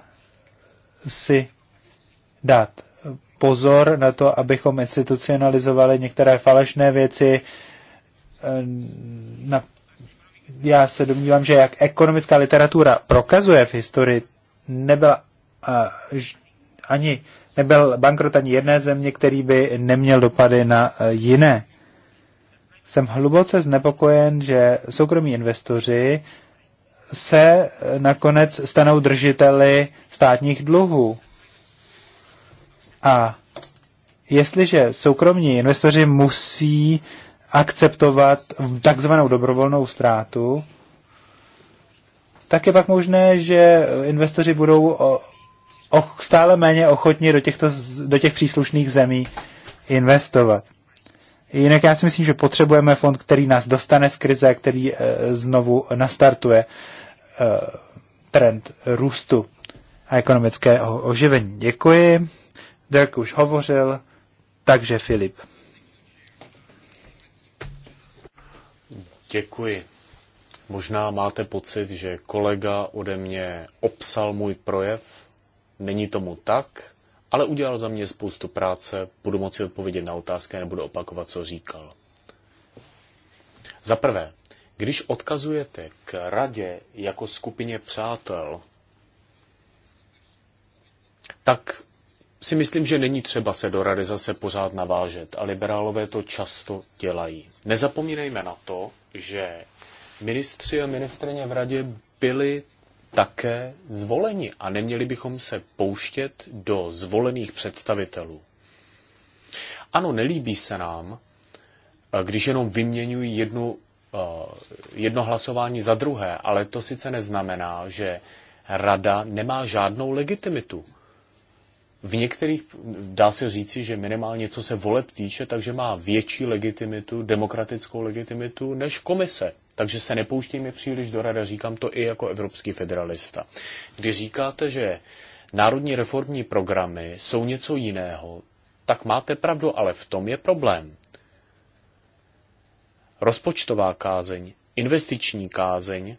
si dát pozor na to, abychom institucionalizovali některé falešné věci. Eh, na, já se domnívám, že jak ekonomická literatura prokazuje v historii, nebyla eh, ani nebyl bankrot ani jedné země, který by neměl dopady na eh, jiné. Jsem hluboce znepokojen, že soukromí investoři se nakonec stanou držiteli státních dluhů. A jestliže soukromní investoři musí akceptovat takzvanou dobrovolnou ztrátu, tak je pak možné, že investoři budou o, o, stále méně ochotni do, těchto, do těch příslušných zemí investovat. Jinak já si myslím, že potřebujeme fond, který nás dostane z krize, který e, znovu nastartuje e, trend růstu a ekonomického oživení. Děkuji. Dirk už hovořil, takže Filip. Děkuji. Možná máte pocit, že kolega ode mě obsal můj projev. Není tomu tak, ale udělal za mě spoustu práce, budu moci odpovědět na otázky a nebudu opakovat, co říkal. Za prvé, když odkazujete k radě jako skupině přátel, tak si myslím, že není třeba se do rady zase pořád navážet a liberálové to často dělají. Nezapomínejme na to, že ministři a ministrině v radě byli také zvoleni a neměli bychom se pouštět do zvolených představitelů. Ano, nelíbí se nám, eh, když jenom vyměňují jednu, eh, jedno hlasování za druhé, ale to sice neznamená, že rada nemá žádnou legitimitu v některých, dá se říci, že minimálně co se voleb týče, takže má větší legitimitu, demokratickou legitimitu než komise. Takže se nepouštíme příliš do rada, říkám to i jako evropský federalista. Když říkáte, že národní reformní programy jsou něco jiného, tak máte pravdu, ale v tom je problém. Rozpočtová kázeň, investiční kázeň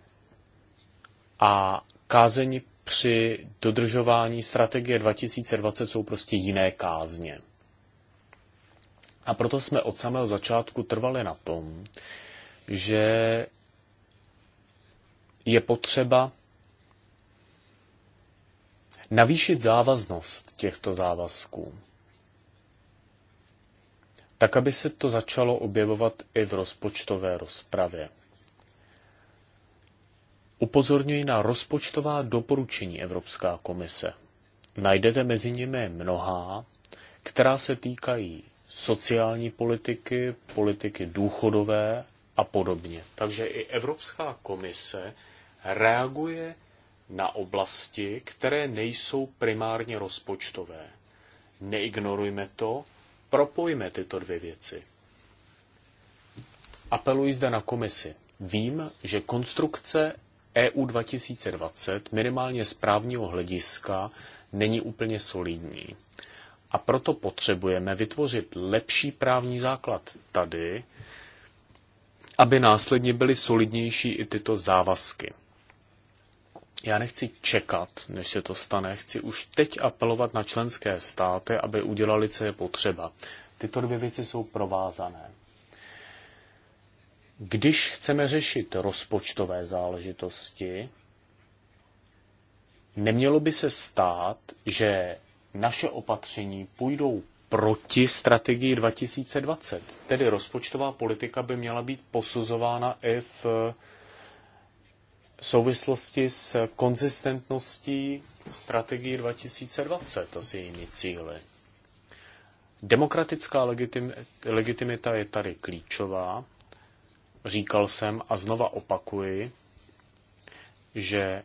a kázeň při dodržování strategie 2020 jsou prostě jiné kázně. A proto jsme od samého začátku trvali na tom, že je potřeba navýšit závaznost těchto závazků, tak aby se to začalo objevovat i v rozpočtové rozpravě upozorňuji na rozpočtová doporučení Evropská komise. Najdete mezi nimi mnohá, která se týkají sociální politiky, politiky důchodové a podobně. Takže i Evropská komise reaguje na oblasti, které nejsou primárně rozpočtové. Neignorujme to, propojme tyto dvě věci. Apeluji zde na komisi. Vím, že konstrukce EU 2020 minimálně z právního hlediska není úplně solidní. A proto potřebujeme vytvořit lepší právní základ tady, aby následně byly solidnější i tyto závazky. Já nechci čekat, než se to stane, chci už teď apelovat na členské státy, aby udělali, co je potřeba. Tyto dvě věci jsou provázané. Když chceme řešit rozpočtové záležitosti, nemělo by se stát, že naše opatření půjdou proti strategii 2020. Tedy rozpočtová politika by měla být posuzována i v souvislosti s konzistentností strategii 2020 a s jejími cíly. Demokratická legitimita je tady klíčová Říkal jsem a znova opakuji, že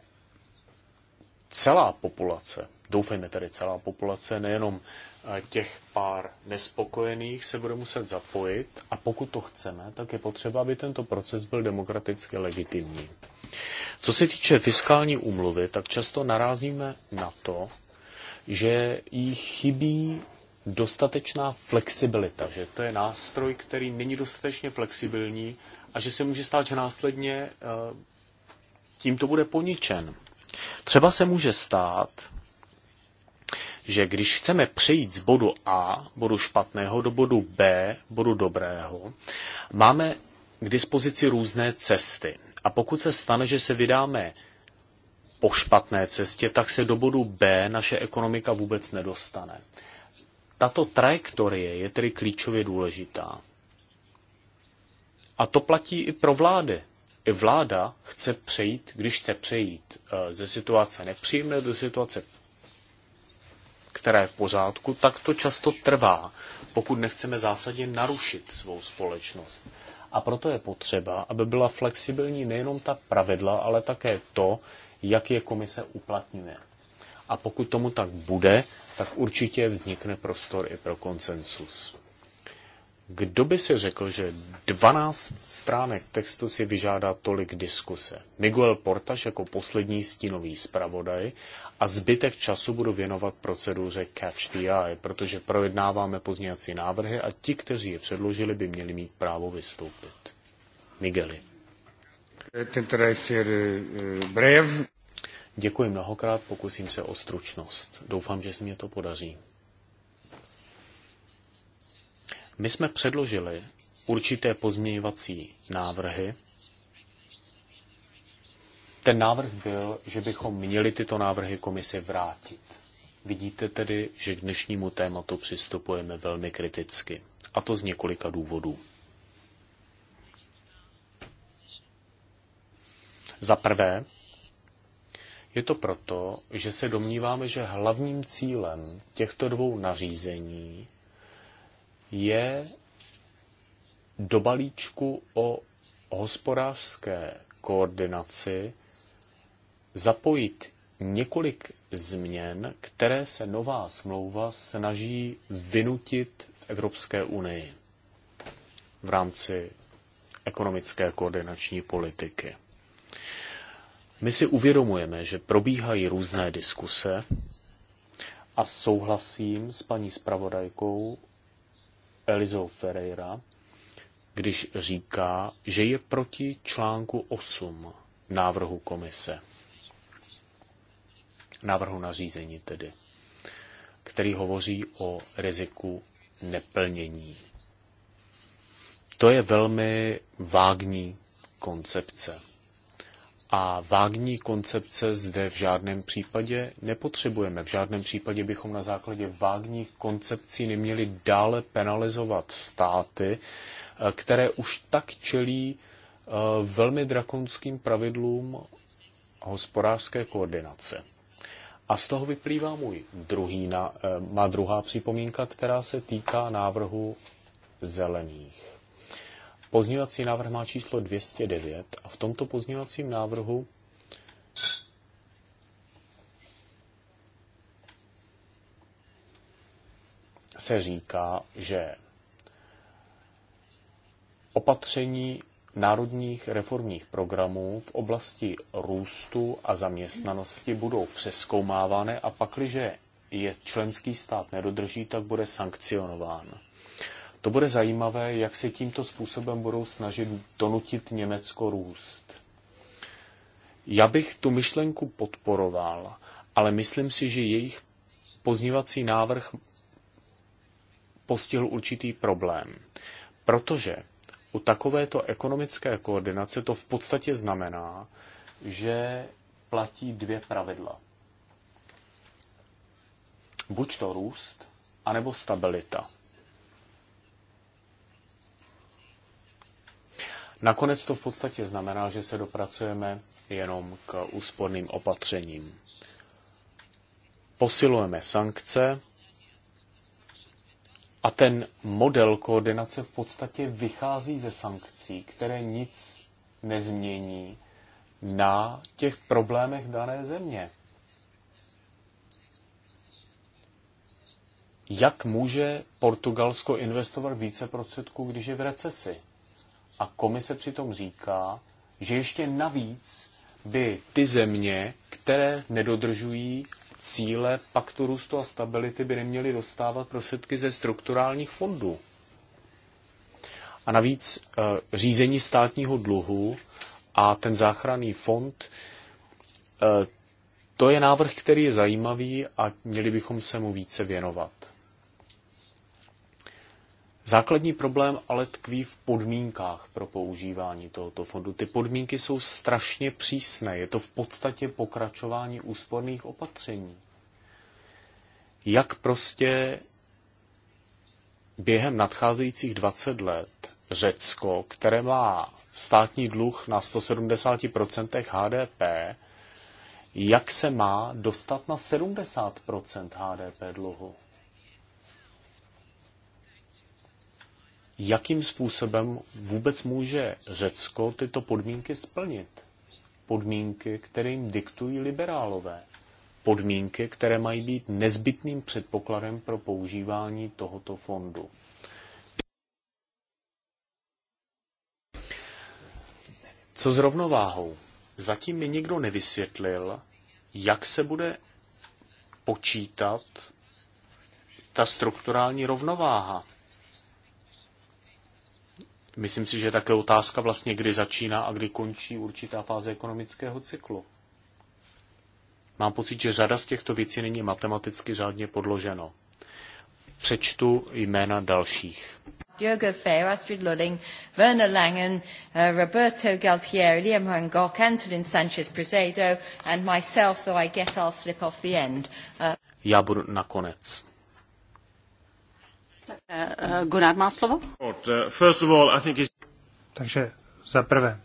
celá populace, doufejme tedy celá populace, nejenom eh, těch pár nespokojených se bude muset zapojit a pokud to chceme, tak je potřeba, aby tento proces byl demokraticky legitimní. Co se týče fiskální úmluvy, tak často narazíme na to, že jí chybí dostatečná flexibilita, že to je nástroj, který není dostatečně flexibilní a že se může stát, že následně eh, tímto bude poničen. Třeba se může stát, že když chceme přejít z bodu A, bodu špatného, do bodu B, bodu dobrého, máme k dispozici různé cesty. A pokud se stane, že se vydáme po špatné cestě, tak se do bodu B naše ekonomika vůbec nedostane. Tato trajektorie je tedy klíčově důležitá. A to platí i pro vlády. I vláda chce přejít, když chce přejít eh, ze situace nepříjemné do situace, která je v pořádku, tak to často trvá, pokud nechceme zásadně narušit svou společnost. A proto je potřeba, aby byla flexibilní nejenom ta pravidla, ale také to, jak je komise uplatňuje. A pokud tomu tak bude, tak určitě vznikne prostor i pro konsensus. Kdo by si řekl, že 12 stránek textu si vyžádá tolik diskuse? Miguel Portaš jako poslední stínový zpravodaj a zbytek času budu věnovat proceduře Catch the Eye, protože projednáváme pozněvací návrhy a ti, kteří je předložili, by měli mít právo vystoupit. Migueli. Eh, Děkuji mnohokrát, pokusím se o stručnost. Doufám, že se mě to podaří. My jsme předložili určité pozměňovací návrhy. Ten návrh byl, že bychom měli tyto návrhy komise vrátit. Vidíte tedy, že k dnešnímu tématu přistupujeme velmi kriticky. A to z několika důvodů. Za prvé, je to proto, že se domníváme, že hlavním cílem těchto dvou nařízení je do balíčku o hospodářské koordinaci zapojit několik změn, které se nová smlouva snaží vynutit v Evropské unii v rámci ekonomické koordinační politiky. My si uvědomujeme, že probíhají různé diskuse a souhlasím s paní zpravodajkou Elizou Ferreira, když říká, že je proti článku 8 návrhu komise. Návrhu nařízení tedy, který hovoří o riziku neplnění. To je velmi vágní koncepce a vágní koncepce zde v žádném případě nepotřebujeme. V žádném případě bychom na základě vágních koncepcí neměli dále penalizovat státy, eh, které už tak čelí eh, velmi drakonským pravidlům hospodářské koordinace. A z toho vyplývá můj druhý, eh, má druhá připomínka, která se týká návrhu zelených. Pozměňovací návrh má číslo 209 a v tomto pozměňovacím návrhu se říká, že opatření národních reformních programů v oblasti růstu a zaměstnanosti budou přeskoumávány a pakliže je členský stát nedodrží, tak bude sankcionován. To bude zajímavé, jak se tímto způsobem budou snažit donutit Německo růst. Já bych tu myšlenku podporoval, ale myslím si, že jejich pozněvací návrh postihl určitý problém. Protože u takovéto ekonomické koordinace to v podstatě znamená, že platí dvě pravidla. Buď to růst, anebo stabilita. Nakonec to v podstatě znamená, že se dopracujeme jenom k úsporným opatřením. Posilujeme sankce a ten model koordinace v podstatě vychází ze sankcí, které nic nezmění na těch problémech dané země. Jak může Portugalsko investovat více prostředků, když je v recesi? A komise přitom říká, že ještě navíc by ty země, které nedodržují cíle paktu růstu a stability, by neměly dostávat prostředky ze strukturálních fondů. A navíc e, řízení státního dluhu a ten záchranný fond, e, to je návrh, který je zajímavý a měli bychom se mu více věnovat. Základní problém ale tkví v podmínkách pro používání tohoto fondu. Ty podmínky jsou strašně přísné. Je to v podstatě pokračování úsporných opatření. Jak prostě během nadcházejících 20 let Řecko, které má státní dluh na 170% HDP, jak se má dostat na 70% HDP dluhu? jakým způsobem vůbec může Řecko tyto podmínky splnit. Podmínky, které jim diktují liberálové. Podmínky, které mají být nezbytným předpokladem pro používání tohoto fondu. Co s rovnováhou? Zatím mi nikdo nevysvětlil, jak se bude počítat ta strukturální rovnováha Myslím si, že je také otázka vlastně, kdy začíná a kdy končí určitá fáze ekonomického cyklu. Mám pocit, že řada z těchto věcí není matematicky řádně podloženo. Přečtu jména dalších. Diogo Feio, Astrid Lulling, Werner Langen, eh, Roberto Galtieri, Liam Van Gogh, Sanchez Prezedo and myself, though I guess I'll slip off the end. Eh, Já budu nakonec. Eh, Gunnar má slovo. Eh, Takže za prvé,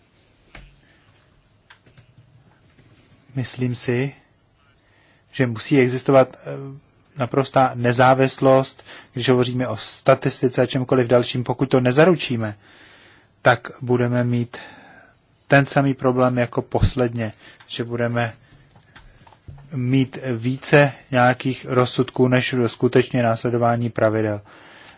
myslím si, že musí existovat eh, naprostá nezávislost, když hovoříme o statistice a čemkoliv dalším. Pokud to nezaručíme, tak budeme mít ten samý problém jako posledně, že budeme mít více nějakých rozsudků než skutečně následování pravidel.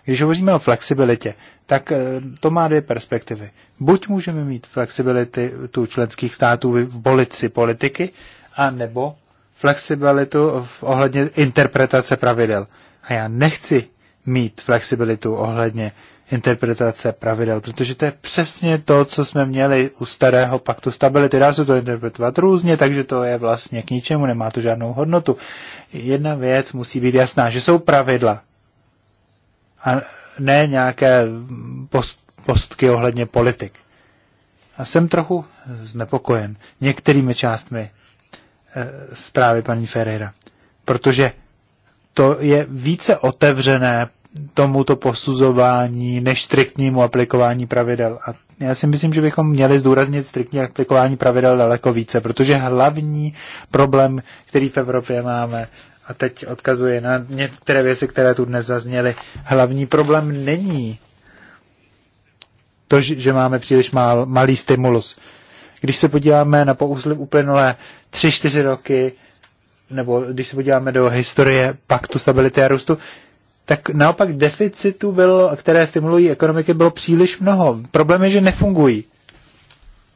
Když hovoříme o flexibilitě, tak eh, to má dvě perspektivy. Buď můžeme mít flexibility tu členských států v bolici politiky, a nebo flexibilitu v ohledně interpretace pravidel. A já nechci mít flexibilitu ohledně interpretace pravidel, protože to je přesně to, co jsme měli u starého paktu stability. Dá se to interpretovat různě, takže to je vlastně k ničemu, nemá to žádnou hodnotu. Jedna věc musí být jasná, že jsou pravidla, a ne nějaké post, postky ohledně politik. A jsem trochu znepokojen některými částmi e, zprávy paní Ferreira, protože to je více otevřené tomuto posuzování než striktnímu aplikování pravidel. A já si myslím, že bychom měli zdůraznit striktní aplikování pravidel daleko více, protože hlavní problém, který v Evropě máme, a teď odkazuje na některé věci, které tu dnes zazněly, hlavní problém není to, že máme příliš mal, malý stimulus. Když se podíváme na pousliv uplynulé 3-4 roky, nebo když se podíváme do historie paktu stability a růstu, tak naopak deficitu, bylo, které stimulují ekonomiky, bylo příliš mnoho. Problém je, že nefungují.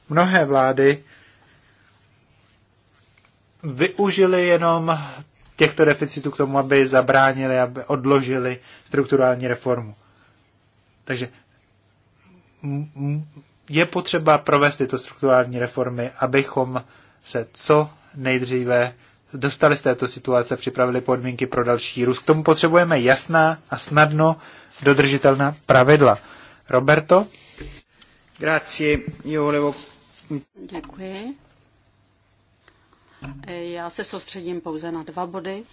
Mnohé vlády využili jenom těchto deficitů k tomu, aby zabránili, aby odložili strukturální reformu. Takže je potřeba provést tyto strukturální reformy, abychom se co nejdříve dostali z této situace, připravili podmínky pro další růst. K tomu potřebujeme jasná a snadno dodržitelná pravidla. Roberto? Grazie, io volevo... Děkuji. Já se soustředím pouze na dva body,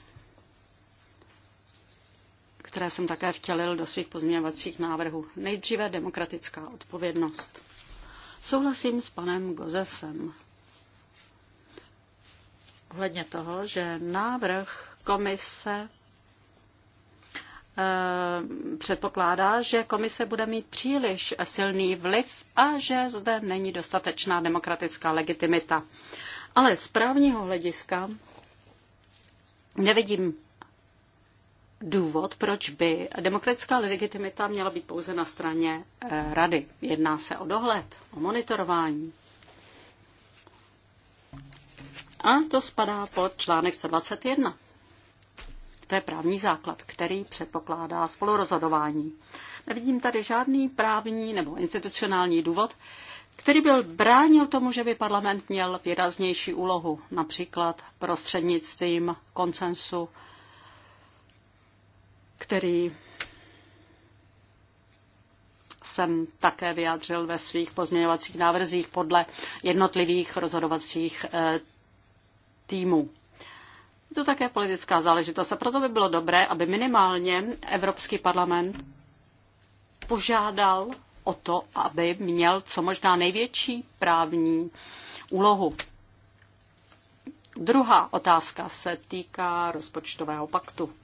které jsem také vtělil do svých pozměňovacích návrhů. Nejdříve demokratická odpovědnost. Souhlasím s panem Gozesem ohledně toho, že návrh komise eh, předpokládá, že komise bude mít příliš silný vliv a že zde není dostatečná demokratická legitimita. Ale z právního hlediska nevidím důvod, proč by demokratická legitimita měla být pouze na straně eh, rady. Jedná se o dohled, o monitorování. A to spadá pod článek 121. To je právní základ, který předpokládá spolurozhodování. Nevidím tady žádný právní nebo institucionální důvod, který byl bránil tomu, že by parlament měl výraznější úlohu, například prostřednictvím konsensu, který jsem také vyjádřil ve svých pozměňovacích návrzích podle jednotlivých rozhodovacích eh, týmů. Je to také politická záležitost a proto by bylo dobré, aby minimálně Evropský parlament požádal o to, aby měl co možná největší právní úlohu. Druhá otázka se týká rozpočtového paktu.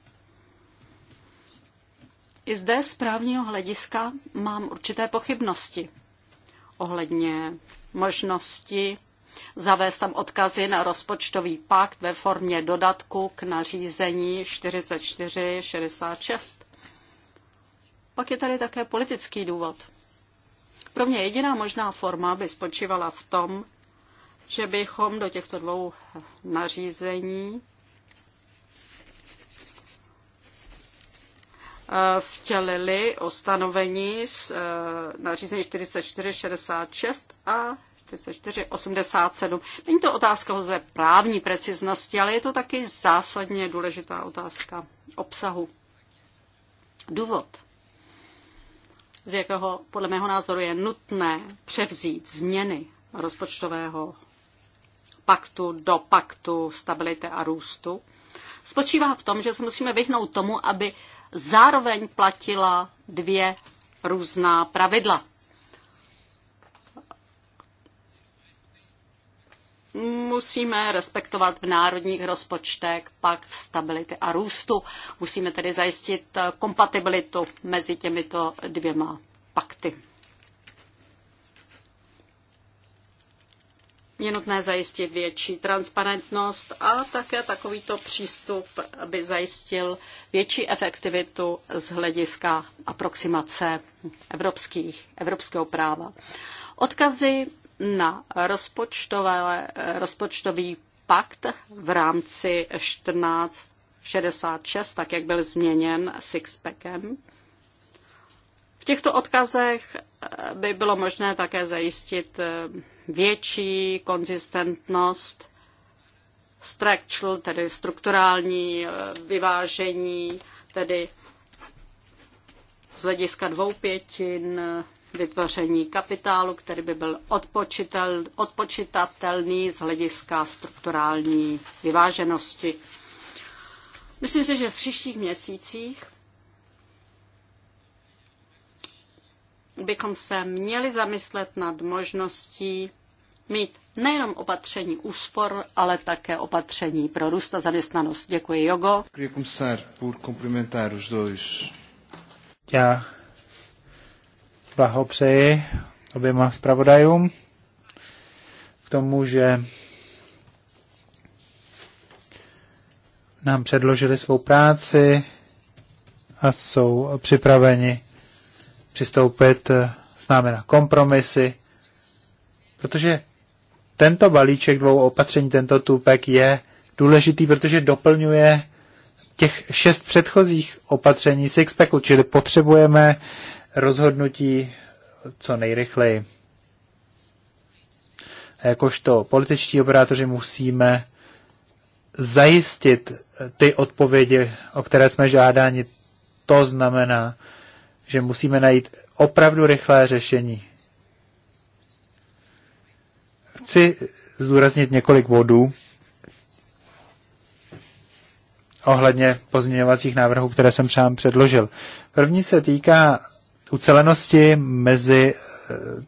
I zde z právního hlediska mám určité pochybnosti ohledně možnosti zavést tam odkazy na rozpočtový pakt ve formě dodatku k nařízení 4466. Pak je tady také politický důvod. Pro mě jediná možná forma by spočívala v tom, že bychom do těchto dvou nařízení eh, vtělili ustanovení z eh, nařízení 4466 a 4487. Není to otázka o té právní preciznosti, ale je to taky zásadně důležitá otázka obsahu. Důvod, z jakého podle mého názoru je nutné převzít změny rozpočtového paktu do paktu stability a růstu, spočívá v tom, že se musíme vyhnout tomu, aby zároveň platila dvě různá pravidla. musíme respektovat v národních rozpočtech pakt stability a růstu. Musíme tedy zajistit kompatibilitu mezi těmito dvěma pakty. Je nutné zajistit větší transparentnost a také takovýto přístup by zajistil větší efektivitu z hlediska aproximace evropských, evropského práva. Odkazy na rozpočtové, rozpočtový pakt v rámci 1466, tak jak byl změněn Sixpackem. V těchto odkazech eh, by bylo možné také zajistit eh, větší konzistentnost structural, tedy strukturální eh, vyvážení, tedy z hlediska dvou pětin vytvoření kapitálu, který by byl odpočitel, odpočitatelný z hlediska strukturální vyváženosti. Myslím si, že v příštích měsících bychom se měli zamyslet nad možností mít nejenom opatření úspor, ale také opatření pro růst a zaměstnanost. Děkuji, Jogo. Já blahopřeji oběma zpravodajům k tomu, že nám předložili svou práci a jsou připraveni přistoupit eh, s námi na kompromisy, protože tento balíček dvou opatření, tento tupek je důležitý, protože doplňuje těch šest předchozích opatření packu, čili potřebujeme rozhodnutí co nejrychleji. A jakožto političtí operátoři musíme zajistit ty odpovědi, o které jsme žádáni. To znamená, že musíme najít opravdu rychlé řešení. Chci zdůraznit několik bodů ohledně pozměňovacích návrhů, které jsem přám předložil. První se týká ucelenosti mezi eh,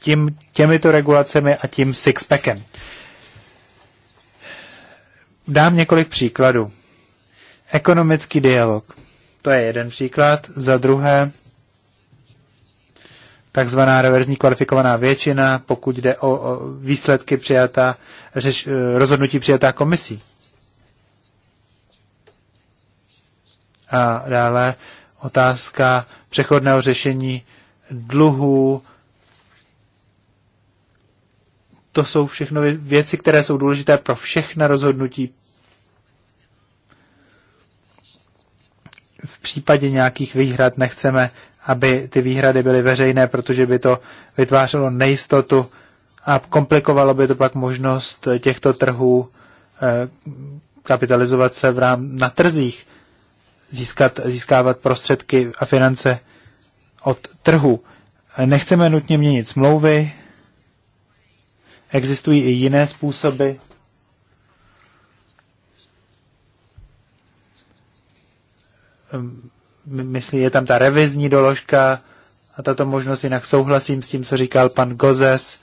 tím, těmito regulacemi a tím sixpackem. Dám několik příkladů. Ekonomický dialog. To je jeden příklad. Za druhé, takzvaná reverzní kvalifikovaná většina, pokud jde o, o výsledky přijatá, řeš, eh, rozhodnutí přijatá komisí. A dále otázka přechodného řešení dluhů. To jsou všechno věci, které jsou důležité pro všechna rozhodnutí. V případě nějakých výhrad nechceme, aby ty výhrady byly veřejné, protože by to vytvářelo nejistotu a komplikovalo by to pak možnost těchto trhů eh, kapitalizovat se v rám na trzích získat, získávat prostředky a finance od trhu. Nechceme nutně měnit smlouvy, existují i jiné způsoby. Ehm, myslí, je tam ta revizní doložka a tato možnost, jinak souhlasím s tím, co říkal pan Gozes,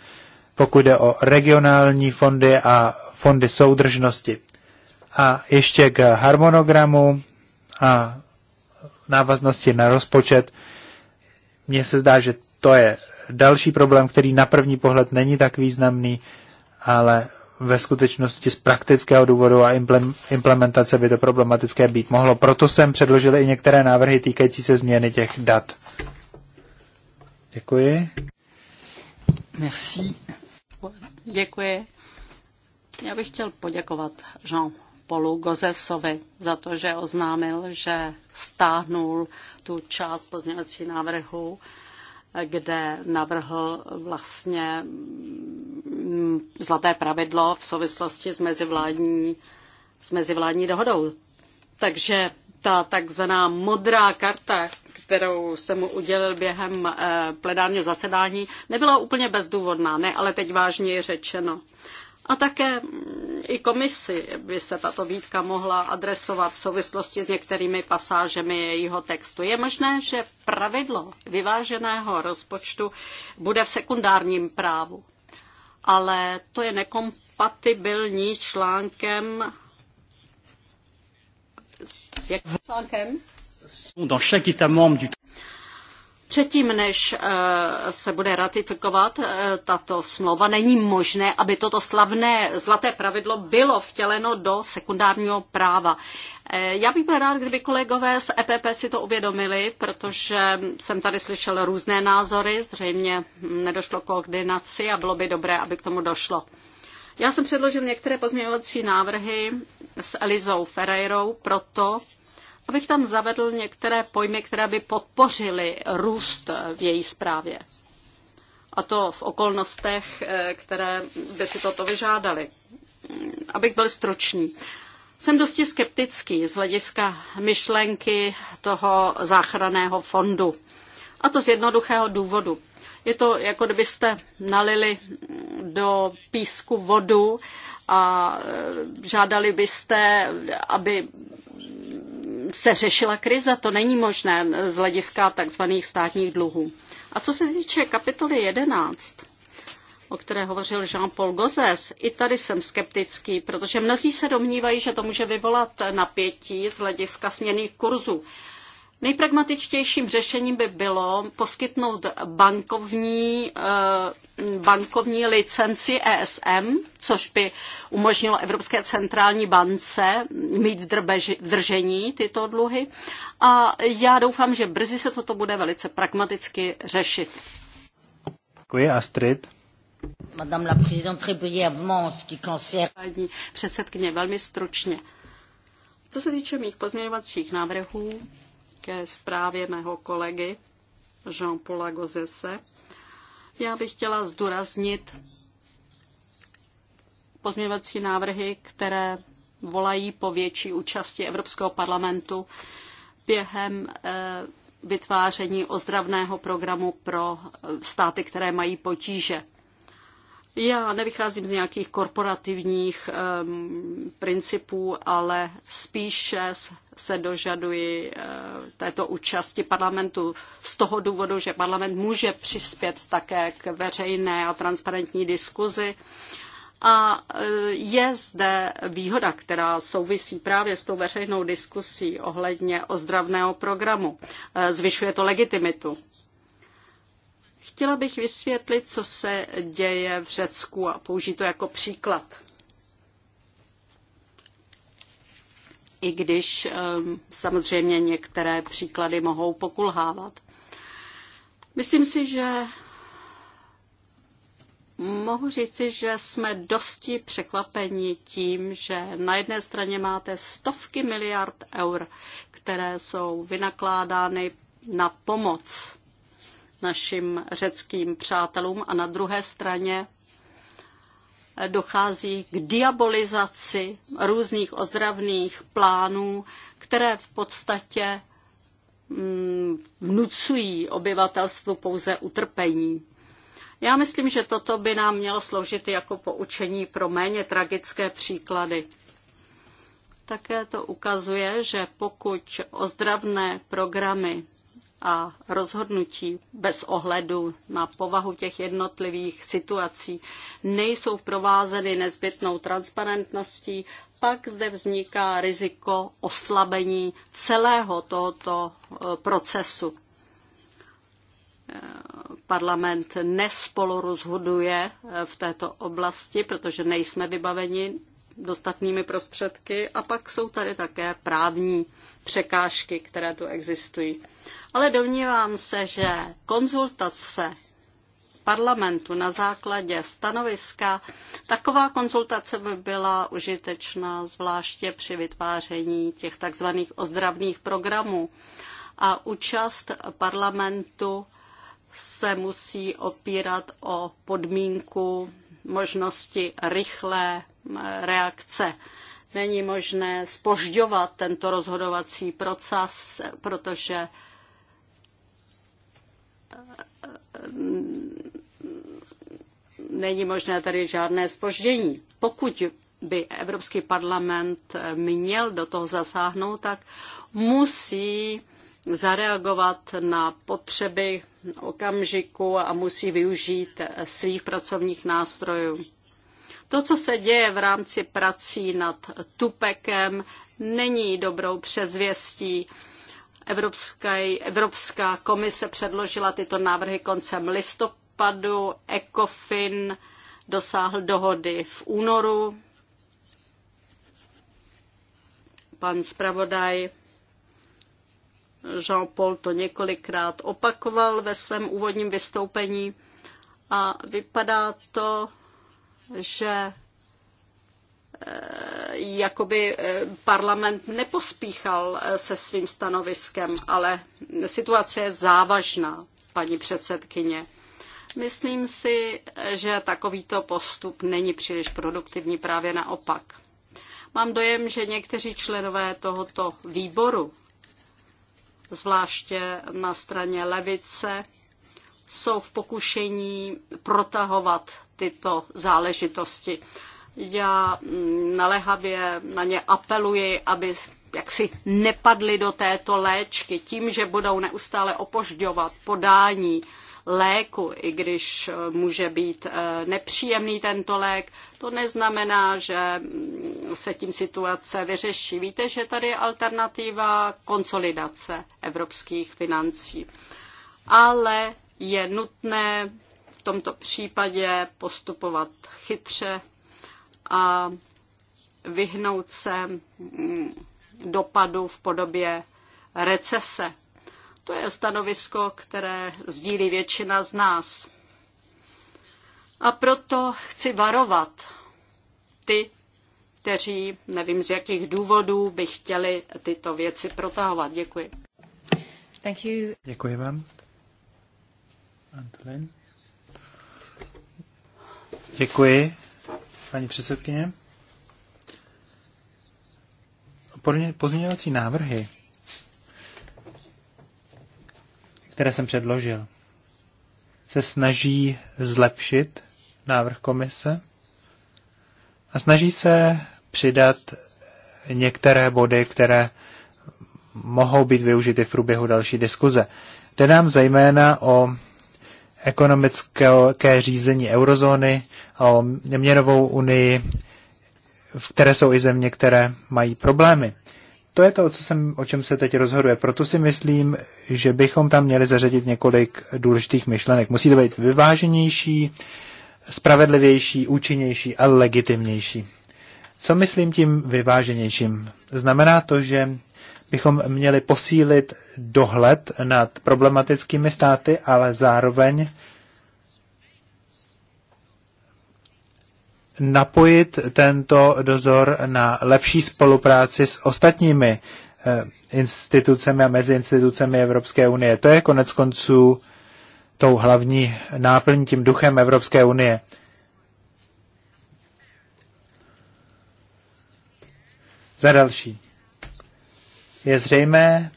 pokud jde o regionální fondy a fondy soudržnosti. A ještě k harmonogramu a návaznosti na rozpočet. Mně se zdá, že to je další problém, který na první pohled není tak významný, ale ve skutečnosti z praktického důvodu a implementace by to problematické být mohlo. Proto jsem předložil i některé návrhy týkající se změny těch dat. Děkuji. Merci. Děkuji. Já bych chtěl poděkovat Jean Polu Gozesovi za to, že oznámil, že stáhnul tu část pozměňovací návrhu, kde navrhl vlastně mm, zlaté pravidlo v souvislosti s mezivládní, s mezivládní dohodou. Takže ta takzvaná modrá karta, kterou jsem mu udělil během eh, plenárního zasedání, nebyla úplně bezdůvodná, ne, ale teď vážně řečeno. A také mm, i komisi by se tato výtka mohla adresovat v souvislosti s některými pasážemi jejího textu. Je možné, že pravidlo vyváženého rozpočtu bude v sekundárním právu, ale to je nekompatibilní článkem s jakým článkem? Předtím, než eh, se bude ratifikovat eh, tato smlouva, není možné, aby toto slavné zlaté pravidlo bylo vtěleno do sekundárního práva. Eh, já bych byl rád, kdyby kolegové z EPP si to uvědomili, protože jsem tady slyšel různé názory, zřejmě nedošlo k koordinaci a bylo by dobré, aby k tomu došlo. Já jsem předložil některé pozměňovací návrhy s Elizou Ferreirou proto, abych tam zavedl některé pojmy, které by podpořily růst v její zprávě. A to v okolnostech, eh, které by si toto vyžádaly. Mm, abych byl stručný. Jsem dosti skeptický z hlediska myšlenky toho záchraného fondu. A to z jednoduchého důvodu. Je to jako kdybyste nalili do písku vodu a eh, žádali byste, aby se řešila krize, to není možné z hlediska tzv. státních dluhů. A co se týče kapitoly 11, o které hovořil Jean-Paul Gozes, i tady jsem skeptický, protože mnozí se domnívají, že to může vyvolat napětí z hlediska směných kurzů. Nejpragmatičtějším řešením by bylo poskytnout bankovní, eh, bankovní licenci ESM, což by umožnilo Evropské centrální bance mít v, drbeži, v držení tyto dluhy. A já doufám, že brzy se toto bude velice pragmaticky řešit. Děkuji, Astrid. Madame la présidente, très brièvement, ce qui concerne... Paní předsedkyně, velmi stručně. Co se týče mých pozměňovacích návrhů, ke zprávě mého kolegy Jean-Paula Gozese. Já bych chtěla zdůraznit pozměňovací návrhy, které volají po větší účasti Evropského parlamentu během eh, vytváření ozdravného programu pro eh, státy, které mají potíže. Já nevycházím z nějakých korporativních um, principů, ale spíše se dožaduji uh, této účasti parlamentu z toho důvodu, že parlament může přispět také k veřejné a transparentní diskuzi. A eh, je zde výhoda, která souvisí právě s tou veřejnou diskusí ohledně ozdravného programu. Eh, zvyšuje to legitimitu. Chtěla bych vysvětlit, co se děje v Řecku a použít to jako příklad. I když ehm, samozřejmě některé příklady mohou pokulhávat. Myslím si, že mohu říci, že jsme dosti překvapeni tím, že na jedné straně máte stovky miliard eur, které jsou vynakládány na pomoc našim řeckým přátelům a na druhé straně dochází k diabolizaci různých ozdravných plánů, které v podstatě mm, vnucují obyvatelstvu pouze utrpení. Já myslím, že toto by nám mělo sloužit jako poučení pro méně tragické příklady. Také to ukazuje, že pokud ozdravné programy a rozhodnutí bez ohledu na povahu těch jednotlivých situací nejsou provázeny nezbytnou transparentností, pak zde vzniká riziko oslabení celého tohoto eh, procesu. Eh, parlament nespolu eh, v této oblasti, protože nejsme vybaveni dostatnými prostředky a pak jsou tady také právní překážky, které tu existují ale domnívám se, že konzultace parlamentu na základě stanoviska, taková konzultace by byla užitečná, zvláště při vytváření těch takzvaných ozdravných programů. A účast parlamentu se musí opírat o podmínku možnosti rychlé reakce. Není možné spožďovat tento rozhodovací proces, protože není možné tady žádné spoždění. Pokud by Evropský parlament měl do toho zasáhnout, tak musí zareagovat na potřeby okamžiku a musí využít svých pracovních nástrojů. To, co se děje v rámci prací nad Tupekem, není dobrou přezvěstí Evropská, Evropská komise předložila tyto návrhy koncem listopadu, ECOFIN dosáhl dohody v únoru. Pan zpravodaj Jean-Paul to několikrát opakoval ve svém úvodním vystoupení a vypadá to, že Eh, jakoby eh, parlament nepospíchal eh, se svým stanoviskem, ale situace je závažná, paní předsedkyně. Myslím si, že takovýto postup není příliš produktivní, právě naopak. Mám dojem, že někteří členové tohoto výboru, zvláště na straně levice, jsou v pokušení protahovat tyto záležitosti. Já naléhavě na ně apeluji, aby jaksi nepadli do této léčky tím, že budou neustále opožďovat podání léku, i když e, může být e, nepříjemný tento lék, to neznamená, že mm, se tím situace vyřeší. Víte, že tady je alternativa konsolidace evropských financí. Ale je nutné v tomto případě postupovat chytře a vyhnout se mm, dopadu v podobě recese. To je stanovisko, které sdílí většina z nás. A proto chci varovat ty, kteří nevím z jakých důvodů by chtěli tyto věci protahovat. Děkuji. Thank you. Děkuji vám. Antolin. Děkuji paní předsedkyně. Pozměňovací návrhy, které jsem předložil, se snaží zlepšit návrh komise a snaží se přidat některé body, které mohou být využity v průběhu další diskuze. Jde nám zejména o ekonomické řízení eurozóny, o měnovou unii, v které jsou i země, které mají problémy. To je to, co jsem, o čem se teď rozhoduje. Proto si myslím, že bychom tam měli zařadit několik důležitých myšlenek. Musí to být vyváženější, spravedlivější, účinnější a legitimnější. Co myslím tím vyváženějším? Znamená to, že bychom měli posílit dohled nad problematickými státy, ale zároveň napojit tento dozor na lepší spolupráci s ostatními eh, institucemi a mezi institucemi Evropské unie. To je konec konců tou hlavní náplní, tím duchem Evropské unie. Za další je zřejmé,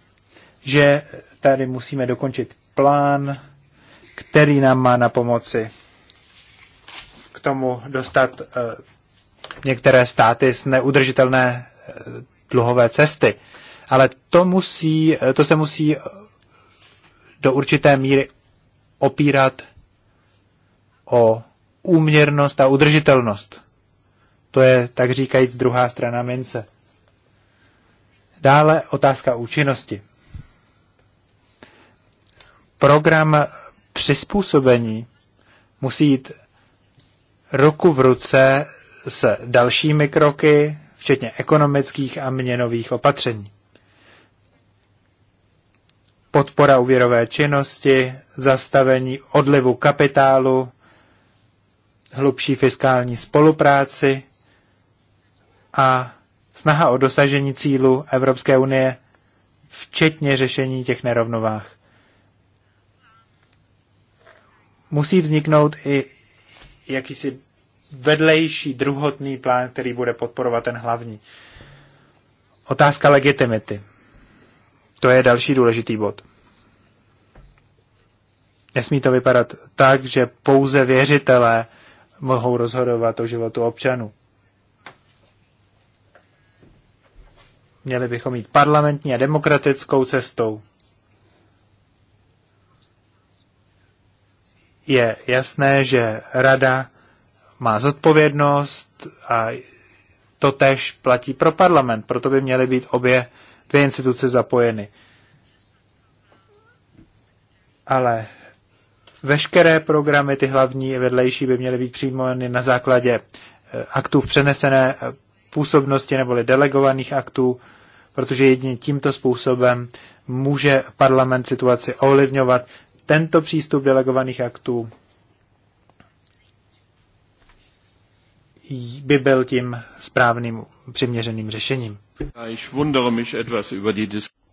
že tady musíme dokončit plán, který nám má na pomoci k tomu dostat eh, některé státy z neudržitelné eh, dluhové cesty. Ale to, musí, eh, to se musí do určité míry opírat o úměrnost a udržitelnost. To je, tak říkajíc, druhá strana mince. Dále otázka účinnosti. Program přizpůsobení musí jít ruku v ruce s dalšími kroky, včetně ekonomických a měnových opatření. Podpora úvěrové činnosti, zastavení odlivu kapitálu, hlubší fiskální spolupráci a snaha o dosažení cílu Evropské unie, včetně řešení těch nerovnovách. Musí vzniknout i jakýsi vedlejší, druhotný plán, který bude podporovat ten hlavní. Otázka legitimity. To je další důležitý bod. Nesmí to vypadat tak, že pouze věřitelé mohou rozhodovat o životu občanů. Měli bychom jít parlamentní a demokratickou cestou. Je jasné, že rada má zodpovědnost a to tež platí pro parlament, proto by měly být obě dvě instituce zapojeny. Ale veškeré programy, ty hlavní i vedlejší, by měly být přijímány na základě eh, aktů v přenesené eh, působnosti neboli delegovaných aktů, protože jedině tímto způsobem může parlament situaci ovlivňovat. Tento přístup delegovaných aktů by byl tím správným přiměřeným řešením.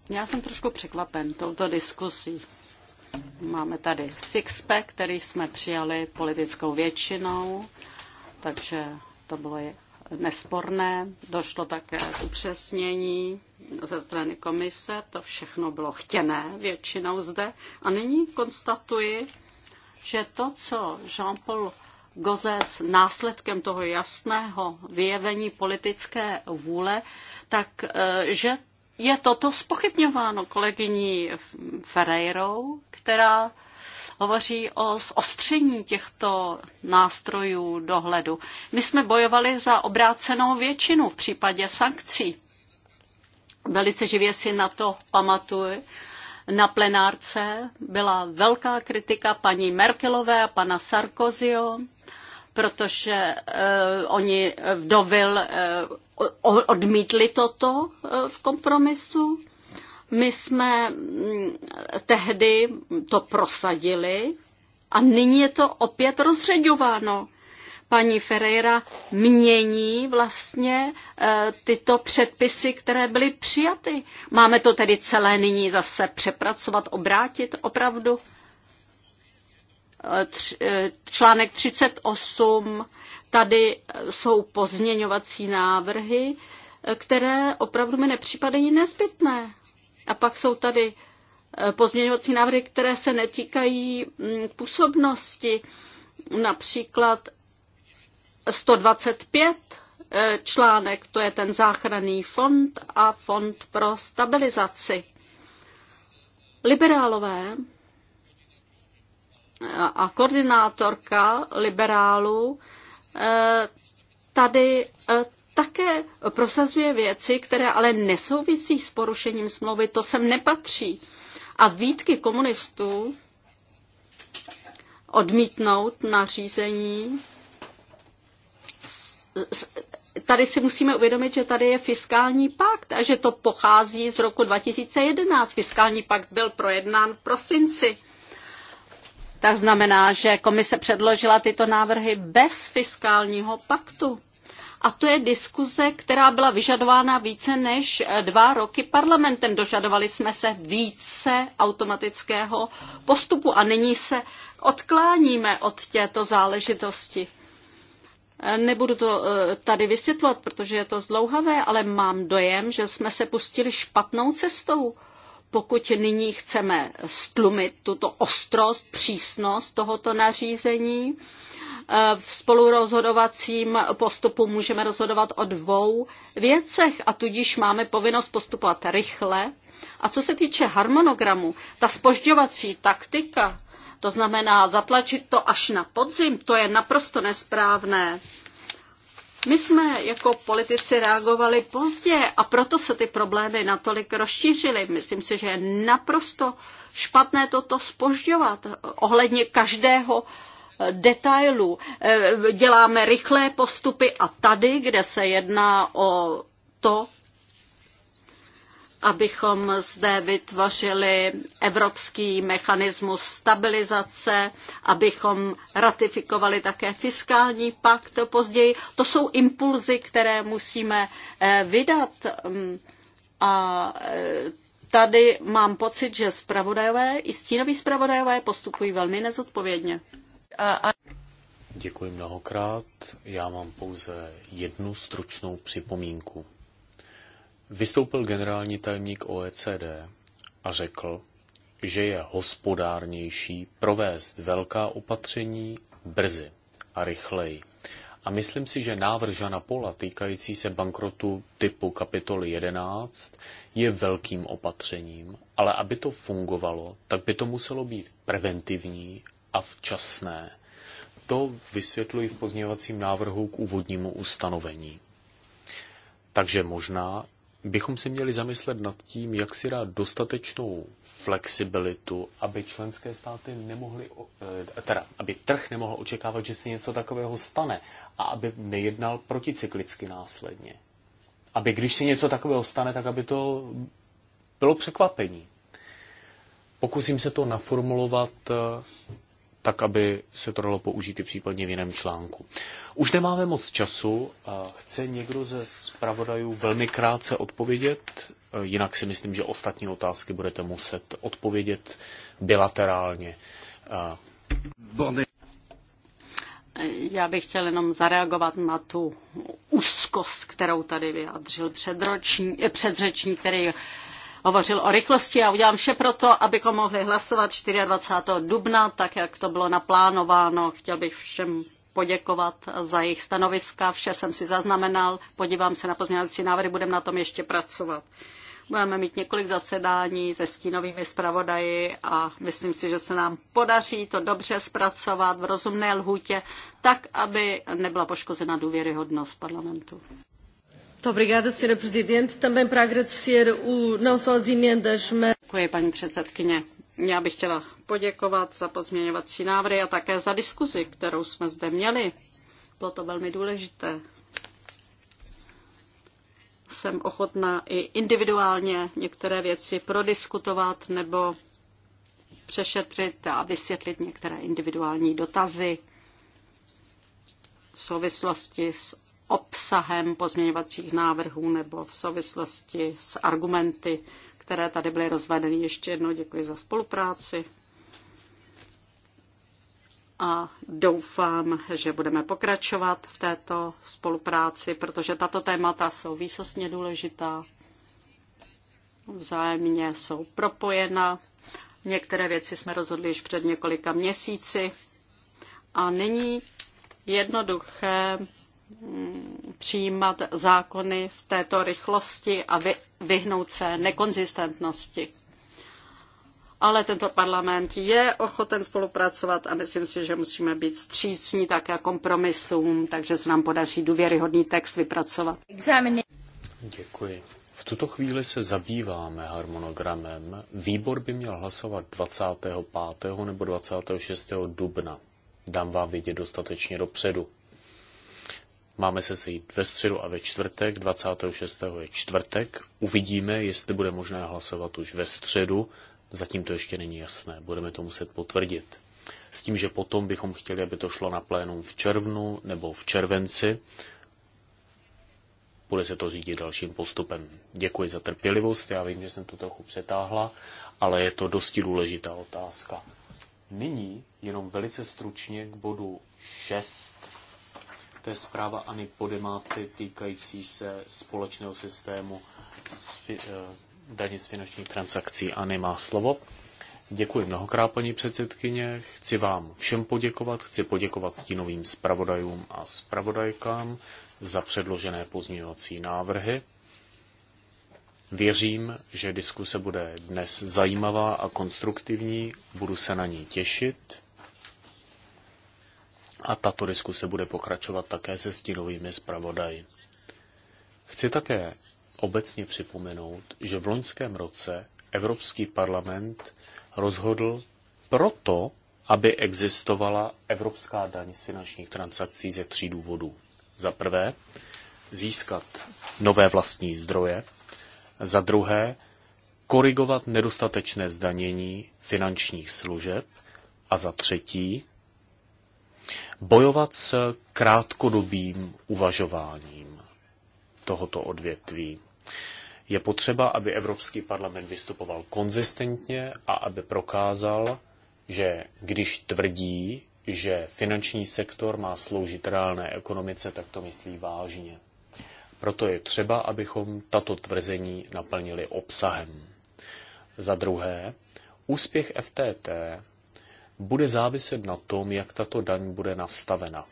Já jsem trošku překvapen touto diskusí. Máme tady sixpack, který jsme přijali politickou většinou, takže to bylo nesporné, došlo také k upřesnění ze strany komise, to všechno bylo chtěné většinou zde. A nyní konstatuji, že to, co Jean-Paul Gozes následkem toho jasného vyjevení politické vůle, tak eh, že je toto spochybňováno kolegyní Ferreirou, která hovoří o zostření těchto nástrojů dohledu. My jsme bojovali za obrácenou většinu v případě sankcí. Velice živě si na to pamatuju. Na plenárce byla velká kritika paní Merkelové a pana Sarkozyho, protože eh, oni vdovil eh, odmítli toto eh, v kompromisu. My jsme mm, tehdy to prosadili a nyní je to opět rozřeďováno. Paní Ferreira mění vlastně e, tyto předpisy, které byly přijaty. Máme to tedy celé nyní zase přepracovat, obrátit opravdu. e, článek 38, tady jsou pozměňovací návrhy, které opravdu mi nepřipadají nezbytné. A pak jsou tady eh, pozměňovací návrhy, které se netýkají mm, působnosti, například 125 eh, článek, to je ten záchranný fond a fond pro stabilizaci. Liberálové eh, a koordinátorka liberálů tady také prosazuje věci, které ale nesouvisí s porušením smlouvy, to sem nepatří. A výtky komunistů odmítnout nařízení. Tady si musíme uvědomit, že tady je fiskální pakt a že to pochází z roku 2011. Fiskální pakt byl projednán v prosinci. Tak znamená, že komise předložila tyto návrhy bez fiskálního paktu. A to je diskuze, která byla vyžadována více než eh, dva roky parlamentem. Dožadovali jsme se více automatického postupu a nyní se odkláníme od této záležitosti. Eh, nebudu to eh, tady vysvětlovat, protože je to zdlouhavé, ale mám dojem, že jsme se pustili špatnou cestou. Pokud nyní chceme stlumit tuto ostrost, přísnost tohoto nařízení, Eh, v spolurozhodovacím postupu můžeme rozhodovat o dvou věcech a tudíž máme povinnost postupovat rychle. A co se týče harmonogramu, ta spožďovací taktika, to znamená zatlačit to až na podzim, to je naprosto nesprávné. My jsme jako politici reagovali pozdě a proto se ty problémy natolik rozšířily. Myslím si, že je naprosto špatné toto spožďovat ohledně každého detailů. Eh, děláme rychlé postupy a tady, kde se jedná o to, abychom zde vytvořili evropský mechanismus stabilizace, abychom ratifikovali také fiskální pakt později. To jsou impulzy, které musíme eh, vydat. Mm, a eh, tady mám pocit, že zpravodajové i stínoví zpravodajové postupují velmi nezodpovědně. Děkuji mnohokrát. Já mám pouze jednu stručnou připomínku. Vystoupil generální tajemník OECD a řekl, že je hospodárnější provést velká opatření brzy a rychleji. A myslím si, že návrh Žana Pola týkající se bankrotu typu kapitoly 11 je velkým opatřením, ale aby to fungovalo, tak by to muselo být preventivní a včasné. To vysvětluji v pozměňovacím návrhu k úvodnímu ustanovení. Takže možná bychom se měli zamyslet nad tím, jak si dát dostatečnou flexibilitu, aby členské státy nemohly, e, teda, aby trh nemohl očekávat, že se něco takového stane a aby nejednal proticyklicky následně. Aby když se něco takového stane, tak aby to bylo překvapení. Pokusím se to naformulovat e, tak, aby se to dalo použít i případně v jiném článku. Už nemáme moc času. Chce někdo ze zpravodajů velmi krátce odpovědět? Eh, jinak si myslím, že ostatní otázky budete muset odpovědět bilaterálně. Eh, já bych chtěl jenom zareagovat na tu úzkost, kterou tady vyjádřil eh, předřečník, který hovořil o rychlosti a udělám vše to, abychom mohli hlasovat 24. dubna, tak jak to bylo naplánováno. Chtěl bych všem poděkovat za jejich stanoviska, vše jsem si zaznamenal, podívám se na pozměňovací návrhy, budeme na tom ještě pracovat. Budeme mít několik zasedání se stínovými zpravodaji a myslím si, že se nám podaří to dobře zpracovat v rozumné lhůtě, tak, aby nebyla poškozena důvěryhodnost parlamentu. Muito obrigada, Sra. Presidente. Também para agradecer o, não só as emendas, mas... Děkuji, paní předsedkyně. Já bych chtěla poděkovat za pozměňovací návrhy a také za diskuzi, kterou jsme zde měli. Bylo to velmi důležité. Jsem ochotná i individuálně některé věci prodiskutovat nebo přešetřit a vysvětlit některé individuální dotazy v souvislosti s obsahem pozměňovacích návrhů nebo v souvislosti s argumenty, které tady byly rozvedeny. Ještě jednou děkuji za spolupráci a doufám, že budeme pokračovat v této spolupráci, protože tato témata jsou výsostně důležitá, vzájemně jsou propojena. Některé věci jsme rozhodli již před několika měsíci a není jednoduché Mm, přijímat zákony v této rychlosti a vyhnout se nekonzistentnosti. Ale tento parlament je ochoten spolupracovat a myslím si, že musíme být střícní také kompromisům, takže se nám podaří důvěryhodný text vypracovat. Děkuji. V tuto chvíli se zabýváme harmonogramem. Výbor by měl hlasovat 25. nebo 26. dubna. Dám vám vědět dostatečně dopředu. Máme se sejít ve středu a ve čtvrtek, 26. je čtvrtek. Uvidíme, jestli bude možné hlasovat už ve středu. Zatím to ještě není jasné, budeme to muset potvrdit. S tím, že potom bychom chtěli, aby to šlo na plénum v červnu nebo v červenci, bude se to řídit dalším postupem. Děkuji za trpělivost, já vím, že jsem to trochu přetáhla, ale je to dosti důležitá otázka. Nyní jenom velice stručně k bodu 6 to je zpráva Ani Podemáty týkající se společného systému eh, daně z finančních transakcí. Ani má slovo. Děkuji mnohokrát, paní předsedkyně. Chci vám všem poděkovat. Chci poděkovat stínovým zpravodajům a zpravodajkám za předložené pozměňovací návrhy. Věřím, že diskuse bude dnes zajímavá a konstruktivní. Budu se na ní těšit. A tato diskuse bude pokračovat také se stínovými zpravodaji. Chci také obecně připomenout, že v loňském roce Evropský parlament rozhodl proto, aby existovala evropská daň z finančních transakcí ze tří důvodů. Za prvé, získat nové vlastní zdroje. Za druhé, korigovat nedostatečné zdanění finančních služeb. A za třetí, bojovat s krátkodobým uvažováním tohoto odvětví. Je potřeba, aby Evropský parlament vystupoval konzistentně a aby prokázal, že když tvrdí, že finanční sektor má sloužit reálné ekonomice, tak to myslí vážně. Proto je třeba, abychom tato tvrzení naplnili obsahem. Za druhé, úspěch FTT bude záviset na tom, jak tato daň bude nastavena.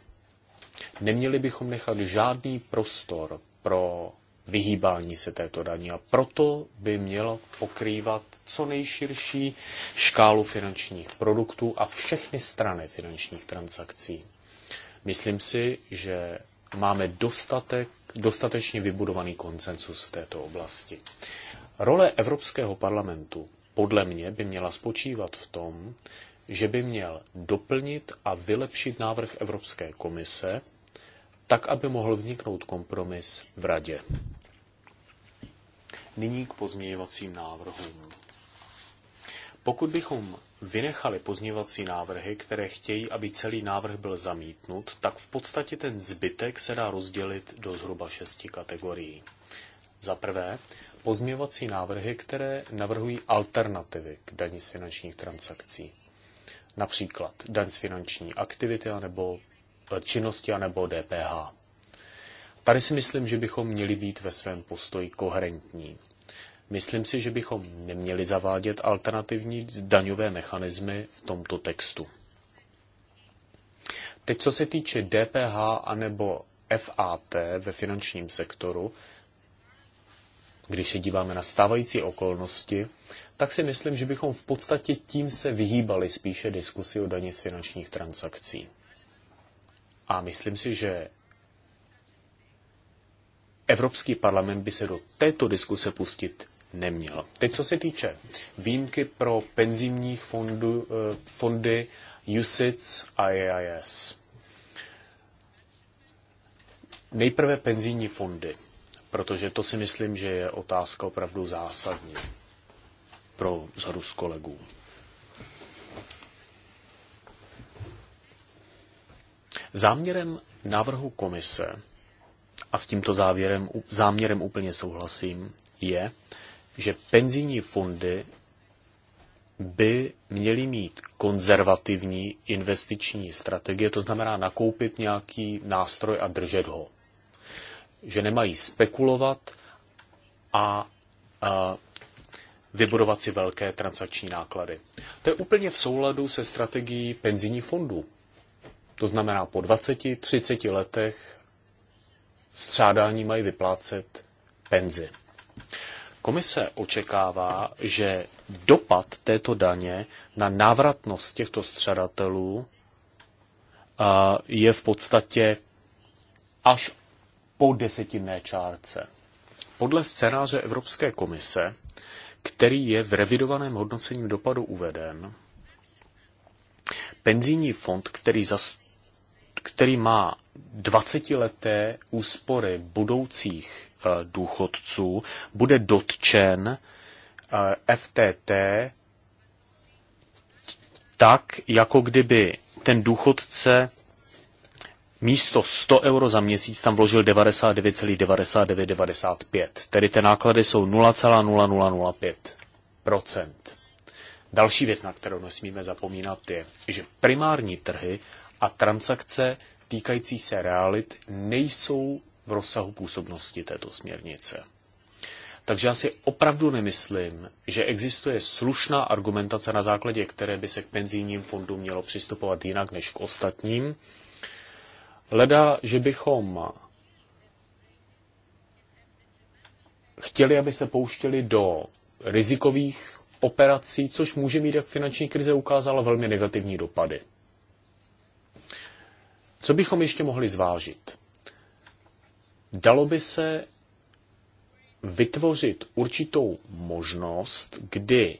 Neměli bychom nechat žádný prostor pro vyhýbání se této daní a proto by mělo pokrývat co nejširší škálu finančních produktů a všechny strany finančních transakcí. Myslím si, že máme dostatek, dostatečně vybudovaný koncensus v této oblasti. Role Evropského parlamentu podle mě by měla spočívat v tom, že by měl doplnit a vylepšit návrh Evropské komise, tak, aby mohl vzniknout kompromis v radě. Nyní k pozměňovacím návrhům. Pokud bychom vynechali pozměňovací návrhy, které chtějí, aby celý návrh byl zamítnut, tak v podstatě ten zbytek se dá rozdělit do zhruba šesti kategorií. Za prvé, pozměňovací návrhy, které navrhují alternativy k daní z finančních transakcí například daň z finanční aktivity nebo činnosti nebo DPH. Tady si myslím, že bychom měli být ve svém postoji koherentní. Myslím si, že bychom neměli zavádět alternativní daňové mechanismy v tomto textu. Teď, co se týče DPH anebo FAT ve finančním sektoru, když se díváme na stávající okolnosti, tak si myslím, že bychom v podstatě tím se vyhýbali spíše diskusi o daní z finančních transakcí. A myslím si, že Evropský parlament by se do této diskuse pustit neměl. Teď co se týče výjimky pro penzijních fondů, eh, fondy USITS a AIS. Nejprve penzijní fondy, protože to si myslím, že je otázka opravdu zásadní pro řadu z kolegů. Záměrem návrhu komise, a s tímto závěrem, záměrem úplně souhlasím, je, že penzijní fondy by měly mít konzervativní investiční strategie, to znamená nakoupit nějaký nástroj a držet ho. Že nemají spekulovat a, a vybudovat si velké transakční náklady. To je úplně v souladu se strategií penzijních fondů. To znamená, po 20-30 letech střádání mají vyplácet penzi. Komise očekává, že dopad této daně na návratnost těchto střadatelů je v podstatě až po desetinné čárce. Podle scénáře Evropské komise který je v revidovaném hodnocení dopadu uveden, penzijní fond, který, zas, který má 20-leté úspory budoucích eh, důchodců, bude dotčen eh, FTT tak, jako kdyby ten důchodce místo 100 euro za měsíc tam vložil 99,9995. Tedy ty náklady jsou 0,0005 Další věc, na kterou nesmíme zapomínat, je, že primární trhy a transakce týkající se realit nejsou v rozsahu působnosti této směrnice. Takže já si opravdu nemyslím, že existuje slušná argumentace, na základě které by se k penzijním fondům mělo přistupovat jinak než k ostatním, Leda, že bychom chtěli, aby se pouštěli do rizikových operací, což může mít, jak finanční krize ukázala, velmi negativní dopady. Co bychom ještě mohli zvážit? Dalo by se vytvořit určitou možnost, kdy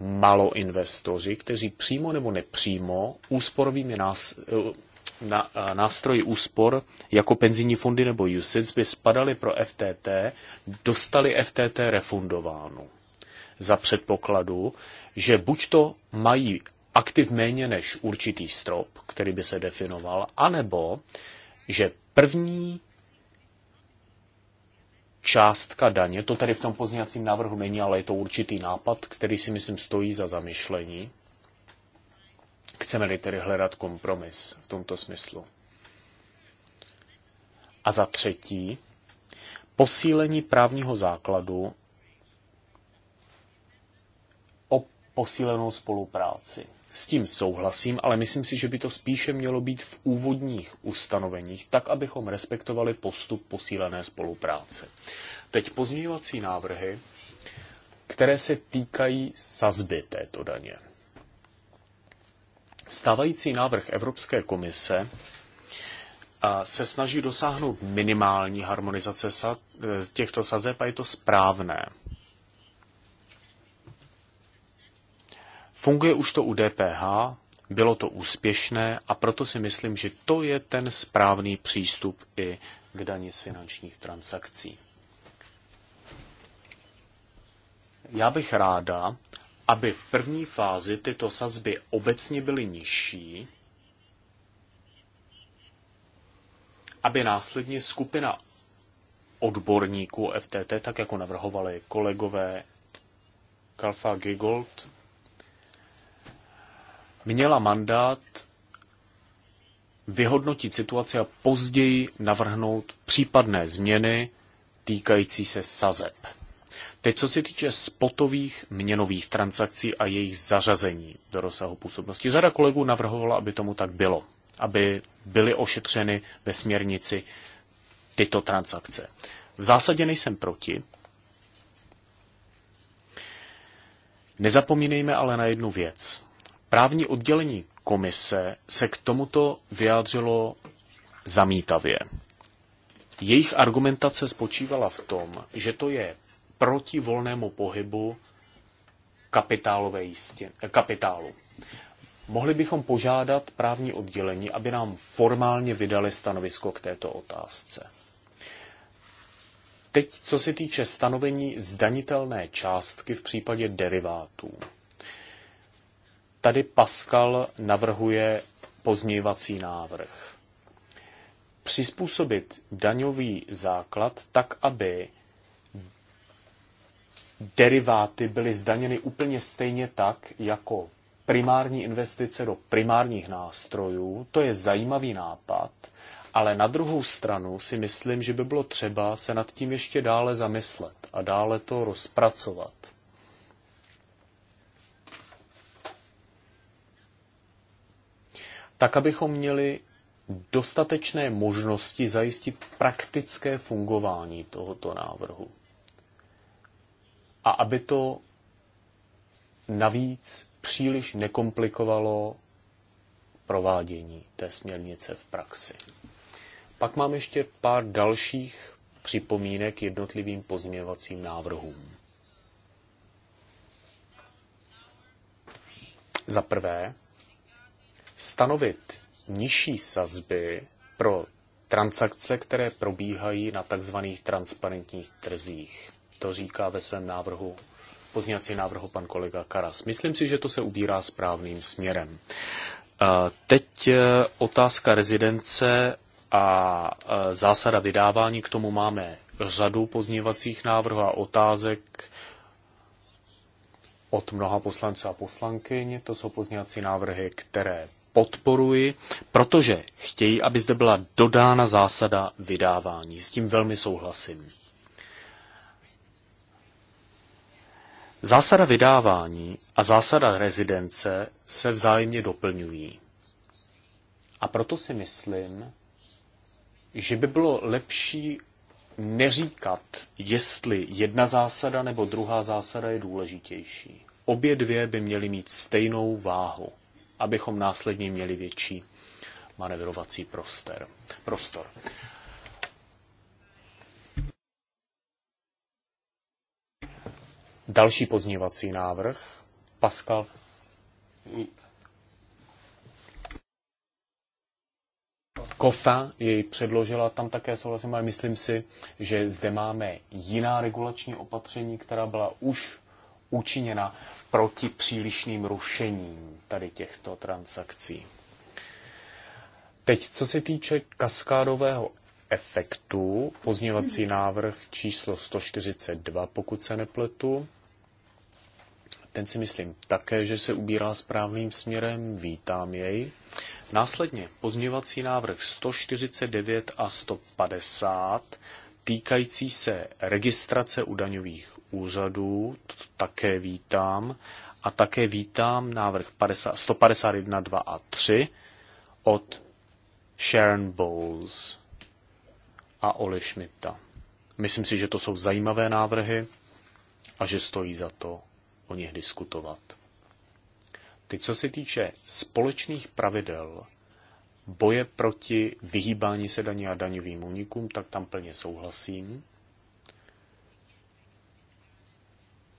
maloinvestoři, kteří přímo nebo nepřímo úsporovými nás, na, nástroji úspor jako penzijní fondy nebo USIDS by spadaly pro FTT, dostali FTT refundováno. Za předpokladu, že buď to mají aktiv méně než určitý strop, který by se definoval, anebo že první částka daně, to tady v tom pozněcím návrhu není, ale je to určitý nápad, který si myslím stojí za zamyšlení, Chceme-li tedy hledat kompromis v tomto smyslu. A za třetí, posílení právního základu o posílenou spolupráci. S tím souhlasím, ale myslím si, že by to spíše mělo být v úvodních ustanoveních, tak abychom respektovali postup posílené spolupráce. Teď pozměňovací návrhy, které se týkají sazby této daně. Stávající návrh Evropské komise se snaží dosáhnout minimální harmonizace e, těchto sazeb a je to správné. Funguje už to u DPH, bylo to úspěšné a proto si myslím, že to je ten správný přístup i k daní z finančních transakcí. Já bych ráda, aby v první fázi tyto sazby obecně byly nižší, aby následně skupina odborníků FTT, tak jako navrhovali kolegové Kalfa Gigold, měla mandát vyhodnotit situaci a později navrhnout případné změny týkající se sazeb. Teď co se týče spotových měnových transakcí a jejich zařazení do rozsahu působnosti. Řada kolegů navrhovala, aby tomu tak bylo, aby byly ošetřeny ve směrnici tyto transakce. V zásadě nejsem proti. Nezapomínejme ale na jednu věc. Právní oddělení komise se k tomuto vyjádřilo zamítavě. Jejich argumentace spočívala v tom, že to je proti volnému pohybu kapitálové jistě, kapitálu. Mohli bychom požádat právní oddělení, aby nám formálně vydali stanovisko k této otázce. Teď, co se týče stanovení zdanitelné částky v případě derivátů. Tady Pascal navrhuje pozměvací návrh. Přizpůsobit daňový základ tak, aby deriváty byly zdaněny úplně stejně tak, jako primární investice do primárních nástrojů. To je zajímavý nápad, ale na druhou stranu si myslím, že by bylo třeba se nad tím ještě dále zamyslet a dále to rozpracovat. Tak, abychom měli dostatečné možnosti zajistit praktické fungování tohoto návrhu a aby to navíc příliš nekomplikovalo provádění té směrnice v praxi. Pak mám ještě pár dalších připomínek jednotlivým pozměvacím návrhům. Za prvé, stanovit nižší sazby pro transakce, které probíhají na tzv. transparentních trzích to říká ve svém návrhu pozněcí návrhu pan kolega Karas. Myslím si, že to se ubírá správným směrem. E, teď e, otázka rezidence a e, zásada vydávání. K tomu máme řadu pozněvacích návrhů a otázek od mnoha poslanců a poslankyň. To jsou pozněvací návrhy, které podporuji, protože chtějí, aby zde byla dodána zásada vydávání. S tím velmi souhlasím. Zásada vydávání a zásada rezidence se vzájemně doplňují. A proto si myslím, že by bylo lepší neříkat, jestli jedna zásada nebo druhá zásada je důležitější. Obě dvě by měly mít stejnou váhu, abychom následně měli větší manevrovací prostor. prostor. Další pozněvací návrh. Pascal. Kofa jej předložila, tam také souhlasím, ale myslím si, že zde máme jiná regulační opatření, která byla už učiněna proti přílišným rušením tady těchto transakcí. Teď, co se týče kaskádového efektu, pozněvací návrh číslo 142, pokud se nepletu, ten si myslím také, že se ubírá správným směrem, vítám jej. Následně pozměvací návrh 149 a 150 týkající se registrace u daňových úřadů, také vítám. A také vítám návrh 50, 151, 2 a 3 od Sharon Bowles a Ole Schmidta. Myslím si, že to jsou zajímavé návrhy a že stojí za to o nich diskutovat. Ty, co se týče společných pravidel boje proti vyhýbání se daní a daňovým únikům, tak tam plně souhlasím.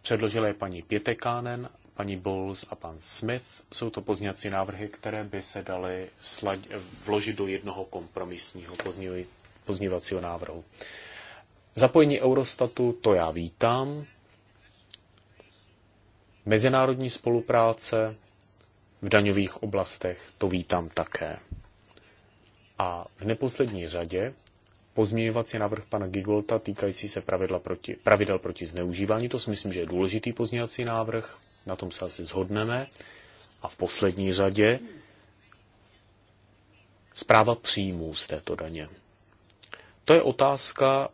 Předložila je paní Pětekánen, paní Bowles a pan Smith. Jsou to pozněcí návrhy, které by se daly slad... vložit do jednoho kompromisního pozněvacího návrhu. Zapojení Eurostatu, to já vítám, Mezinárodní spolupráce v daňových oblastech, to vítám také. A v neposlední řadě pozměňovací návrh pana Gigolta týkající se pravidla proti, pravidel proti zneužívání. To si myslím, že je důležitý pozměňovací návrh, na tom se asi zhodneme. A v poslední řadě zpráva příjmů z této daně. To je otázka,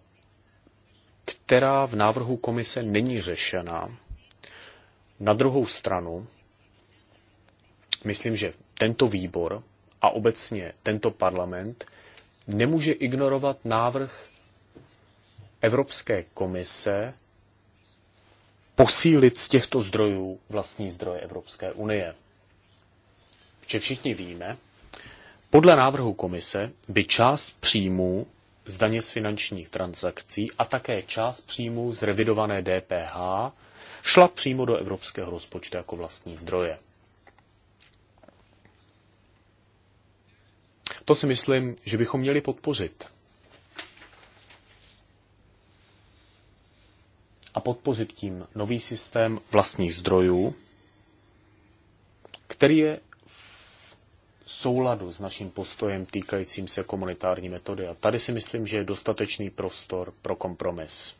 která v návrhu komise není řešena na druhou stranu, myslím, že tento výbor a obecně tento parlament nemůže ignorovat návrh Evropské komise posílit z těchto zdrojů vlastní zdroje Evropské unie. Vše všichni víme, podle návrhu komise by část příjmů z daně z finančních transakcí a také část příjmů z revidované DPH šla přímo do evropského rozpočtu jako vlastní zdroje. To si myslím, že bychom měli podpořit. A podpořit tím nový systém vlastních zdrojů, který je v souladu s naším postojem týkajícím se komunitární metody. A tady si myslím, že je dostatečný prostor pro kompromis.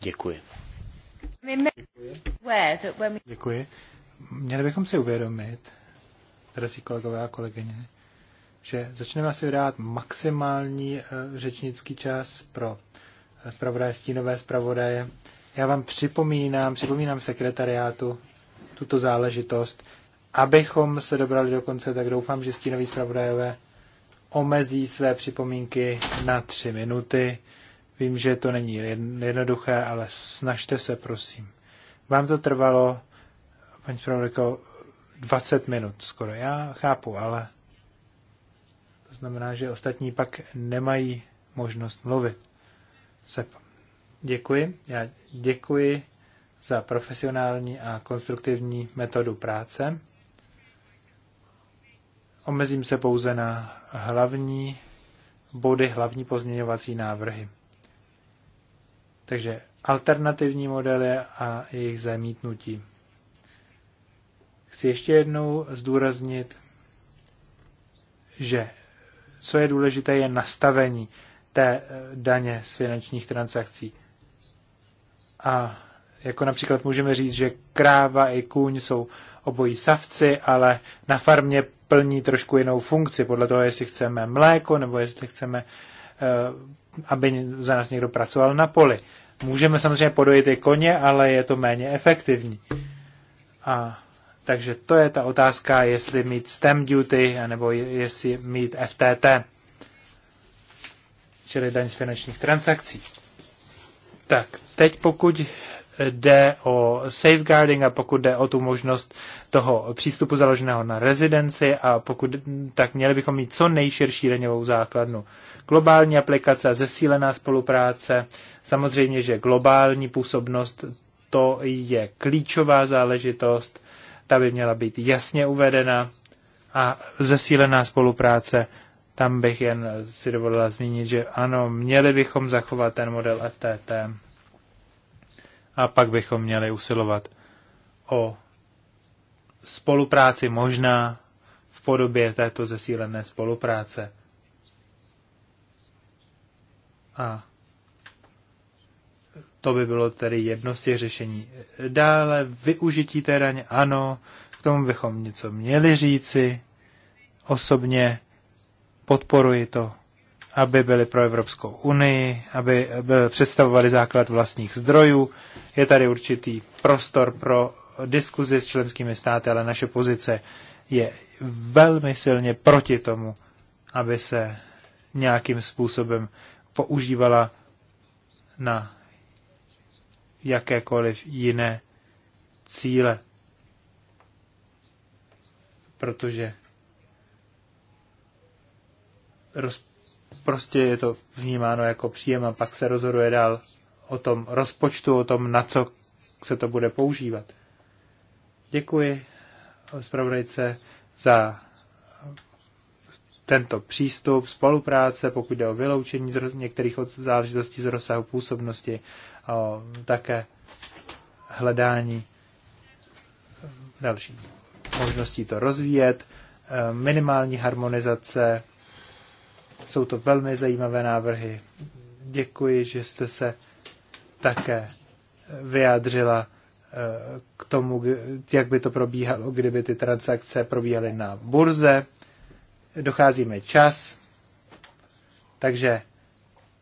Děkuji. Děkuji. Děkuji. Měli bychom si uvědomit, drazí kolegové a kolegyně, že začneme asi vydávat maximální eh, řečnický čas pro eh, zpravodaje, stínové zpravodaje. Já vám připomínám, připomínám sekretariátu tuto záležitost. Abychom se dobrali do konce, tak doufám, že stínoví zpravodajové omezí své připomínky na tři minuty. Vím, že to není jednoduché, ale snažte se, prosím. Vám to trvalo, paní zpravodajko, 20 minut skoro. Já chápu, ale to znamená, že ostatní pak nemají možnost mluvit. Sep. Děkuji. Já děkuji za profesionální a konstruktivní metodu práce. Omezím se pouze na hlavní body, hlavní pozměňovací návrhy. Takže alternativní modely a jejich zamítnutí. Chci ještě jednou zdůraznit, že co je důležité, je nastavení té eh, daně z finančních transakcí. A jako například můžeme říct, že kráva i kůň jsou obojí savci, ale na farmě plní trošku jinou funkci, podle toho, jestli chceme mléko nebo jestli chceme eh, aby za nás někdo pracoval na poli. Můžeme samozřejmě podojit i koně, ale je to méně efektivní. A takže to je ta otázka, jestli mít stem duty, nebo jestli mít FTT, čili daň z finančních transakcí. Tak, teď pokud jde o safeguarding a pokud jde o tu možnost toho přístupu založeného na rezidenci a pokud tak měli bychom mít co nejširší daňovou základnu. Globální aplikace a zesílená spolupráce, samozřejmě, že globální působnost to je klíčová záležitost, ta by měla být jasně uvedena a zesílená spolupráce, tam bych jen si dovolila zmínit, že ano, měli bychom zachovat ten model FTT a pak bychom měli usilovat o spolupráci možná v podobě této zesílené spolupráce. A to by bylo tedy jedno z těch řešení. Dále využití té daně, ano, k tomu bychom něco měli říci. Osobně podporuji to aby byly pro Evropskou unii, aby byly představovaly základ vlastních zdrojů. Je tady určitý prostor pro diskuzi s členskými státy, ale naše pozice je velmi silně proti tomu, aby se nějakým způsobem používala na jakékoliv jiné cíle. Protože roz, prostě je to vnímáno jako příjem a pak se rozhoduje dál o tom rozpočtu, o tom, na co se to bude používat. Děkuji zpravodajce za tento přístup, spolupráce, pokud jde o vyloučení z některých od záležitostí z rozsahu působnosti, a také hledání dalších možností to rozvíjet, minimální harmonizace jsou to velmi zajímavé návrhy. Děkuji, že jste se také vyjádřila eh, k tomu, jak by to probíhalo, kdyby ty transakce probíhaly na burze. Docházíme čas, takže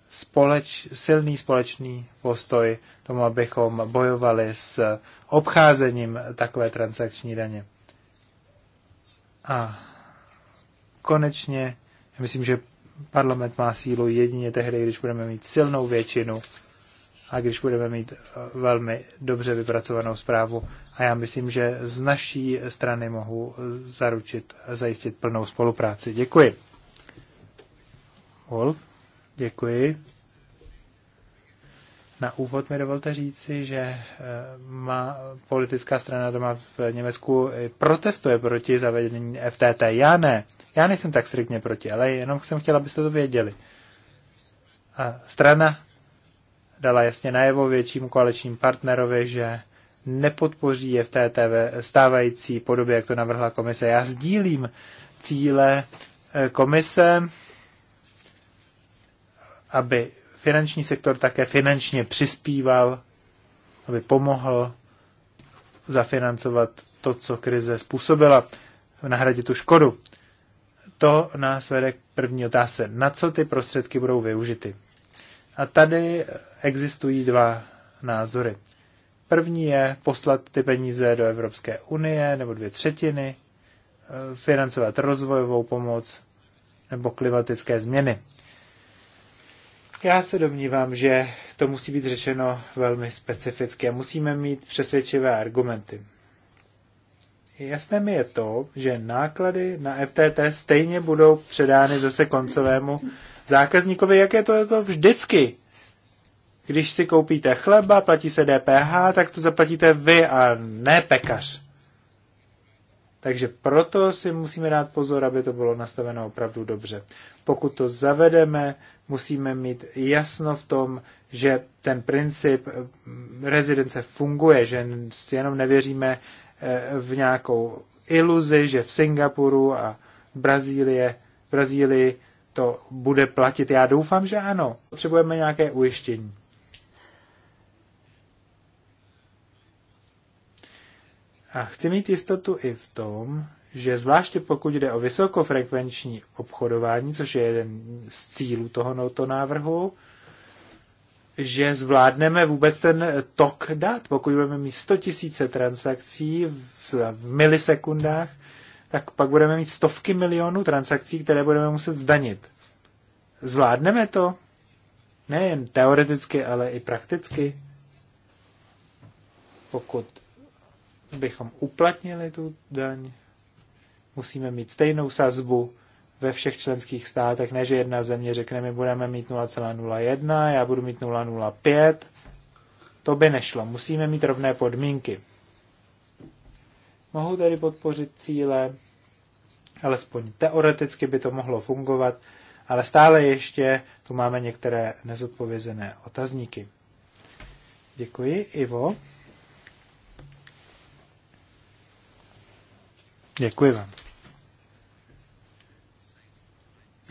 společ, silný společný postoj tomu, abychom bojovali s obcházením takové transakční daně. A konečně, myslím, že Parlament má sílu jedině tehdy, když budeme mít silnou většinu a když budeme mít eh, velmi dobře vypracovanou zprávu. A já myslím, že z naší strany mohu eh, zaručit, eh, zajistit plnou spolupráci. Děkuji. Wolf, děkuji. Na úvod mi dovolte říci, že má politická strana doma v Německu protestuje proti zavedení FTT. Já ne. Já nejsem tak striktně proti, ale jenom jsem chtěla, abyste to věděli. A strana dala jasně najevo většímu koaličním partnerovi, že nepodpoří je v té TV stávající podobě, jak to navrhla komise. Já sdílím cíle eh, komise, aby finanční sektor také finančně přispíval, aby pomohl zafinancovat to, co krize způsobila, nahradit tu škodu to nás vede k první otázce. Na co ty prostředky budou využity? A tady existují dva názory. První je poslat ty peníze do Evropské unie nebo dvě třetiny, eh, financovat rozvojovou pomoc nebo klimatické změny. Já se domnívám, že to musí být řešeno velmi specificky a musíme mít přesvědčivé argumenty. Jasné mi je to, že náklady na FTT stejně budou předány zase koncovému zákazníkovi, jak je to, je to vždycky. Když si koupíte chleba, platí se DPH, tak to zaplatíte vy a ne pekař. Takže proto si musíme dát pozor, aby to bylo nastaveno opravdu dobře. Pokud to zavedeme, musíme mít jasno v tom, že ten princip rezidence funguje, že jenom nevěříme v nějakou iluzi, že v Singapuru a Brazílie, Brazílii to bude platit. Já doufám, že ano. Potřebujeme nějaké ujištění. A chci mít jistotu i v tom, že zvláště pokud jde o vysokofrekvenční obchodování, což je jeden z cílů tohoto návrhu, že zvládneme vůbec ten tok dat. Pokud budeme mít 100 tisíce transakcí v, v milisekundách, tak pak budeme mít stovky milionů transakcí, které budeme muset zdanit. Zvládneme to? Nejen teoreticky, ale i prakticky. Pokud bychom uplatnili tu daň, musíme mít stejnou sazbu ve všech členských státech, než jedna země řekne, my budeme mít 0,01, já budu mít 0,05. To by nešlo. Musíme mít rovné podmínky. Mohu tedy podpořit cíle, alespoň teoreticky by to mohlo fungovat, ale stále ještě tu máme některé nezodpovězené otazníky. Děkuji, Ivo. Děkuji vám.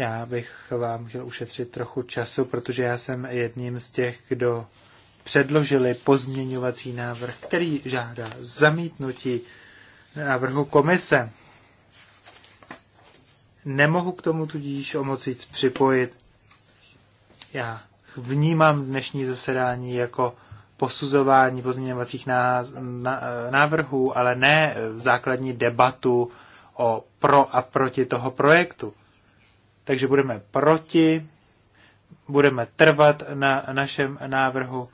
Já bych vám chtěl ušetřit trochu času, protože já jsem jedním z těch, kdo předložili pozměňovací návrh, který žádá zamítnutí návrhu komise. Nemohu k tomu tudíž o moc víc připojit. Já vnímám dnešní zasedání jako posuzování pozměňovacích návrhů, ale ne základní debatu o pro a proti toho projektu takže budeme proti, budeme trvat na našem návrhu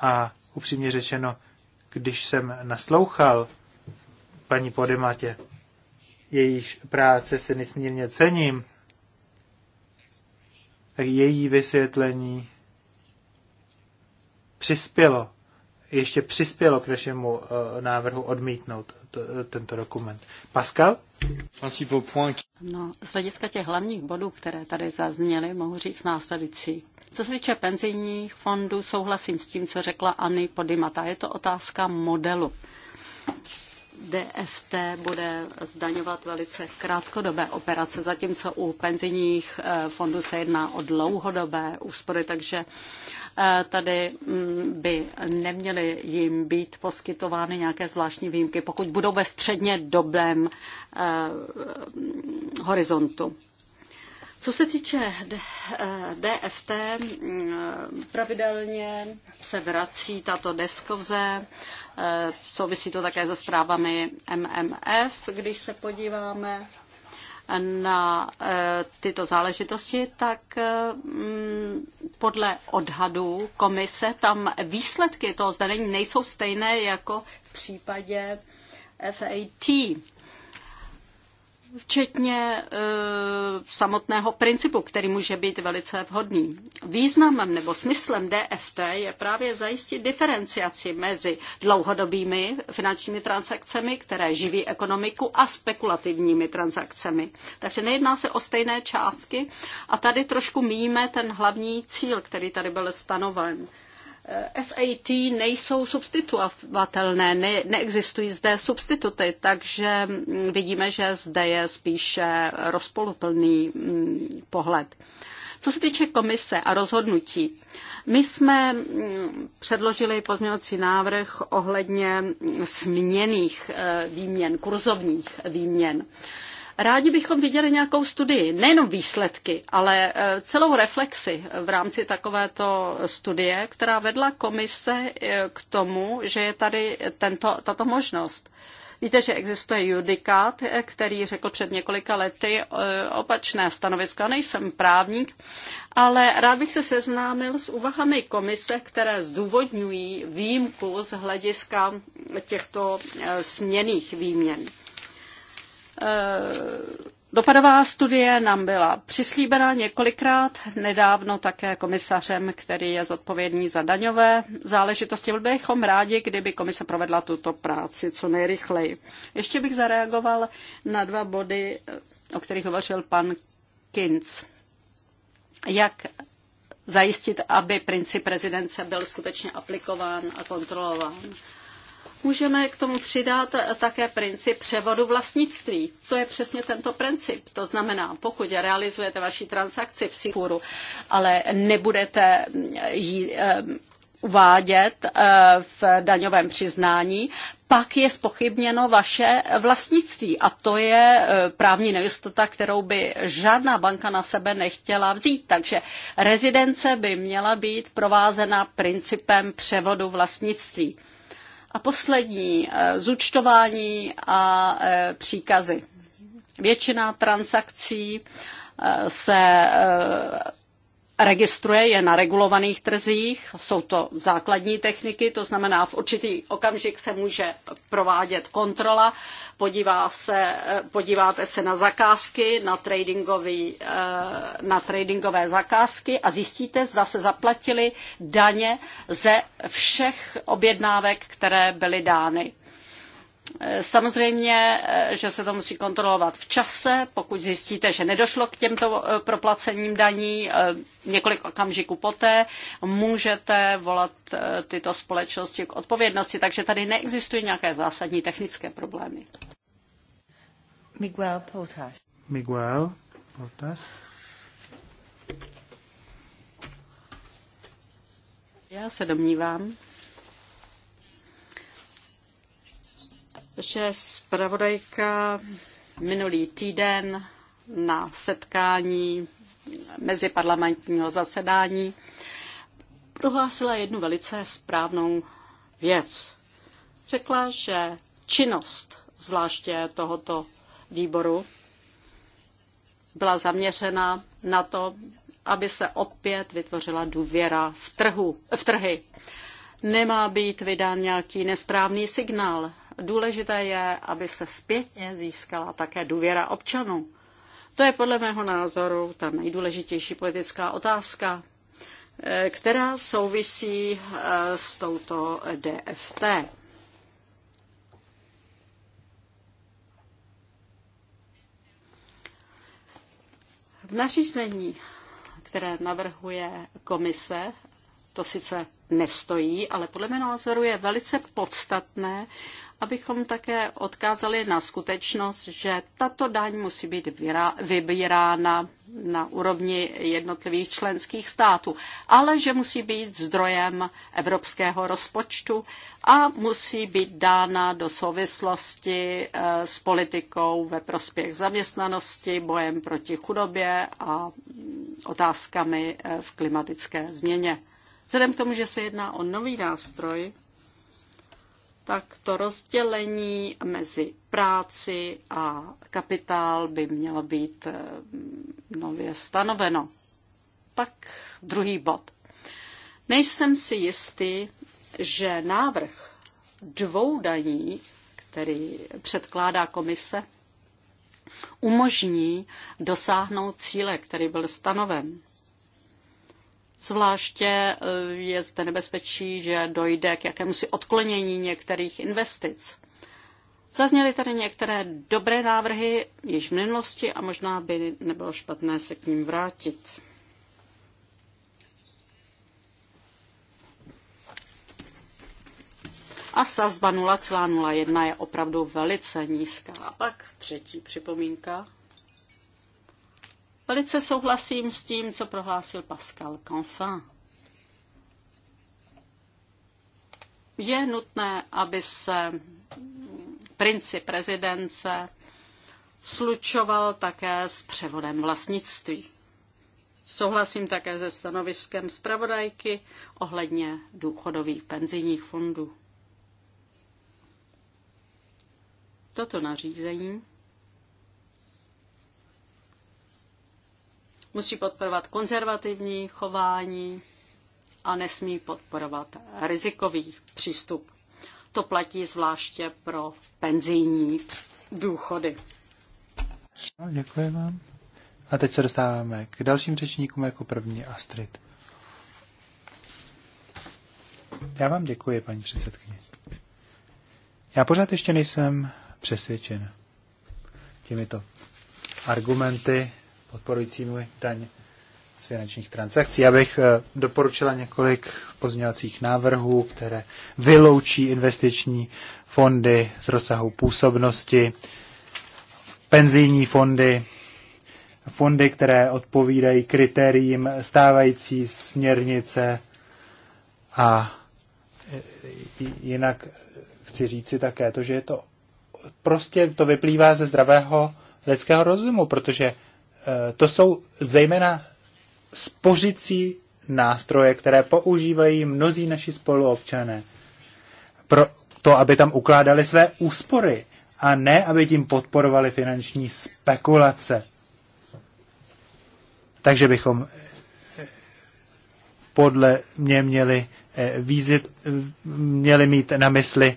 a upřímně řečeno, když jsem naslouchal paní Podematě, jejíž práce se nesmírně cením, tak její vysvětlení přispělo, ještě přispělo k našemu eh, návrhu odmítnout tento dokument. Pascal? No, z hlediska těch hlavních bodů, které tady zazněly, mohu říct následující. Co se týče penzijních fondů, souhlasím s tím, co řekla Anny Podimata. Je to otázka modelu. DFT bude zdaňovat velice krátkodobé operace, zatímco u penzijních eh, fondů se jedná o dlouhodobé úspory, takže Eh, tady mm, by neměly jim být poskytovány nějaké zvláštní výjimky, pokud budou ve středně dobrém eh, horizontu. Co se týče DFT, eh, mm, pravidelně se vrací tato deskovze, souvisí to také se zprávami MMF, když se podíváme na eh, tyto záležitosti, tak mm, podle odhadů komise tam výsledky toho zdanění nejsou stejné jako v případě FAT včetně e, samotného principu, který může být velice vhodný. Významem nebo smyslem DFT je právě zajistit diferenciaci mezi dlouhodobými finančními transakcemi, které živí ekonomiku, a spekulativními transakcemi. Takže nejedná se o stejné částky a tady trošku míjíme ten hlavní cíl, který tady byl stanoven. FAT nejsou substituovatelné, ne, neexistují zde substituty, takže mm, vidíme, že zde je spíše rozpoluplný mm, pohled. Co se týče komise a rozhodnutí, my jsme mm, předložili pozměňovací návrh ohledně směných e, výměn, kurzovních výměn. Rádi bychom viděli nějakou studii, nejenom výsledky, ale e, celou reflexi v rámci takovéto studie, která vedla komise e, k tomu, že je tady tento, tato možnost. Víte, že existuje judikát, e, který řekl před několika lety opačné stanovisko. Nejsem právník, ale rád bych se seznámil s úvahami komise, které zdůvodňují výjimku z hlediska těchto směných výměn. Eh, dopadová studie nám byla přislíbena několikrát, nedávno také komisařem, který je zodpovědný za daňové záležitosti. Byl bychom rádi, kdyby komise provedla tuto práci co nejrychleji. Ještě bych zareagoval na dva body, o kterých hovořil pan Kinz. Jak zajistit, aby princip prezidence byl skutečně aplikován a kontrolován můžeme k tomu přidat také princip převodu vlastnictví. To je přesně tento princip. To znamená, pokud realizujete vaši transakci v Singapuru, ale nebudete ji eh, uvádět eh, v daňovém přiznání, pak je spochybněno vaše vlastnictví. A to je eh, právní nejistota, kterou by žádná banka na sebe nechtěla vzít. Takže rezidence by měla být provázena principem převodu vlastnictví. A poslední, eh, zúčtování a eh, příkazy. Většina transakcí eh, se registruje je na regulovaných trzích, jsou to základní techniky, to znamená v určitý okamžik se může provádět kontrola, podívá se, podíváte se na zakázky, na, eh, na tradingové zakázky a zjistíte, zda se zaplatili daně ze všech objednávek, které byly dány. Samozřejmě, eh, že se to musí kontrolovat v čase, pokud zjistíte, že nedošlo k těmto eh, proplacením daní eh, několik okamžiků poté, můžete volat tyto společnosti k odpovědnosti, takže tady neexistují nějaké zásadní technické problémy. Miguel Portas. Miguel Portas. Já se domnívám, že zpravodajka minulý týden na setkání meziparlamentního zasedání prohlásila jednu velice správnou věc. Řekla, že činnost zvláště tohoto výboru byla zaměřena na to, aby se opět vytvořila důvěra v, trhu, v trhy. Nemá být vydán nějaký nesprávný signál důležité je, aby se zpětně získala také důvěra občanů. To je podle mého názoru ta nejdůležitější politická otázka, eh, která souvisí eh, s touto DFT. V nařízení, které navrhuje komise, to sice nestojí, ale podle mého názoru je velice podstatné, abychom také odkázali na skutečnost, že tato daň musí být vybírána na úrovni jednotlivých členských států, ale že musí být zdrojem evropského rozpočtu a musí být dána do souvislosti eh, s politikou ve prospěch zaměstnanosti, bojem proti chudobě a otázkami eh, v klimatické změně. Vzhledem k tomu, že se jedná o nový nástroj, tak to rozdělení mezi práci a kapitál by mělo být eh, nově stanoveno. Pak druhý bod. Nejsem si jistý, že návrh dvou daní, který předkládá komise, umožní dosáhnout cíle, který byl stanoven. Zvláště eh, je zde nebezpečí, že dojde k jakémusi odklonění některých investic. Zazněly tady některé dobré návrhy již v minulosti a možná by nebylo špatné se k ním vrátit. A sazba 0,01 je opravdu velice nízká. A pak třetí připomínka. Velice souhlasím s tím, co prohlásil Pascal Canfin. Je nutné, aby se princip prezidence slučoval také s převodem vlastnictví. Souhlasím také se stanoviskem zpravodajky ohledně důchodových penzijních fondů. Toto nařízení musí podporovat konzervativní chování a nesmí podporovat rizikový přístup. To platí zvláště pro penzijní důchody. No, děkuji vám. A teď se dostáváme k dalším řečníkům jako první Astrid. Já vám děkuji, paní předsedkyně. Já pořád ještě nejsem přesvědčen těmito argumenty podporujícímu daň z finančních transakcí. Já bych eh, doporučila několik pozměňovacích návrhů, které vyloučí investiční fondy z rozsahu působnosti, penzijní fondy, fondy, které odpovídají kritériím stávající směrnice a eh, jinak chci říci také to, že je to prostě to vyplývá ze zdravého lidského rozumu, protože Eh, to jsou zejména spořicí nástroje, které používají mnozí naši spoluobčané pro to, aby tam ukládali své úspory a ne, aby tím podporovali finanční spekulace. Takže bychom eh, podle mě měli eh, vízit, měli mít na mysli,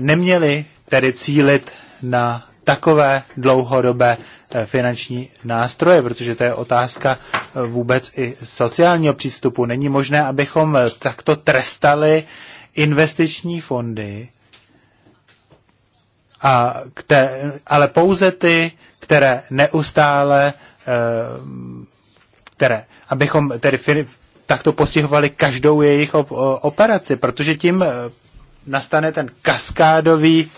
neměli tedy cílit na takové dlouhodobé eh, finanční nástroje, protože to je otázka eh, vůbec i sociálního přístupu. Není možné, abychom eh, takto trestali investiční fondy, a které, ale pouze ty, které neustále, které, abychom tedy takto postihovali každou jejich operaci, protože tím nastane ten kaskádový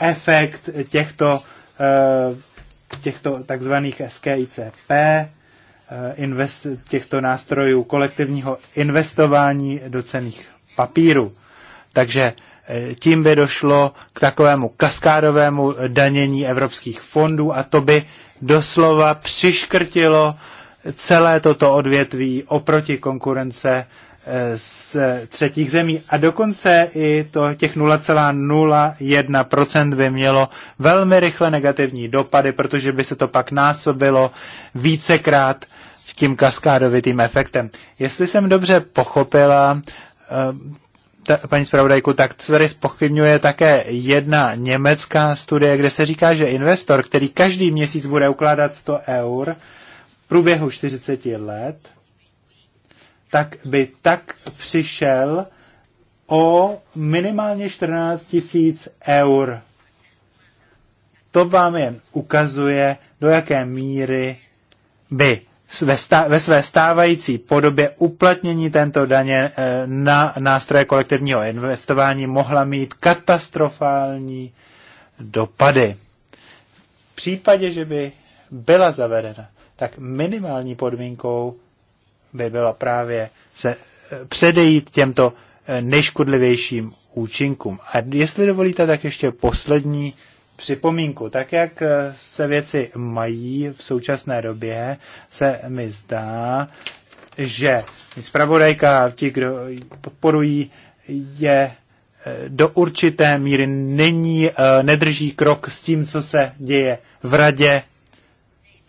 efekt těchto, eh, těchto takzvaných SKICP, eh, invest, těchto nástrojů kolektivního investování do cených papírů. Takže eh, tím by došlo k takovému kaskádovému danění evropských fondů a to by doslova přiškrtilo celé toto odvětví oproti konkurence z třetích zemí. A dokonce i to těch 0,01% by mělo velmi rychle negativní dopady, protože by se to pak násobilo vícekrát tím kaskádovitým efektem. Jestli jsem dobře pochopila, eh, ta, paní zpravodajku, tak co tady spochybňuje také jedna německá studie, kde se říká, že investor, který každý měsíc bude ukládat 100 eur v průběhu 40 let, tak by tak přišel o minimálně 14 tisíc eur. To vám jen ukazuje, do jaké míry by ve, stá, ve své stávající podobě uplatnění této daně eh, na nástroje kolektivního investování mohla mít katastrofální dopady. V případě, že by byla zavedena, tak minimální podmínkou by byla právě se eh, předejít těmto eh, nejškodlivějším účinkům. A jestli dovolíte, tak ještě poslední připomínku. Tak, jak eh, se věci mají v současné době, se mi zdá, že zpravodajka, ti, kdo podporují, je do určité míry není, nedrží krok s tím, co se děje v radě,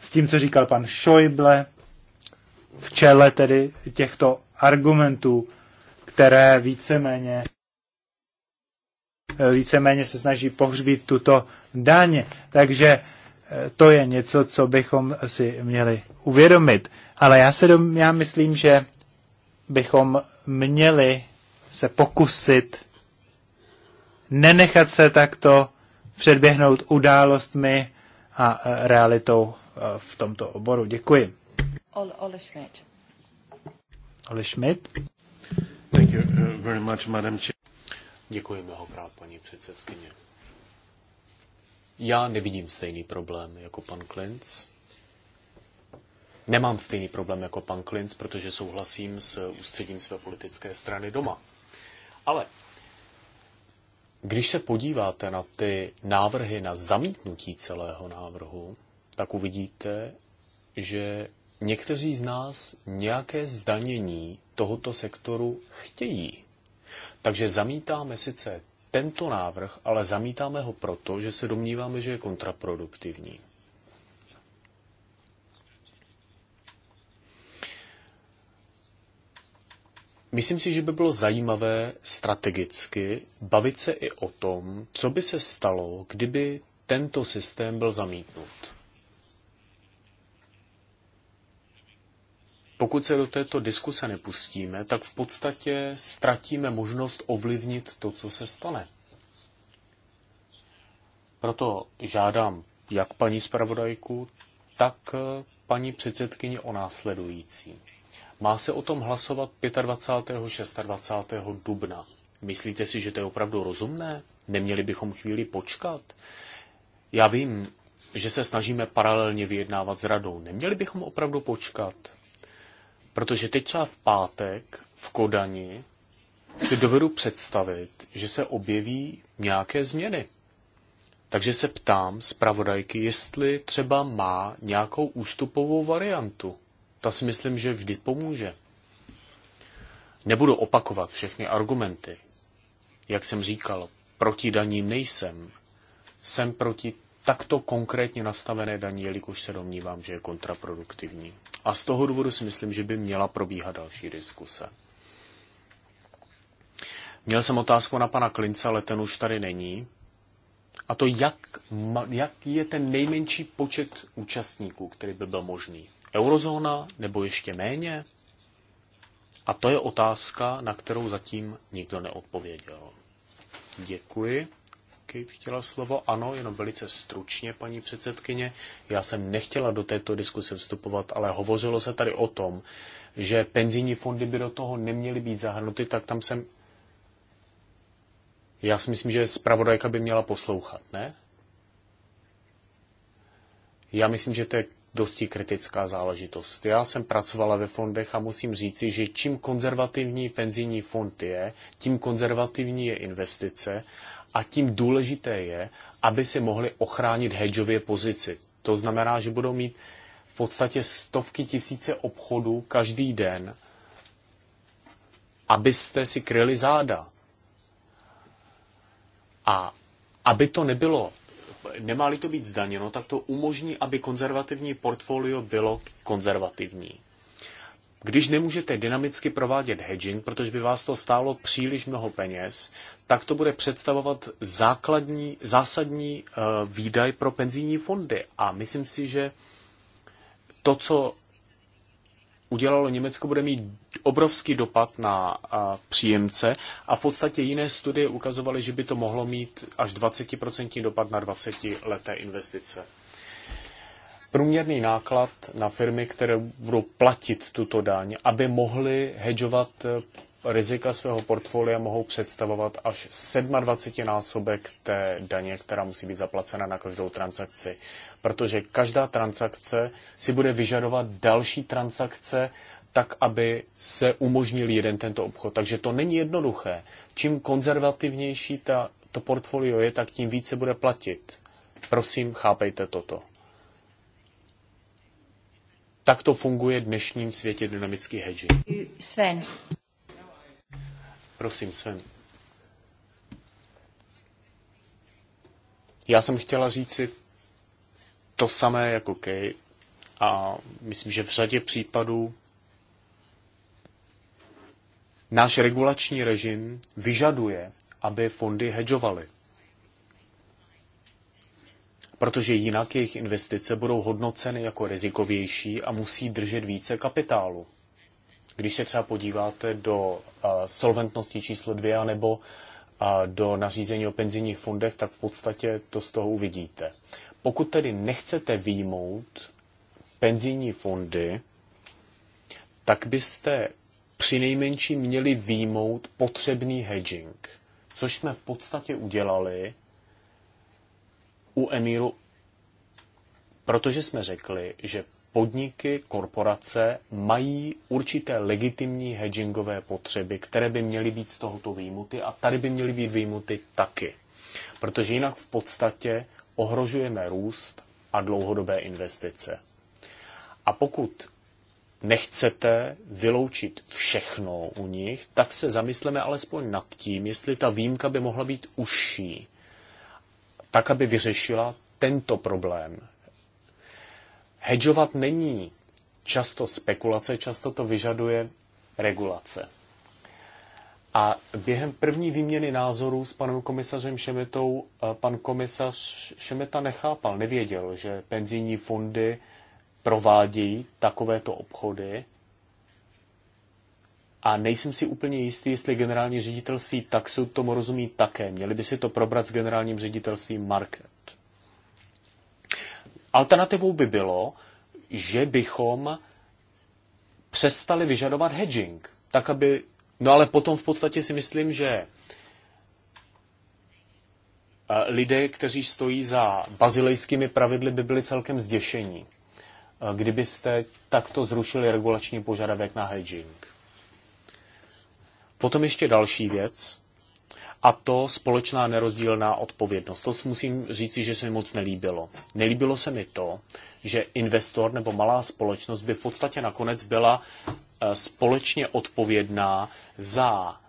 s tím, co říkal pan Schäuble, v čele tedy těchto argumentů, které víceméně eh, víceméně se snaží pohřbít tuto daň. Takže eh, to je něco, co bychom si měli uvědomit. Ale já, se dom, já myslím, že bychom měli se pokusit nenechat se takto předběhnout událostmi a eh, realitou v tomto oboru. Děkuji. Ole Schmidt. Ole Schmidt. Thank you uh, very much, Madam Chair. Děkuji mnohokrát, paní předsedkyně. Já nevidím stejný problém jako pan Klinc. Nemám stejný problém jako pan Klinc, protože souhlasím s ústředím své politické strany doma. Ale když se podíváte na ty návrhy na zamítnutí celého návrhu, tak uvidíte, že někteří z nás nějaké zdanění tohoto sektoru chtějí. Takže zamítáme sice tento návrh, ale zamítáme ho proto, že se domníváme, že je kontraproduktivní. Myslím si, že by bylo zajímavé strategicky bavit se i o tom, co by se stalo, kdyby tento systém byl zamítnut. pokud se do této diskuse nepustíme, tak v podstatě ztratíme možnost ovlivnit to, co se stane. Proto žádám jak paní zpravodajku, tak eh, paní předsedkyni o následující. Má se o tom hlasovat 25. 26. dubna. Myslíte si, že to je opravdu rozumné? Neměli bychom chvíli počkat? Já vím, že se snažíme paralelně vyjednávat s radou. Neměli bychom opravdu počkat? Protože teď třeba v pátek v Kodani si dovedu představit, že se objeví nějaké změny. Takže se ptám zpravodajky, jestli třeba má nějakou ústupovou variantu. Ta si myslím, že vždy pomůže. Nebudu opakovat všechny argumenty. Jak jsem říkal, proti daním nejsem. Jsem proti takto konkrétně nastavené daní, jelikož se domnívám, že je kontraproduktivní. A z toho důvodu si myslím, že by měla probíhat další diskuse. Měl jsem otázku na pana Klince, ale ten už tady není. A to, jak, jak je ten nejmenší počet účastníků, který by byl možný? Eurozóna nebo ještě méně? A to je otázka, na kterou zatím nikdo neodpověděl. Děkuji. Kate chtěla slovo. Ano, jenom velice stručně, paní předsedkyně. Já jsem nechtěla do této diskuse vstupovat, ale hovořilo se tady o tom, že penzijní fondy by do toho neměly být zahrnuty, tak tam jsem... Já si myslím, že zpravodajka by měla poslouchat, ne? Já myslím, že to je dosti kritická záležitost. Já jsem pracovala ve fondech a musím říci, že čím konzervativní penzijní fond je, tím konzervativní je investice a tím důležité je, aby si mohli ochránit hedžově pozici. To znamená, že budou mít v podstatě stovky tisíce obchodů každý den, abyste si kryli záda. A aby to nebylo, nemá-li to být zdaněno, tak to umožní, aby konzervativní portfolio bylo konzervativní. Když nemůžete dynamicky provádět hedging, protože by vás to stálo příliš mnoho peněz, tak to bude představovat základní, zásadní eh, výdaj pro penzijní fondy. A myslím si, že to, co udělalo Německo, bude mít obrovský dopad na eh, příjemce a v podstatě jiné studie ukazovaly, že by to mohlo mít až 20% dopad na 20 leté investice průměrný náklad na firmy, které budou platit tuto daň, aby mohly hedžovat eh, rizika svého portfolia mohou představovat až 27 násobek té daně, která musí být zaplacena na každou transakci. Protože každá transakce si bude vyžadovat další transakce, tak, aby se umožnil jeden tento obchod. Takže to není jednoduché. Čím konzervativnější ta, to portfolio je, tak tím více bude platit. Prosím, chápejte toto. Tak to funguje v dnešním světě dynamický hedging. Sven. Prosím, Sven. Já jsem chtěla říci to samé jako Kay a myslím, že v řadě případů náš regulační režim vyžaduje, aby fondy hedžovaly protože jinak jejich investice budou hodnoceny jako rizikovější a musí držet více kapitálu. Když se třeba podíváte do eh, solventnosti číslo 2 nebo eh, do nařízení o penzijních fondech, tak v podstatě to z toho uvidíte. Pokud tedy nechcete výjmout penzijní fondy, tak byste při nejmenší měli výjmout potřebný hedging, což jsme v podstatě udělali u Emíru, protože jsme řekli, že podniky, korporace mají určité legitimní hedgingové potřeby, které by měly být z tohoto výjimuty a tady by měly být výjimuty taky. Protože jinak v podstatě ohrožujeme růst a dlouhodobé investice. A pokud nechcete vyloučit všechno u nich, tak se zamysleme alespoň nad tím, jestli ta výjimka by mohla být užší, tak, aby vyřešila tento problém. Hedžovat není často spekulace, často to vyžaduje regulace. A během první výměny názorů s panem komisařem Šemetou, eh, pan komisař Šemeta nechápal, nevěděl, že penzijní fondy provádějí takovéto obchody a nejsem si úplně jistý, jestli generální ředitelství taxu tomu rozumí také. Měli by si to probrat s generálním ředitelstvím market. Alternativou by bylo, že bychom přestali vyžadovat hedging. Tak, aby... No ale potom v podstatě si myslím, že eh, lidé, kteří stojí za bazilejskými pravidly, by byli celkem zděšení, eh, kdybyste takto zrušili regulační požadavek na hedging. Potom ještě další věc, a to společná nerozdílná odpovědnost. To si musím říci, že se mi moc nelíbilo. Nelíbilo se mi to, že investor nebo malá společnost by v podstatě nakonec byla eh, společně odpovědná za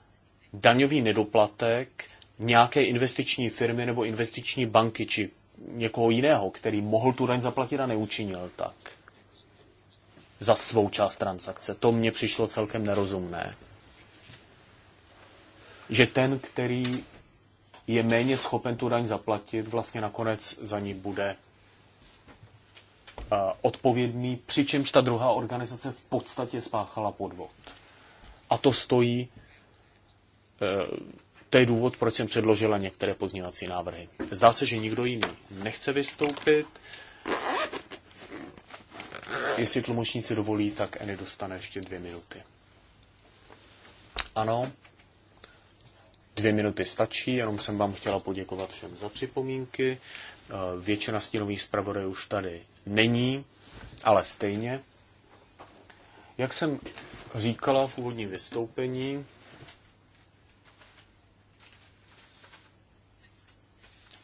daňový nedoplatek nějaké investiční firmy nebo investiční banky či někoho jiného, který mohl tu daň zaplatit a neučinil tak za svou část transakce. To mně přišlo celkem nerozumné že ten, který je méně schopen tu daň zaplatit, vlastně nakonec za ní bude eh, odpovědný, přičemž ta druhá organizace v podstatě spáchala podvod. A to stojí, eh, to je důvod, proč jsem předložila některé pozměňovací návrhy. Zdá se, že nikdo jiný nechce vystoupit. Jestli tlumočníci dovolí, tak Eny dostane ještě dvě minuty. Ano, Dvě minuty stačí, jenom jsem vám chtěla poděkovat všem za připomínky. Eh, většina stínových zpravodajů už tady není, ale stejně. Jak jsem říkala v úvodním vystoupení,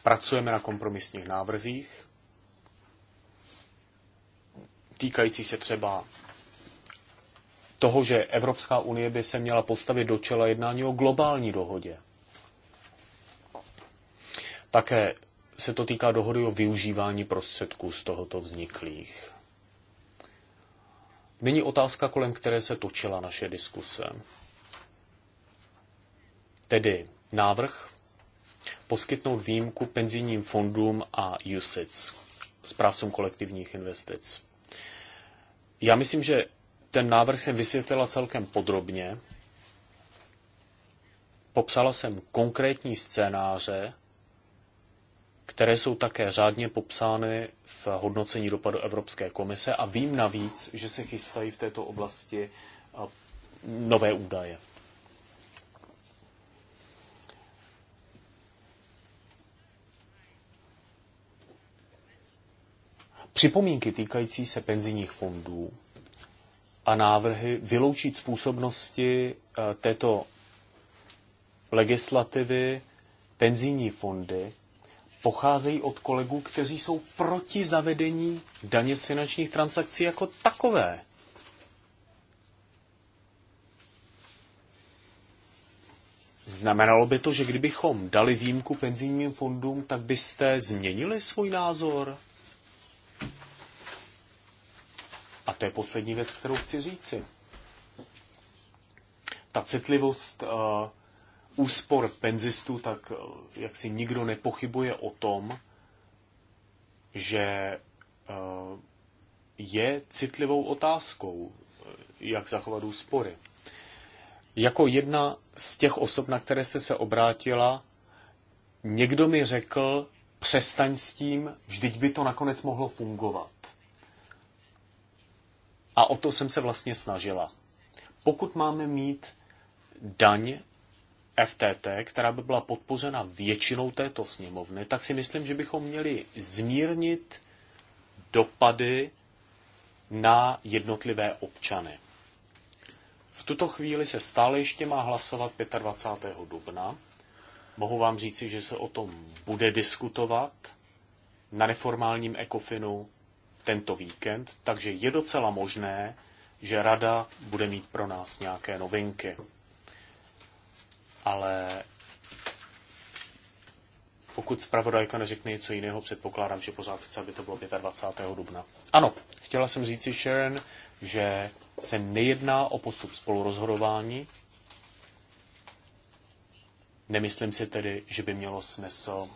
pracujeme na kompromisních návrzích, týkající se třeba toho, že Evropská unie by se měla postavit do čela jednání o globální dohodě. Také se to týká dohody o využívání prostředků z tohoto vzniklých. Nyní otázka, kolem které se točila naše diskuse. Tedy návrh poskytnout výjimku penzijním fondům a USIC, správcům kolektivních investic. Já myslím, že ten návrh jsem vysvětlila celkem podrobně. Popsala jsem konkrétní scénáře, které jsou také řádně popsány v hodnocení dopadu Evropské komise a vím navíc, že se chystají v této oblasti nové údaje. Připomínky týkající se penzijních fondů a návrhy vyloučit způsobnosti eh, této legislativy penzijní fondy pocházejí od kolegů, kteří jsou proti zavedení daně z finančních transakcí jako takové. Znamenalo by to, že kdybychom dali výjimku penzijním fondům, tak byste změnili svůj názor? A to je poslední věc, kterou chci říci. Ta citlivost uh, úspor penzistů, tak uh, jak si nikdo nepochybuje o tom, že uh, je citlivou otázkou, jak zachovat úspory. Jako jedna z těch osob, na které jste se obrátila, někdo mi řekl, přestaň s tím, vždyť by to nakonec mohlo fungovat. A o to jsem se vlastně snažila. Pokud máme mít daň FTT, která by byla podpořena většinou této sněmovny, tak si myslím, že bychom měli zmírnit dopady na jednotlivé občany. V tuto chvíli se stále ještě má hlasovat 25. dubna. Mohu vám říci, že se o tom bude diskutovat na neformálním ekofinu tento víkend, takže je docela možné, že rada bude mít pro nás nějaké novinky. Ale pokud zpravodajka neřekne něco jiného, předpokládám, že pořád chce, aby to bylo 25. dubna. Ano, chtěla jsem říct si, Sharon, že se nejedná o postup spolurozhodování. Nemyslím si tedy, že by mělo smysl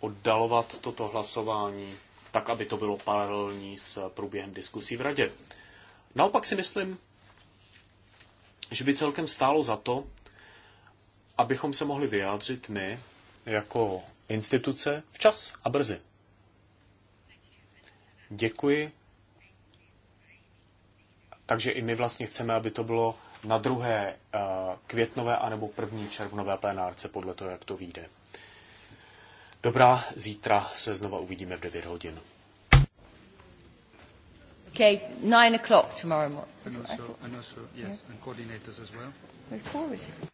oddalovat toto hlasování tak aby to bylo paralelní s průběhem diskusí v radě. Naopak si myslím, že by celkem stálo za to, abychom se mohli vyjádřit my jako instituce včas a brzy. Děkuji. Takže i my vlastně chceme, aby to bylo na druhé eh, květnové anebo první červnové plenárce, podle toho, jak to vyjde. Dobrá, zítra se znova uvidíme v 9 hodin. Okay, 9 o'clock tomorrow morning. And also, and also yes, yeah. and coordinators as well.